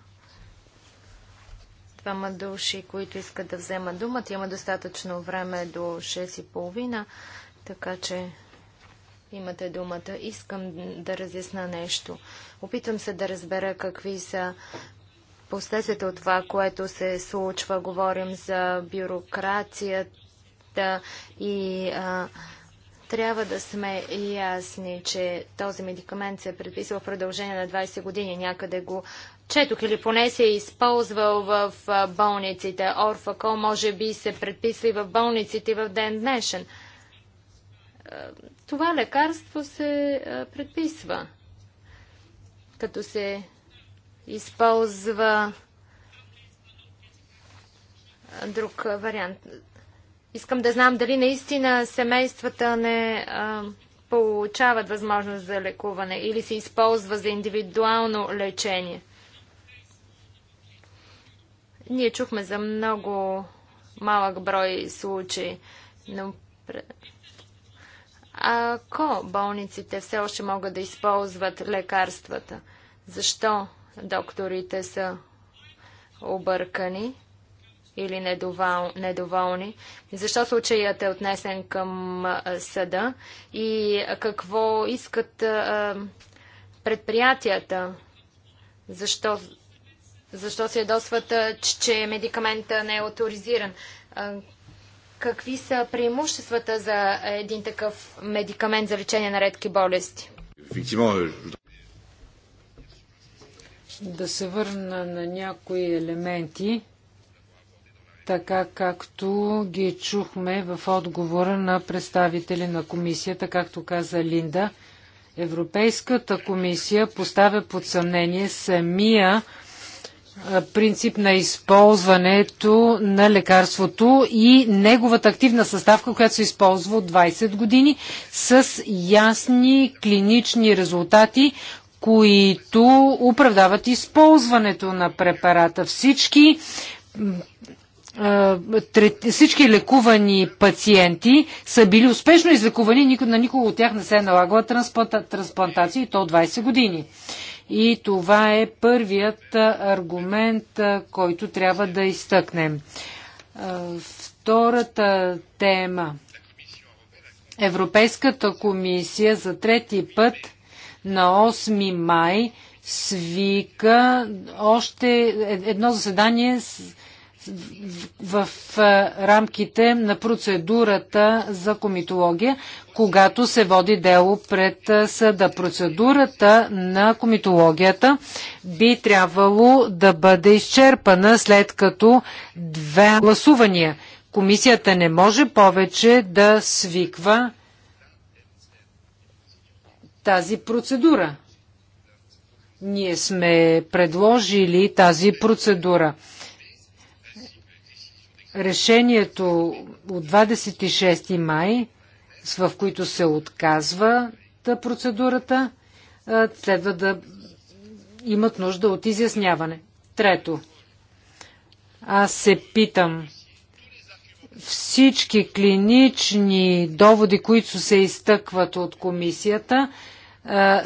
двама души, които искат да вземат думата. Има достатъчно време до 6.30, така че Имате думата. Искам да разясна нещо. Опитвам се да разбера какви са последствията от това, което се случва. Говорим за бюрокрацията и а, трябва да сме ясни, че този медикамент се е предписал в продължение на 20 години. Някъде го четох или поне се е използвал в болниците. Орфакол може би се предписва и в болниците в ден днешен това лекарство се предписва, като се използва друг вариант. Искам да знам дали наистина семействата не получават възможност за лекуване или се използва за индивидуално лечение. Ние чухме за много малък брой случаи, но ако болниците все още могат да използват лекарствата, защо докторите са объркани или недовол, недоволни? Защо случаят е отнесен към съда? И какво искат предприятията? Защо, защо се ядосват, че медикамента не е авторизиран? Какви са преимуществата за един такъв медикамент за лечение на редки болести? Е. Да се върна на някои елементи, така както ги чухме в отговора на представители на комисията, както каза Линда. Европейската комисия поставя под съмнение самия принцип на използването на лекарството и неговата активна съставка, която се използва от 20 години, с ясни клинични резултати, които оправдават използването на препарата. Всички всички лекувани пациенти са били успешно излекувани, на никого от тях не се е налагала трансплантация и то 20 години. И това е първият аргумент, който трябва да изтъкнем. Втората тема. Европейската комисия за трети път на 8 май свика още е, едно заседание с в рамките на процедурата за комитология, когато се води дело пред съда. Процедурата на комитологията би трябвало да бъде изчерпана след като две гласувания. Комисията не може повече да свиква тази процедура. Ние сме предложили тази процедура решението от 26 май, в които се отказва та процедурата, следва да имат нужда от изясняване. Трето, аз се питам, всички клинични доводи, които се изтъкват от комисията,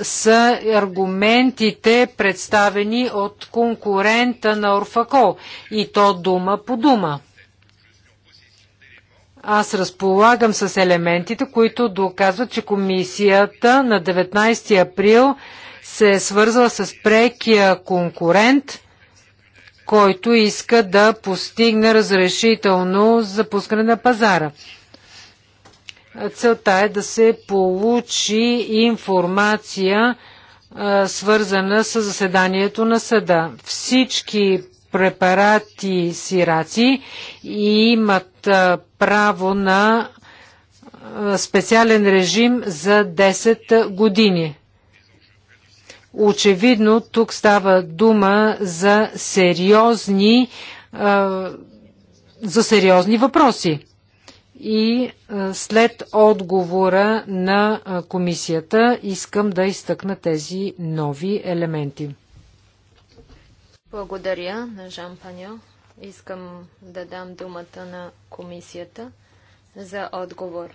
са аргументите представени от конкурента на Орфакол и то дума по дума. Аз разполагам с елементите, които доказват, че комисията на 19 април се е свързала с прекия конкурент, който иска да постигне разрешително запускане на пазара. Целта е да се получи информация, свързана с заседанието на съда. Всички препарати сираци имат право на специален режим за 10 години. Очевидно, тук става дума за сериозни, за сериозни въпроси. И след отговора на комисията искам да изтъкна тези нови елементи. Благодаря на Жан Паньо. Искам да дам думата на комисията за отговор.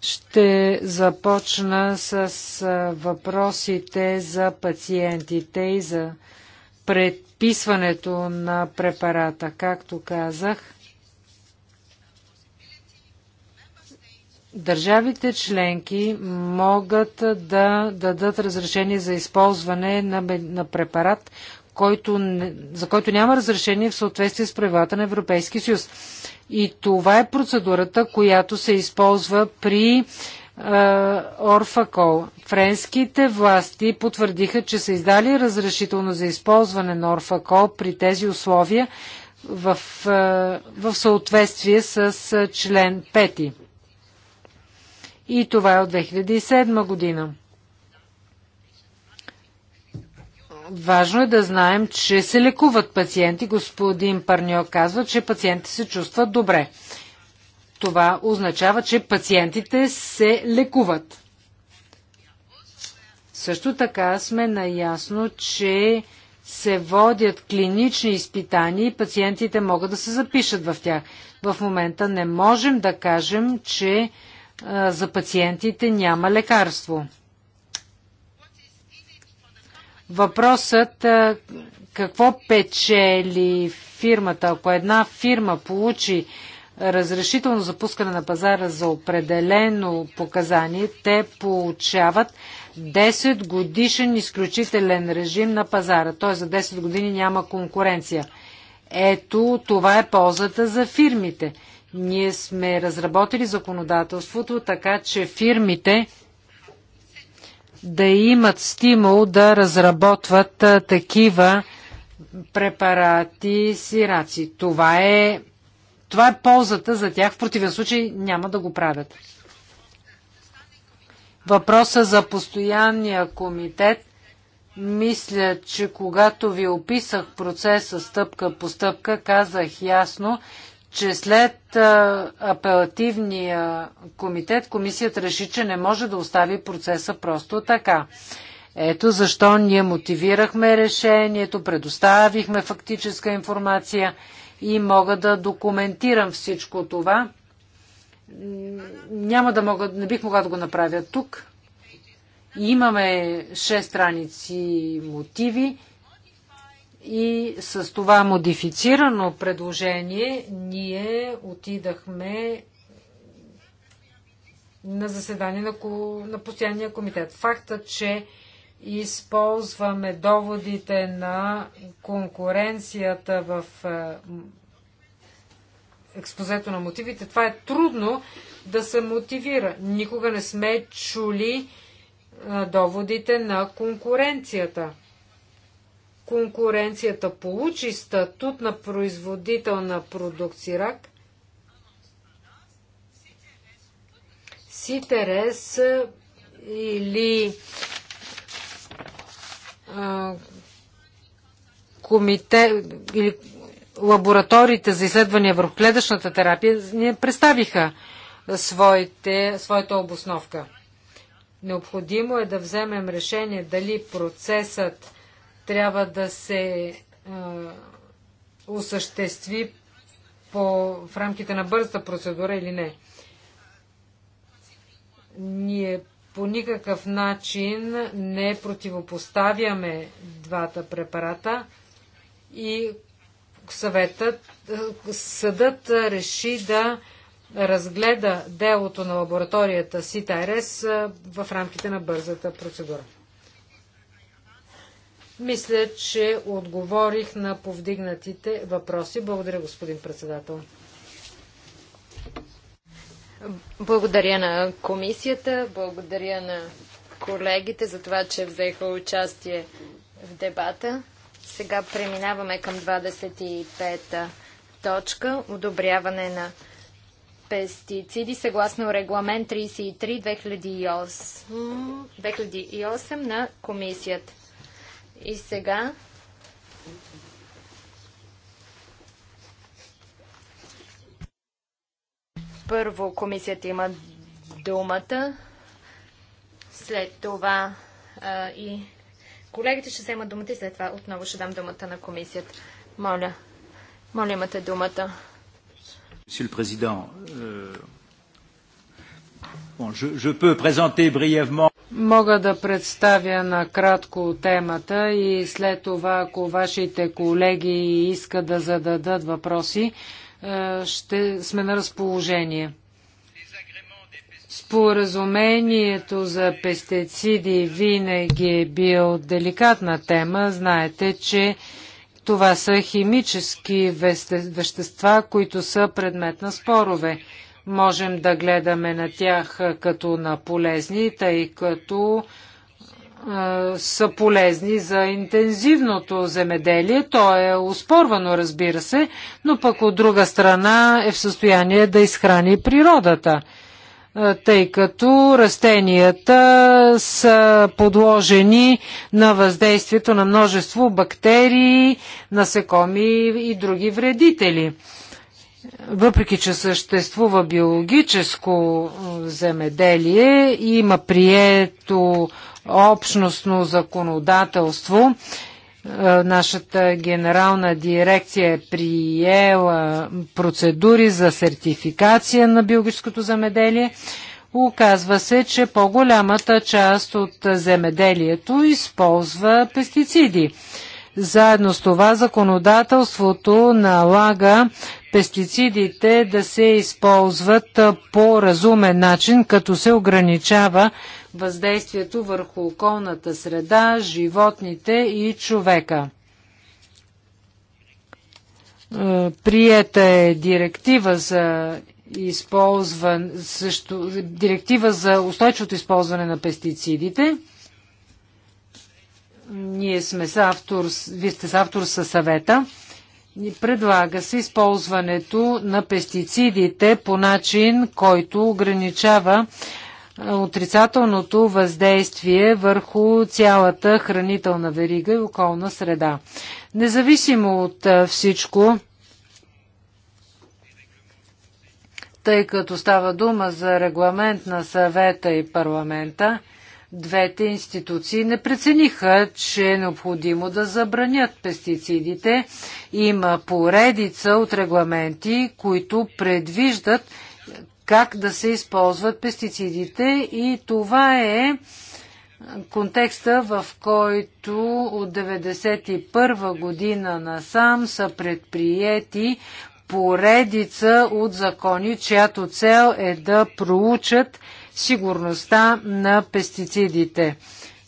Ще започна с въпросите за пациентите и за предписването на препарата. Както казах, Държавите членки могат да дадат разрешение за използване на, на препарат, който, за който няма разрешение в съответствие с правилата на Европейския съюз. И това е процедурата, която се използва при Орфакол. Френските власти потвърдиха, че са издали разрешително за използване на Орфакол при тези условия в, в съответствие с член 5 и това е от 2007 година. Важно е да знаем, че се лекуват пациенти. Господин Парньо казва, че пациентите се чувстват добре. Това означава, че пациентите се лекуват. Също така сме наясно, че се водят клинични изпитания и пациентите могат да се запишат в тях. В момента не можем да кажем, че за пациентите няма лекарство. Въпросът какво печели фирмата, ако една фирма получи разрешително запускане на пазара за определено показание, те получават 10 годишен изключителен режим на пазара. Т.е. за 10 години няма конкуренция. Ето това е ползата за фирмите. Ние сме разработили законодателството така, че фирмите да имат стимул да разработват такива препарати сираци. Това е, това е ползата за тях. В противен случай няма да го правят. Въпроса за постоянния комитет. Мисля, че когато ви описах процеса стъпка по стъпка, казах ясно, че след апелативния комитет комисията реши, че не може да остави процеса просто така. Ето защо ние мотивирахме решението, предоставихме фактическа информация и мога да документирам всичко това. Няма да мога, не бих могла да го направя тук. Имаме 6 страници мотиви и с това модифицирано предложение ние отидахме на заседание на, на постоянния комитет. Факта, че използваме доводите на конкуренцията в е, експозето на мотивите, това е трудно да се мотивира. Никога не сме чули е, доводите на конкуренцията конкуренцията получи статут на производител на продукция рак, ситерес или а, комите, или лабораториите за изследвания върху клетъчната терапия не представиха своите, своята обосновка. Необходимо е да вземем решение дали процесът трябва да се а, осъществи по, в рамките на бърза процедура или не. Ние по никакъв начин не противопоставяме двата препарата и съветът, съдът реши да разгледа делото на лабораторията СИТАРЕС в рамките на бързата процедура. Мисля, че отговорих на повдигнатите въпроси. Благодаря, господин председател. Благодаря на комисията, благодаря на колегите за това, че взеха участие в дебата. Сега преминаваме към 25-та точка одобряване на пестициди съгласно регламент 33-2008 на комисията. И сега първо комисията има думата, след това а, и колегите ще вземат думата и след това отново ще дам думата на комисията. Моля, моля имате думата. Monsieur le Président, euh, bon, je, je peux présenter brièvement Мога да представя накратко темата и след това, ако вашите колеги искат да зададат въпроси, е, ще сме на разположение. Споразумението за пестициди винаги е бил деликатна тема. Знаете, че това са химически вещества, които са предмет на спорове можем да гледаме на тях като на полезни, тъй като са полезни за интензивното земеделие. То е успорвано, разбира се, но пък от друга страна е в състояние да изхрани природата, тъй като растенията са подложени на въздействието на множество бактерии, насекоми и други вредители въпреки че съществува биологическо земеделие, има прието общностно законодателство. Е, нашата генерална дирекция е приела процедури за сертификация на биологическото земеделие. Оказва се, че по-голямата част от земеделието използва пестициди. Заедно с това законодателството налага пестицидите да се използват по разумен начин, като се ограничава въздействието върху околната среда, животните и човека. Е, приета е директива за използван, също, директива за устойчивото използване на пестицидите – ние сме с автор, вие сте с автор със съвета. Предлага се използването на пестицидите по начин, който ограничава отрицателното въздействие върху цялата хранителна верига и околна среда. Независимо от всичко, тъй като става дума за регламент на съвета и парламента, Двете институции не прецениха, че е необходимо да забранят пестицидите. Има поредица от регламенти, които предвиждат как да се използват пестицидите и това е контекста, в който от 1991 година насам са предприети поредица от закони, чиято цел е да проучат сигурността на пестицидите.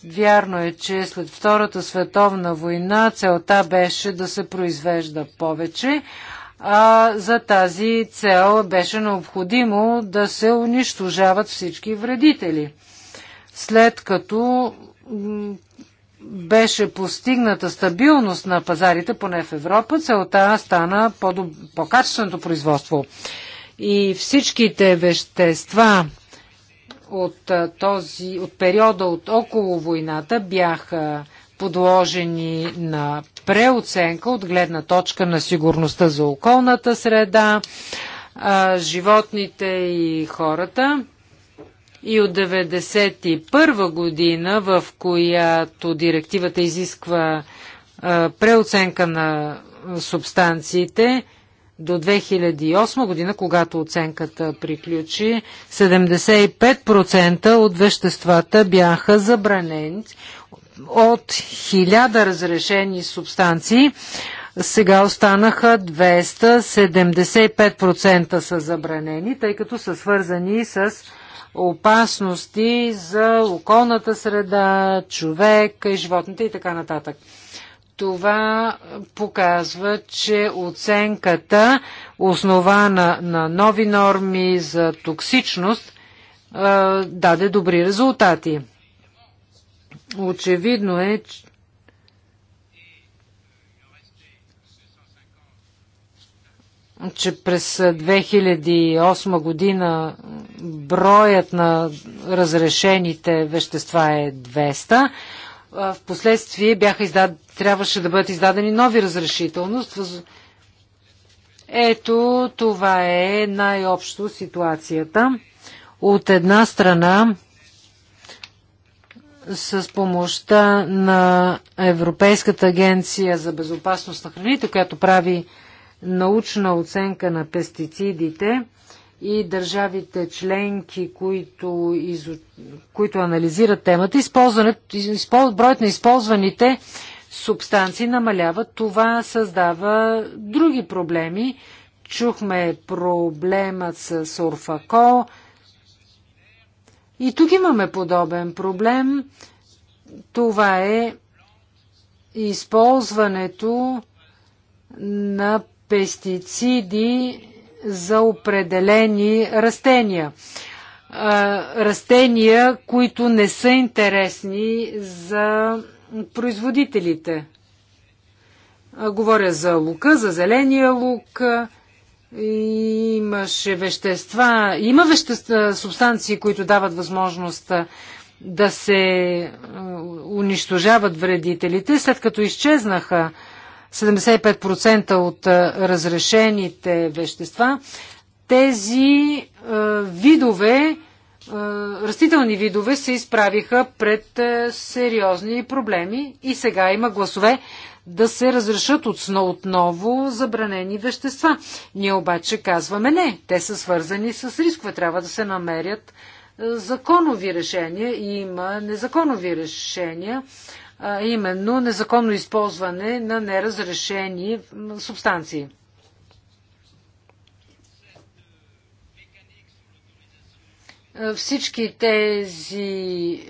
Вярно е, че след Втората световна война целта беше да се произвежда повече, а за тази цел беше необходимо да се унищожават всички вредители. След като беше постигната стабилност на пазарите, поне в Европа, целта стана по-качественото производство. И всичките вещества, от, този, от периода от около войната бяха подложени на преоценка от гледна точка на сигурността за околната среда, животните и хората. И от 1991 година, в която директивата изисква преоценка на субстанциите, до 2008 година, когато оценката приключи, 75% от веществата бяха забранени от 1000 разрешени субстанции. Сега останаха 275% са забранени, тъй като са свързани с опасности за околната среда, човек, животните и така нататък. Това показва, че оценката, основана на нови норми за токсичност, е, даде добри резултати. Очевидно е, че през 2008 година броят на разрешените вещества е 200, в последствие бяха издад... трябваше да бъдат издадени нови разрешителност. Ето, това е най-общо ситуацията. От една страна, с помощта на Европейската агенция за безопасност на храните, която прави научна оценка на пестицидите, и държавите членки, които, изу... които анализират темата, използването, броят на използваните субстанции намалява. Това създава други проблеми. Чухме проблемът с Орфако, И тук имаме подобен проблем. Това е използването на пестициди за определени растения. Растения, които не са интересни за производителите. Говоря за лука, за зеления лук. Имаше вещества, има вещества, субстанции, които дават възможност да се унищожават вредителите, след като изчезнаха 75% от разрешените вещества, тези видове, растителни видове се изправиха пред сериозни проблеми и сега има гласове да се разрешат отново забранени вещества. Ние обаче казваме не, те са свързани с рискове, трябва да се намерят законови решения и има незаконови решения а именно незаконно използване на неразрешени субстанции. Всички тези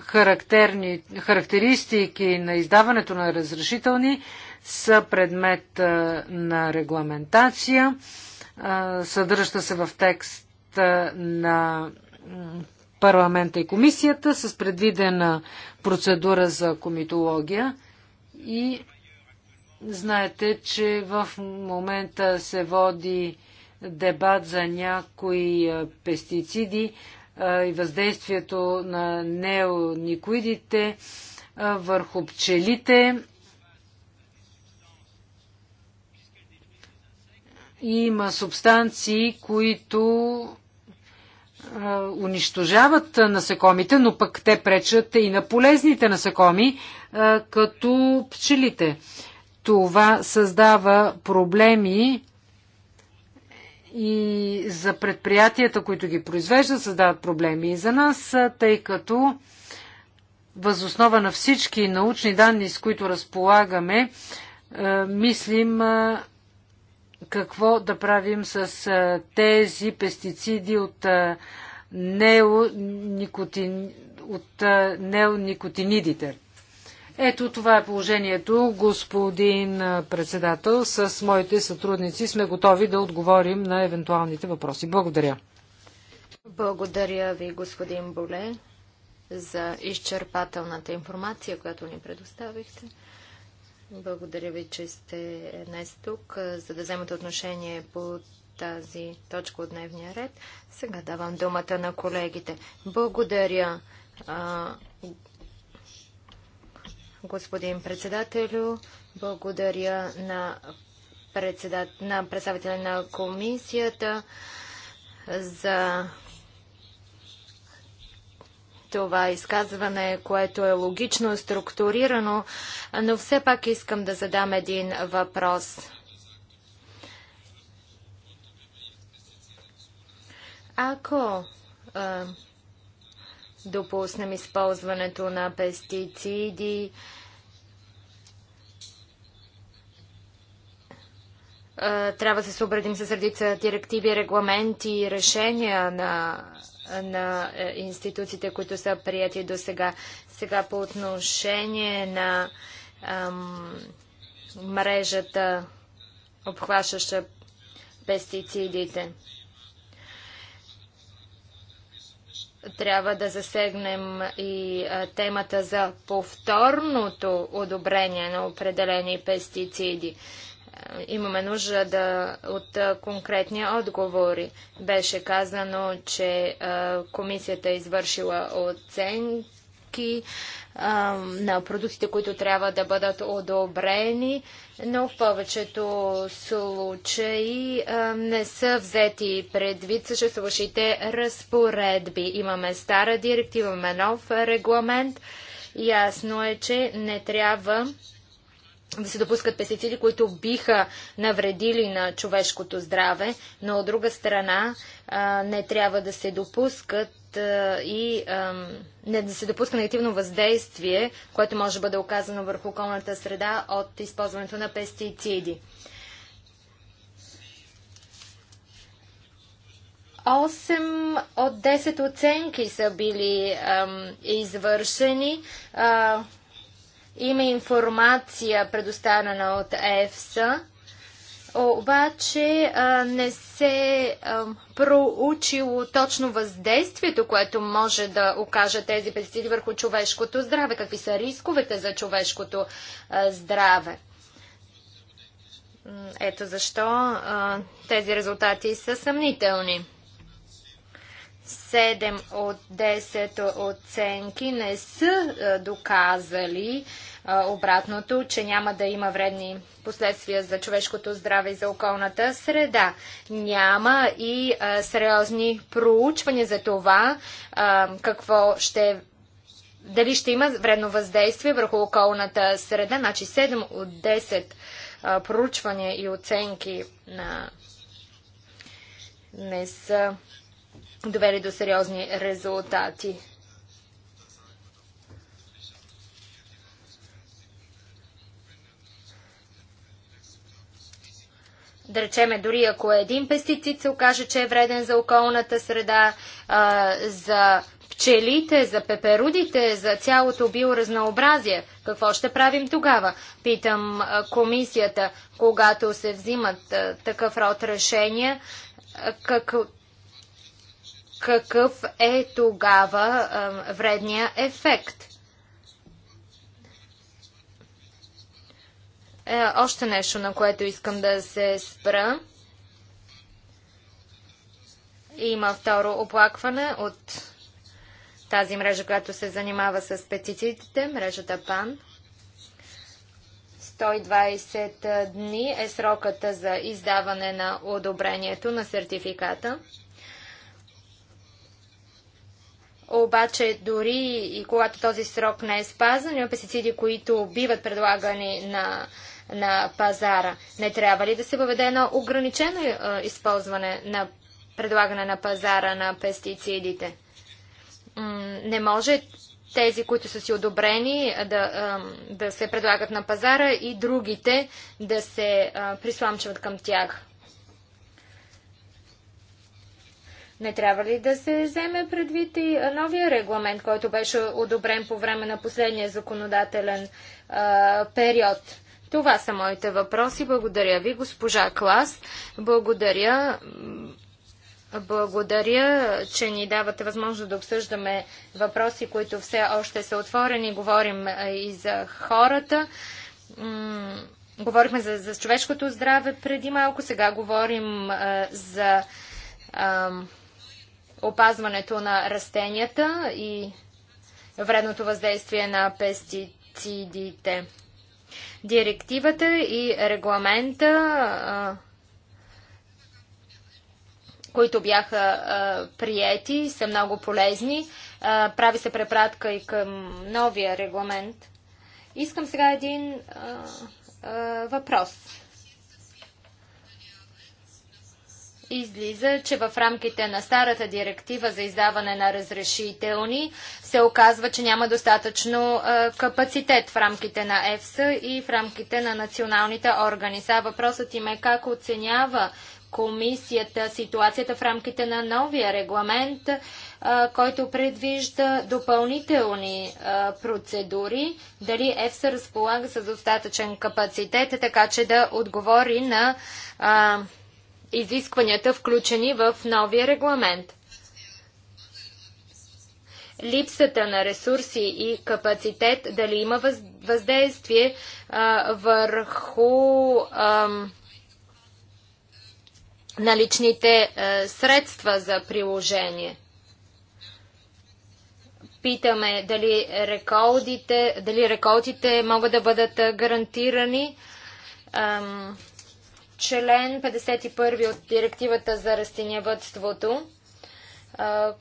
характерни, характеристики на издаването на разрешителни са предмет на регламентация, съдържаща се в текст на парламента и комисията с предвидена процедура за комитология и знаете, че в момента се води дебат за някои пестициди и въздействието на неоникоидите върху пчелите. Има субстанции, които унищожават насекомите, но пък те пречат и на полезните насекоми, като пчелите. Това създава проблеми и за предприятията, които ги произвеждат, създават проблеми и за нас, тъй като възоснова на всички научни данни, с които разполагаме, мислим какво да правим с тези пестициди от неоникотин, от неоникотинидите. Ето това е положението, господин председател. С моите сътрудници сме готови да отговорим на евентуалните въпроси. Благодаря. Благодаря ви, господин Боле, за изчерпателната информация, която ни предоставихте. Благодаря ви, че сте днес тук, за да вземете отношение по тази точка от дневния ред. Сега давам думата на колегите. Благодаря, а, господин председателю. Благодаря на, председат, на представителя на комисията за това изказване, което е логично структурирано, но все пак искам да задам един въпрос. Ако а, допуснем използването на пестициди, а, трябва да се съобредим с редица директиви, регламенти и решения на, на е, институциите, които са прияти до сега. Сега по отношение на ам, мрежата, обхващаща пестицидите. трябва да засегнем и темата за повторното одобрение на определени пестициди. имаме нужда да, от конкретни отговори. Беше казано, че комисията е извършила оценки на продуктите, които трябва да бъдат одобрени, но в повечето случаи не са взети предвид съществуващите разпоредби. Имаме стара директива, имаме нов регламент. Ясно е, че не трябва да се допускат пестициди, които биха навредили на човешкото здраве, но от друга страна не трябва да се допускат и не да се допуска негативно въздействие, което може да бъде оказано върху околната среда от използването на пестициди. Осем от 10 оценки са били извършени. А, има информация предоставена от ЕФСА обаче а, не се а, проучило точно въздействието, което може да окаже тези пестициди върху човешкото здраве. Какви са рисковете за човешкото а, здраве? Ето защо а, тези резултати са съмнителни. 7 от 10 оценки не са а, доказали, а, обратното, че няма да има вредни последствия за човешкото здраве и за околната среда. Няма и а, сериозни проучвания за това а, какво ще дали ще има вредно въздействие върху околната среда. Значи 7 от 10 проучвания и оценки на не са довели до сериозни резултати. да речеме, дори ако е един пестицид се окаже, че е вреден за околната среда, а, за пчелите, за пеперудите, за цялото биоразнообразие. Какво ще правим тогава? Питам а, комисията, когато се взимат а, такъв род решения, как, какъв е тогава вредния ефект? Е, още нещо, на което искам да се спра. Има второ оплакване от тази мрежа, която се занимава с петициите, мрежата ПАН. 120 дни е срокът за издаване на одобрението на сертификата. Обаче дори и когато този срок не е спазан, има пестициди, които биват предлагани на на пазара. Не трябва ли да се въведе едно ограничено е, използване на предлагане на пазара на пестицидите? не може тези, които са си одобрени да, да се предлагат на пазара и другите да се присламчват към тях. Не трябва ли да се вземе предвид и новия регламент, който беше одобрен по време на последния законодателен а, период? Това са моите въпроси. Благодаря ви, госпожа Клас. Благодаря. Благодаря, че ни давате възможност да обсъждаме въпроси, които все още са отворени. Говорим и за хората. Говорихме за, за човешкото здраве преди малко, сега говорим за опазването на растенията и вредното въздействие на пестицидите. Директивата и регламента, които бяха приети, са много полезни. Прави се препратка и към новия регламент. Искам сега един въпрос излиза, че в рамките на старата директива за издаване на разрешителни се оказва, че няма достатъчно капацитет в рамките на ЕФСА и в рамките на националните органи. Сега въпросът им е как оценява комисията ситуацията в рамките на новия регламент, който предвижда допълнителни процедури, дали ЕФСА разполага с достатъчен капацитет, така че да отговори на изискванията, включени в новия регламент. Липсата на ресурси и капацитет дали има въздействие а, върху а, наличните а, средства за приложение питаме дали реколдите, дали реколдите могат да бъдат гарантирани. А, член 51 от директивата за растениевътството.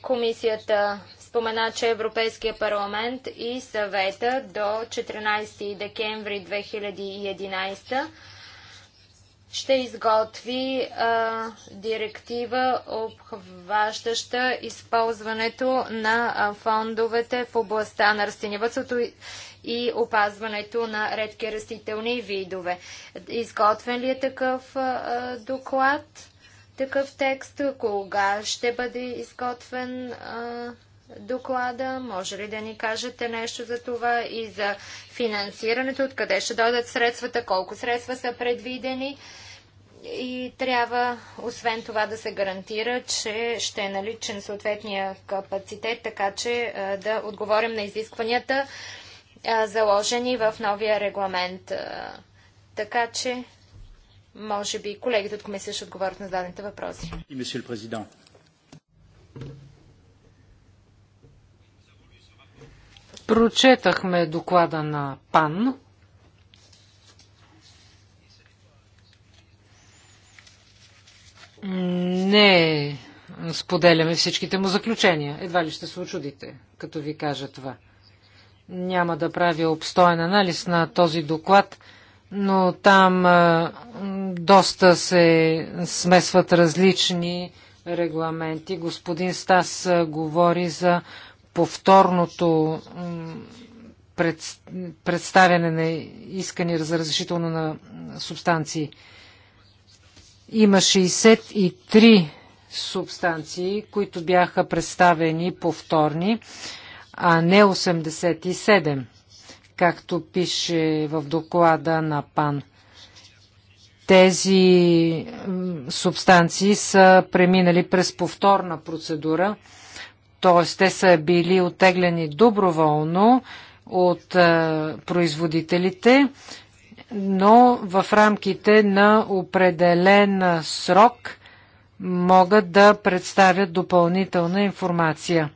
Комисията спомена, че Европейския парламент и съвета до 14 декември 2011 ще изготви а, директива, обхващаща използването на фондовете в областта на растениевътството и опазването на редки растителни видове. Изготвен ли е такъв а, доклад, такъв текст? Кога ще бъде изготвен а, доклада? Може ли да ни кажете нещо за това и за финансирането? Откъде ще дойдат средствата? Колко средства са предвидени? и трябва освен това да се гарантира, че ще е наличен съответния капацитет, така че да отговорим на изискванията заложени в новия регламент. така че, може би, колегите от комисия ще отговорят на зададените въпроси. Прочетахме доклада на ПАН. Не споделяме всичките му заключения. Едва ли ще се очудите, като ви кажа това. Няма да правя обстоен анализ на този доклад, но там а, доста се смесват различни регламенти. Господин Стас а, говори за повторното пред, представяне на искани за разрешително на субстанции. Има 63 субстанции, които бяха представени повторни а не 87, както пише в доклада на ПАН. Тези субстанции са преминали през повторна процедура, т.е. те са били отеглени доброволно от е, производителите, но в рамките на определен срок могат да представят допълнителна информация.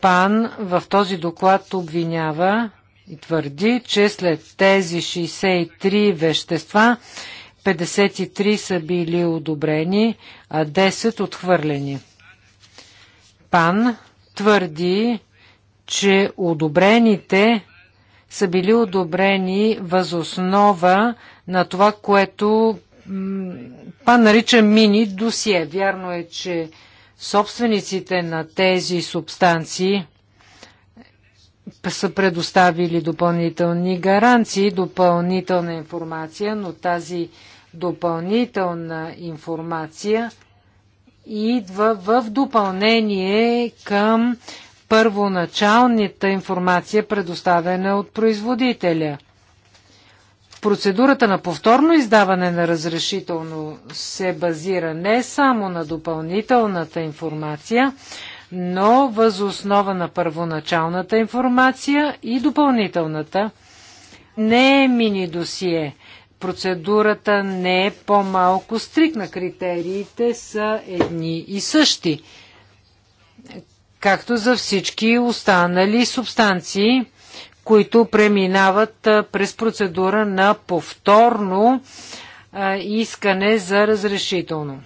Пан в този доклад обвинява и твърди, че след тези 63 вещества 53 са били одобрени, а 10 отхвърлени. Пан твърди, че одобрените са били одобрени възоснова на това, което Пан нарича мини досие. Вярно е, че собствениците на тези субстанции са предоставили допълнителни гаранции, допълнителна информация, но тази допълнителна информация идва в допълнение към първоначалната информация, предоставена от производителя – Процедурата на повторно издаване на разрешително се базира не само на допълнителната информация, но възоснова на първоначалната информация и допълнителната. Не е мини досие. Процедурата не е по-малко стрикна. Критериите са едни и същи. Както за всички останали субстанции, които преминават през процедура на повторно искане за разрешително.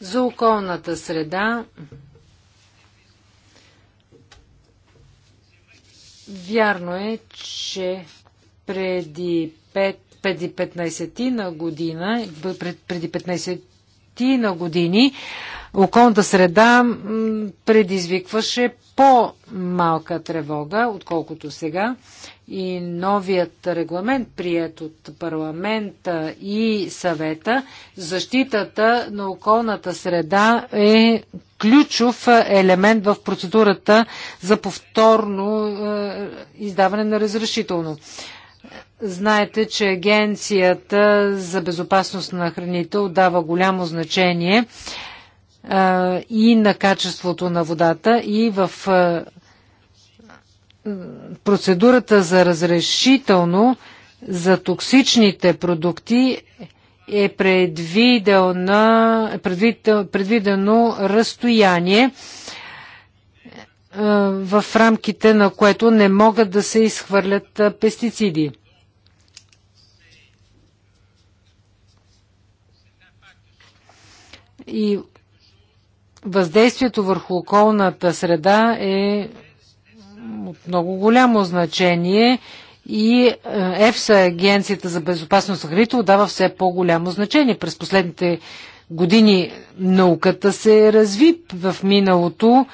За околната среда вярно е, че преди 15-ти 15 на година, преди 15 на години околната среда предизвикваше по-малка тревога, отколкото сега. И новият регламент, прият от парламента и съвета, защитата на околната среда е ключов елемент в процедурата за повторно е, издаване на разрешително. Знаете, че Агенцията за безопасност на храните отдава голямо значение и на качеството на водата и в процедурата за разрешително за токсичните продукти е предвидено, предвидено разстояние в рамките на което не могат да се изхвърлят пестициди. И въздействието върху околната среда е от много голямо значение и е, ЕФСА, Агенцията за безопасност на храните, отдава все по-голямо значение. През последните години науката се разви. В миналото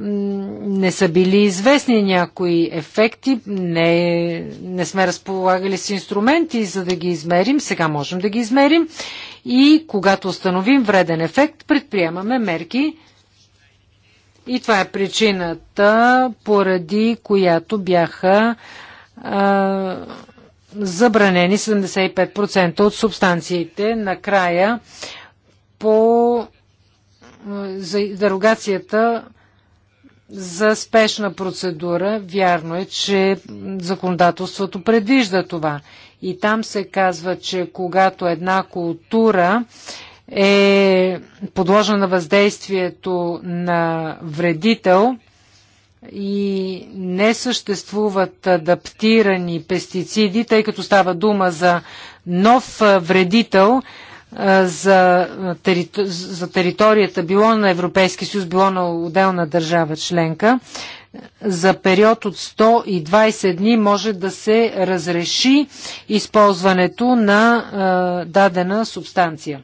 не са били известни някои ефекти, не, не сме разполагали с инструменти, за да ги измерим. Сега можем да ги измерим и когато установим вреден ефект, предприемаме мерки. И това е причината, поради която бяха а, забранени 75% от субстанциите. Накрая по за дерогацията за спешна процедура. Вярно е, че законодателството предвижда това. И там се казва, че когато една култура е подложена на въздействието на вредител и не съществуват адаптирани пестициди, тъй като става дума за нов вредител, за, за територията, било на Европейски съюз, било на отделна държава членка, за период от 120 дни може да се разреши използването на дадена субстанция.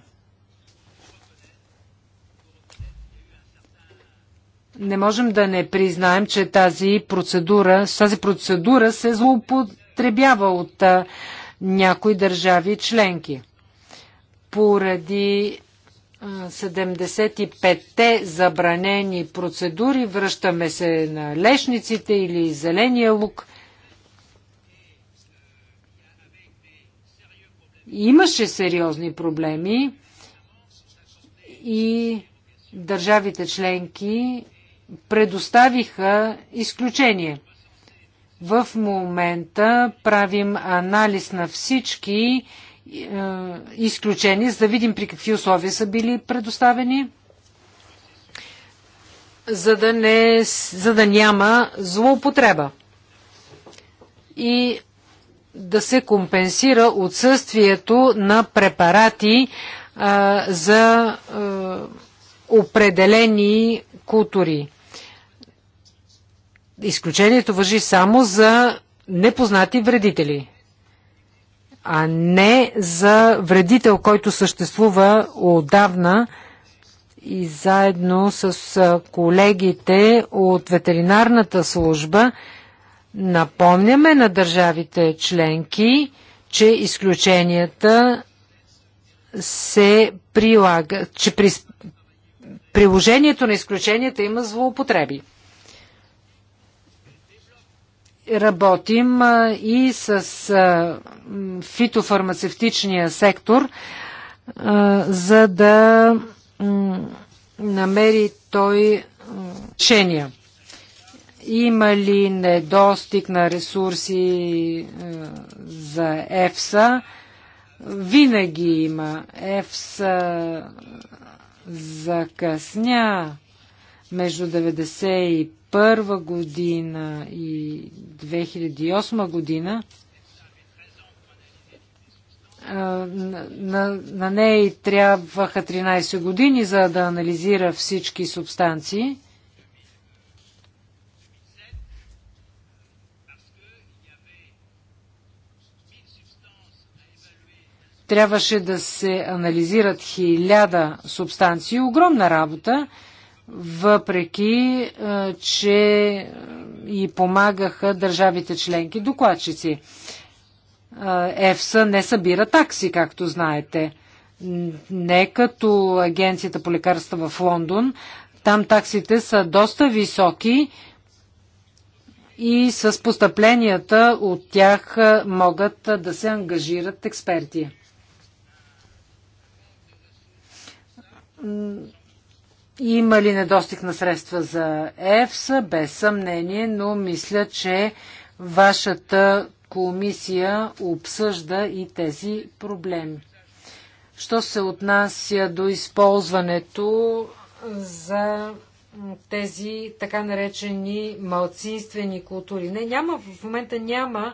Не можем да не признаем, че тази процедура, тази процедура се злоупотребява от някои държави членки поради 75-те забранени процедури, връщаме се на лешниците или зеления лук. Имаше сериозни проблеми и държавите членки предоставиха изключение. В момента правим анализ на всички е, изключени, за да видим при какви условия са били предоставени, за да, не, за да няма злоупотреба. И да се компенсира отсъствието на препарати а, е, за а, е, определени култури. Изключението въжи само за непознати вредители а не за вредител, който съществува отдавна и заедно с колегите от ветеринарната служба напомняме на държавите членки, че изключенията се прилагат, че при приложението на изключенията има злоупотреби работим и с фитофармацевтичния сектор, за да намери той решения. Има ли недостиг на ресурси за ЕФСА? Винаги има. ЕФСА закъсня между 95 2001 година и 2008 година на, на нея трябваха 13 години, за да анализира всички субстанции. Трябваше да се анализират хиляда субстанции. Огромна работа въпреки че и помагаха държавите членки, докладчици. ЕФСА не събира такси, както знаете. Не като агенцията по лекарства в Лондон. Там таксите са доста високи и с постъпленията от тях могат да се ангажират експерти има ли недостиг на средства за ЕФСА? Без съмнение, но мисля, че вашата комисия обсъжда и тези проблеми. Що се отнася до използването за тези така наречени малцинствени култури? Не, няма, в момента няма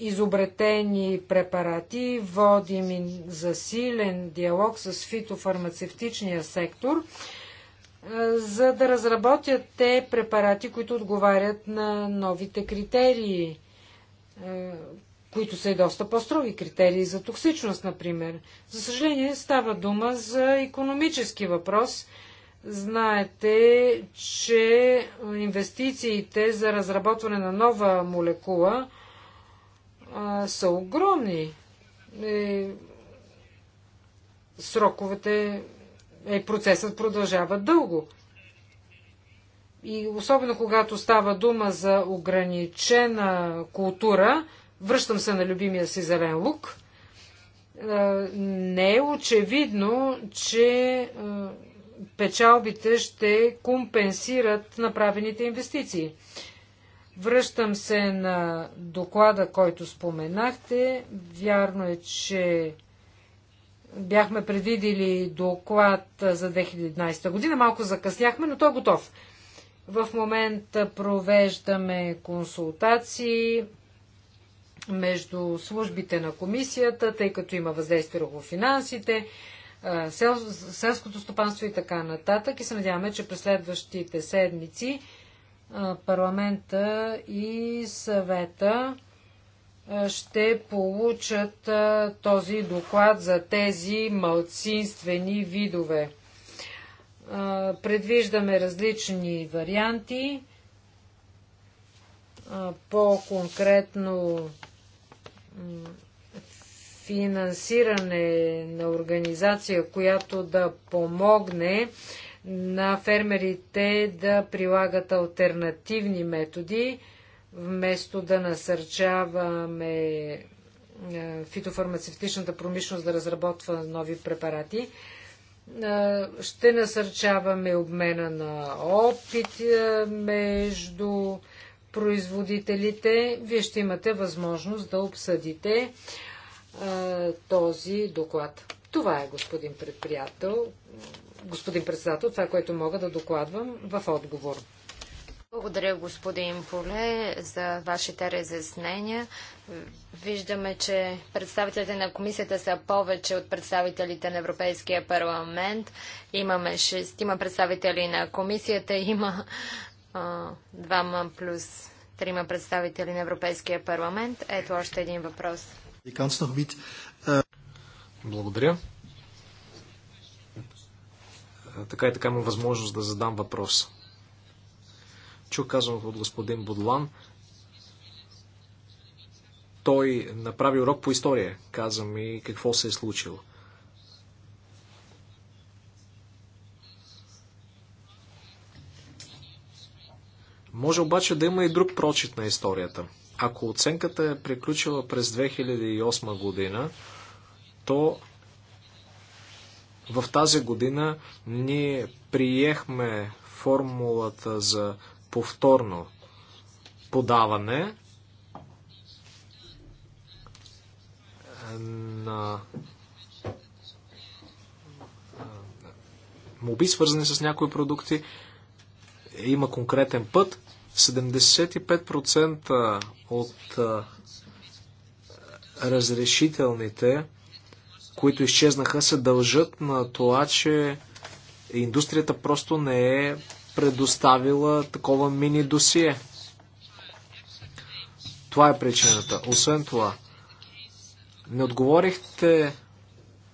изобретени препарати, водим за силен диалог с фитофармацевтичния сектор, е, за да разработят те препарати, които отговарят на новите критерии, е, които са и доста по-строги критерии за токсичност, например. За съжаление, става дума за економически въпрос. Знаете, че инвестициите за разработване на нова молекула а, са огромни. И е, сроковете, е, процесът продължава дълго. И особено когато става дума за ограничена култура, връщам се на любимия си зелен лук, е, не е очевидно, че е, печалбите ще компенсират направените инвестиции. Връщам се на доклада, който споменахте. Вярно е, че бяхме предвидили доклад за 2011 година. Малко закъсняхме, но той е готов. В момента провеждаме консултации между службите на комисията, тъй като има въздействие върху финансите, селското стопанство и така нататък. И се надяваме, че през следващите седмици парламента и съвета ще получат този доклад за тези малцинствени видове. Предвиждаме различни варианти. По-конкретно финансиране на организация, която да помогне на фермерите да прилагат альтернативни методи, вместо да насърчаваме е, фитофармацевтичната промишленост да разработва нови препарати. Е, ще насърчаваме обмена на опит е, между производителите. Вие ще имате възможност да обсъдите този доклад. Това е, господин предприятел, господин председател, това, което мога да докладвам в отговор. Благодаря, господин Поле, за вашите разяснения. Виждаме, че представителите на комисията са повече от представителите на Европейския парламент. Имаме шестима представители на комисията, има двама плюс трима представители на Европейския парламент. Ето още един въпрос. Eh. Благодаря така и така имам възможност да задам въпрос. Чу казвам от господин Бодлан. Той направи урок по история. Каза ми какво се е случило. Може обаче да има и друг прочит на историята. Ако оценката е приключила през 2008 година, то в тази година ние приехме формулата за повторно подаване на моби, свързани с някои продукти. Има конкретен път. 75% от разрешителните които изчезнаха, се дължат на това, че индустрията просто не е предоставила такова мини досие. Това е причината. Освен това, не отговорихте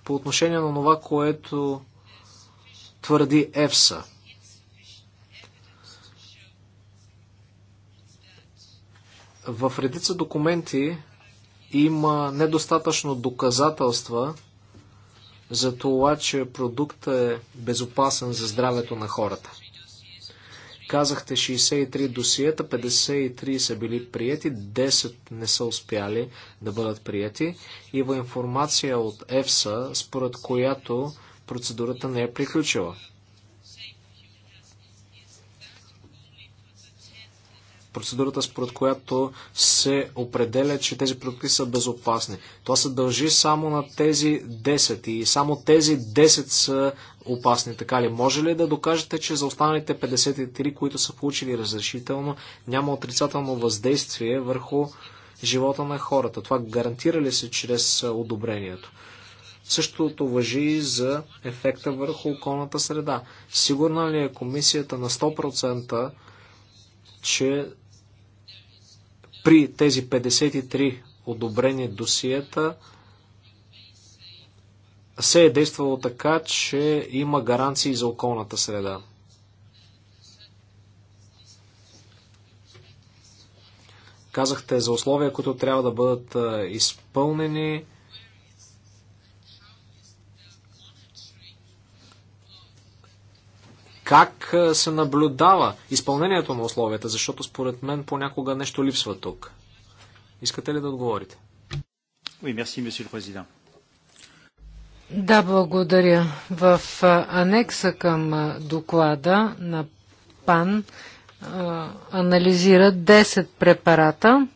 по отношение на това, което твърди ЕФСА. В редица документи има недостатъчно доказателства за това, че продуктът е безопасен за здравето на хората. Казахте 63 досиета, 53 са били прияти, 10 не са успяли да бъдат прияти. Има информация от ЕФСА, според която процедурата не е приключила. процедурата, според която се определя, че тези продукти са безопасни. Това се дължи само на тези 10 и само тези 10 са опасни. Така ли? Може ли да докажете, че за останалите 53, които са получили разрешително, няма отрицателно въздействие върху живота на хората? Това гарантира ли се чрез одобрението? Същото въжи и за ефекта върху околната среда. Сигурна ли е комисията на 100%, че при тези 53 одобрени досиета се е действало така, че има гаранции за околната среда. Казахте за условия, които трябва да бъдат изпълнени. Как е, се наблюдава изпълнението на условията, защото според мен понякога нещо липсва тук. Искате ли да отговорите? Да, благодаря. В анекса към доклада на ПАН анализира 10 препарата,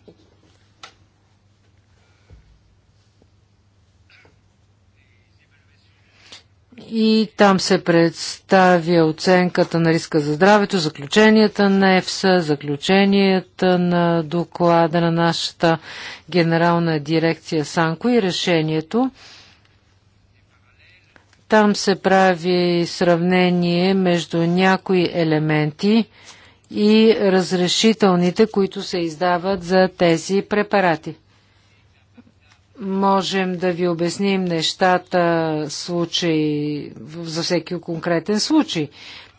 и там се представя оценката на риска за здравето, заключенията на ЕФСА, заключенията на доклада на нашата генерална дирекция Санко и решението. Там се прави сравнение между някои елементи и разрешителните, които се издават за тези препарати можем да ви обясним нещата случай, за всеки конкретен случай.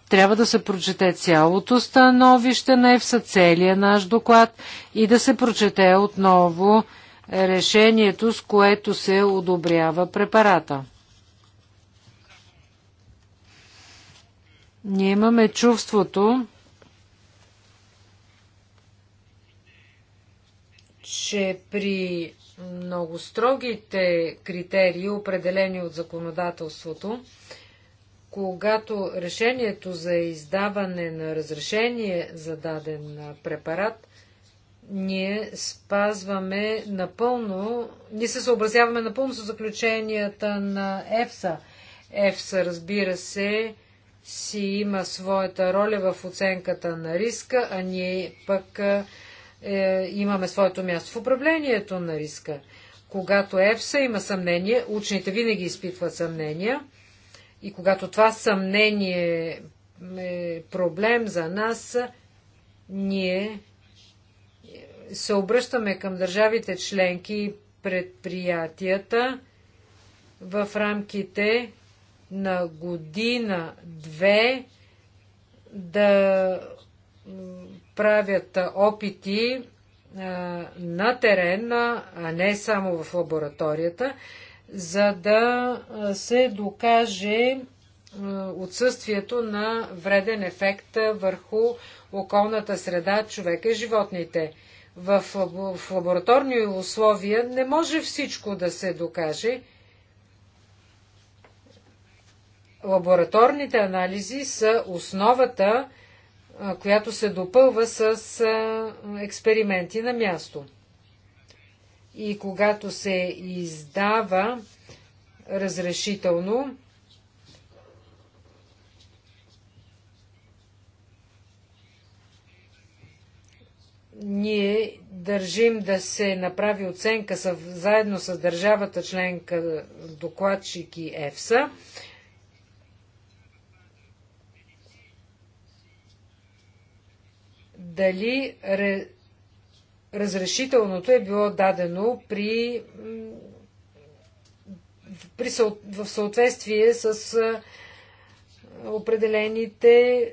Трябва да се прочете цялото становище на ЕФСА, целият наш доклад и да се прочете отново решението, с което се одобрява препарата. Ние имаме чувството, че при много строгите критерии, определени от законодателството, когато решението за издаване на разрешение за даден препарат, ние спазваме напълно, ние се съобразяваме напълно с заключенията на ЕФСА. ЕФСА, разбира се, си има своята роля в оценката на риска, а ние пък е, имаме своето място в управлението на риска. Когато ЕФСА има съмнение, учените винаги изпитват съмнения и когато това съмнение е проблем за нас, ние се обръщаме към държавите членки и предприятията в рамките на година-две да правят опити на терен, а не само в лабораторията, за да се докаже отсъствието на вреден ефект върху околната среда, човека и животните. В, в лабораторни условия не може всичко да се докаже. Лабораторните анализи са основата която се допълва с експерименти на място. И когато се издава разрешително, ние държим да се направи оценка заедно с държавата членка докладчики ЕФСА дали ре... разрешителното е било дадено при, при съ... в съответствие с определените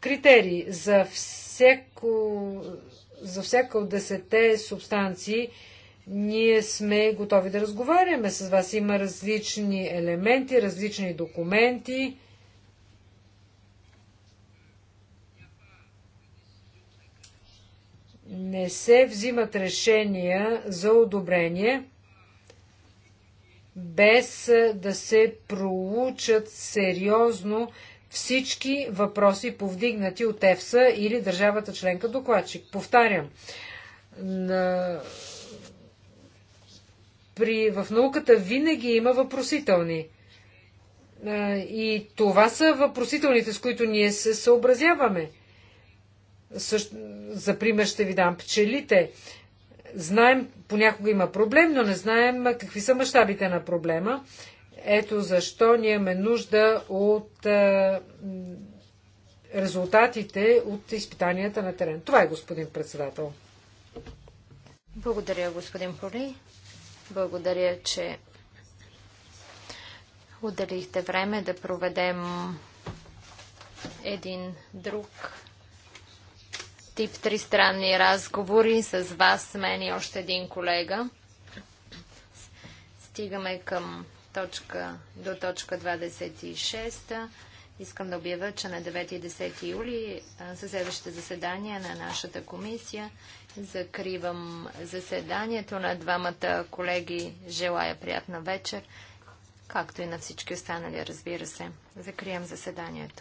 критерии. За, всеко, за всяка от десете субстанции ние сме готови да разговаряме с вас. Има различни елементи, различни документи. не се взимат решения за одобрение без е, да се проучат сериозно всички въпроси, повдигнати от ЕФСА или държавата членка докладчик. Повтарям, на... при... в науката винаги има въпросителни. Е, и това са въпросителните, с които ние се съобразяваме. Също, за пример ще ви дам пчелите. Знаем, понякога има проблем, но не знаем какви са мащабите на проблема. Ето защо ние имаме нужда от а, е, резултатите от изпитанията на терен. Това е, господин председател. Благодаря, господин Поли. Благодаря, че отделихте време да проведем един друг тип странни разговори с вас, с мен и още един колега. Стигаме към точка, до точка 26. Искам да обявя, че на 9 и 10 юли за следващите заседания на нашата комисия. Закривам заседанието на двамата колеги. Желая приятна вечер, както и на всички останали, разбира се. Закрием заседанието.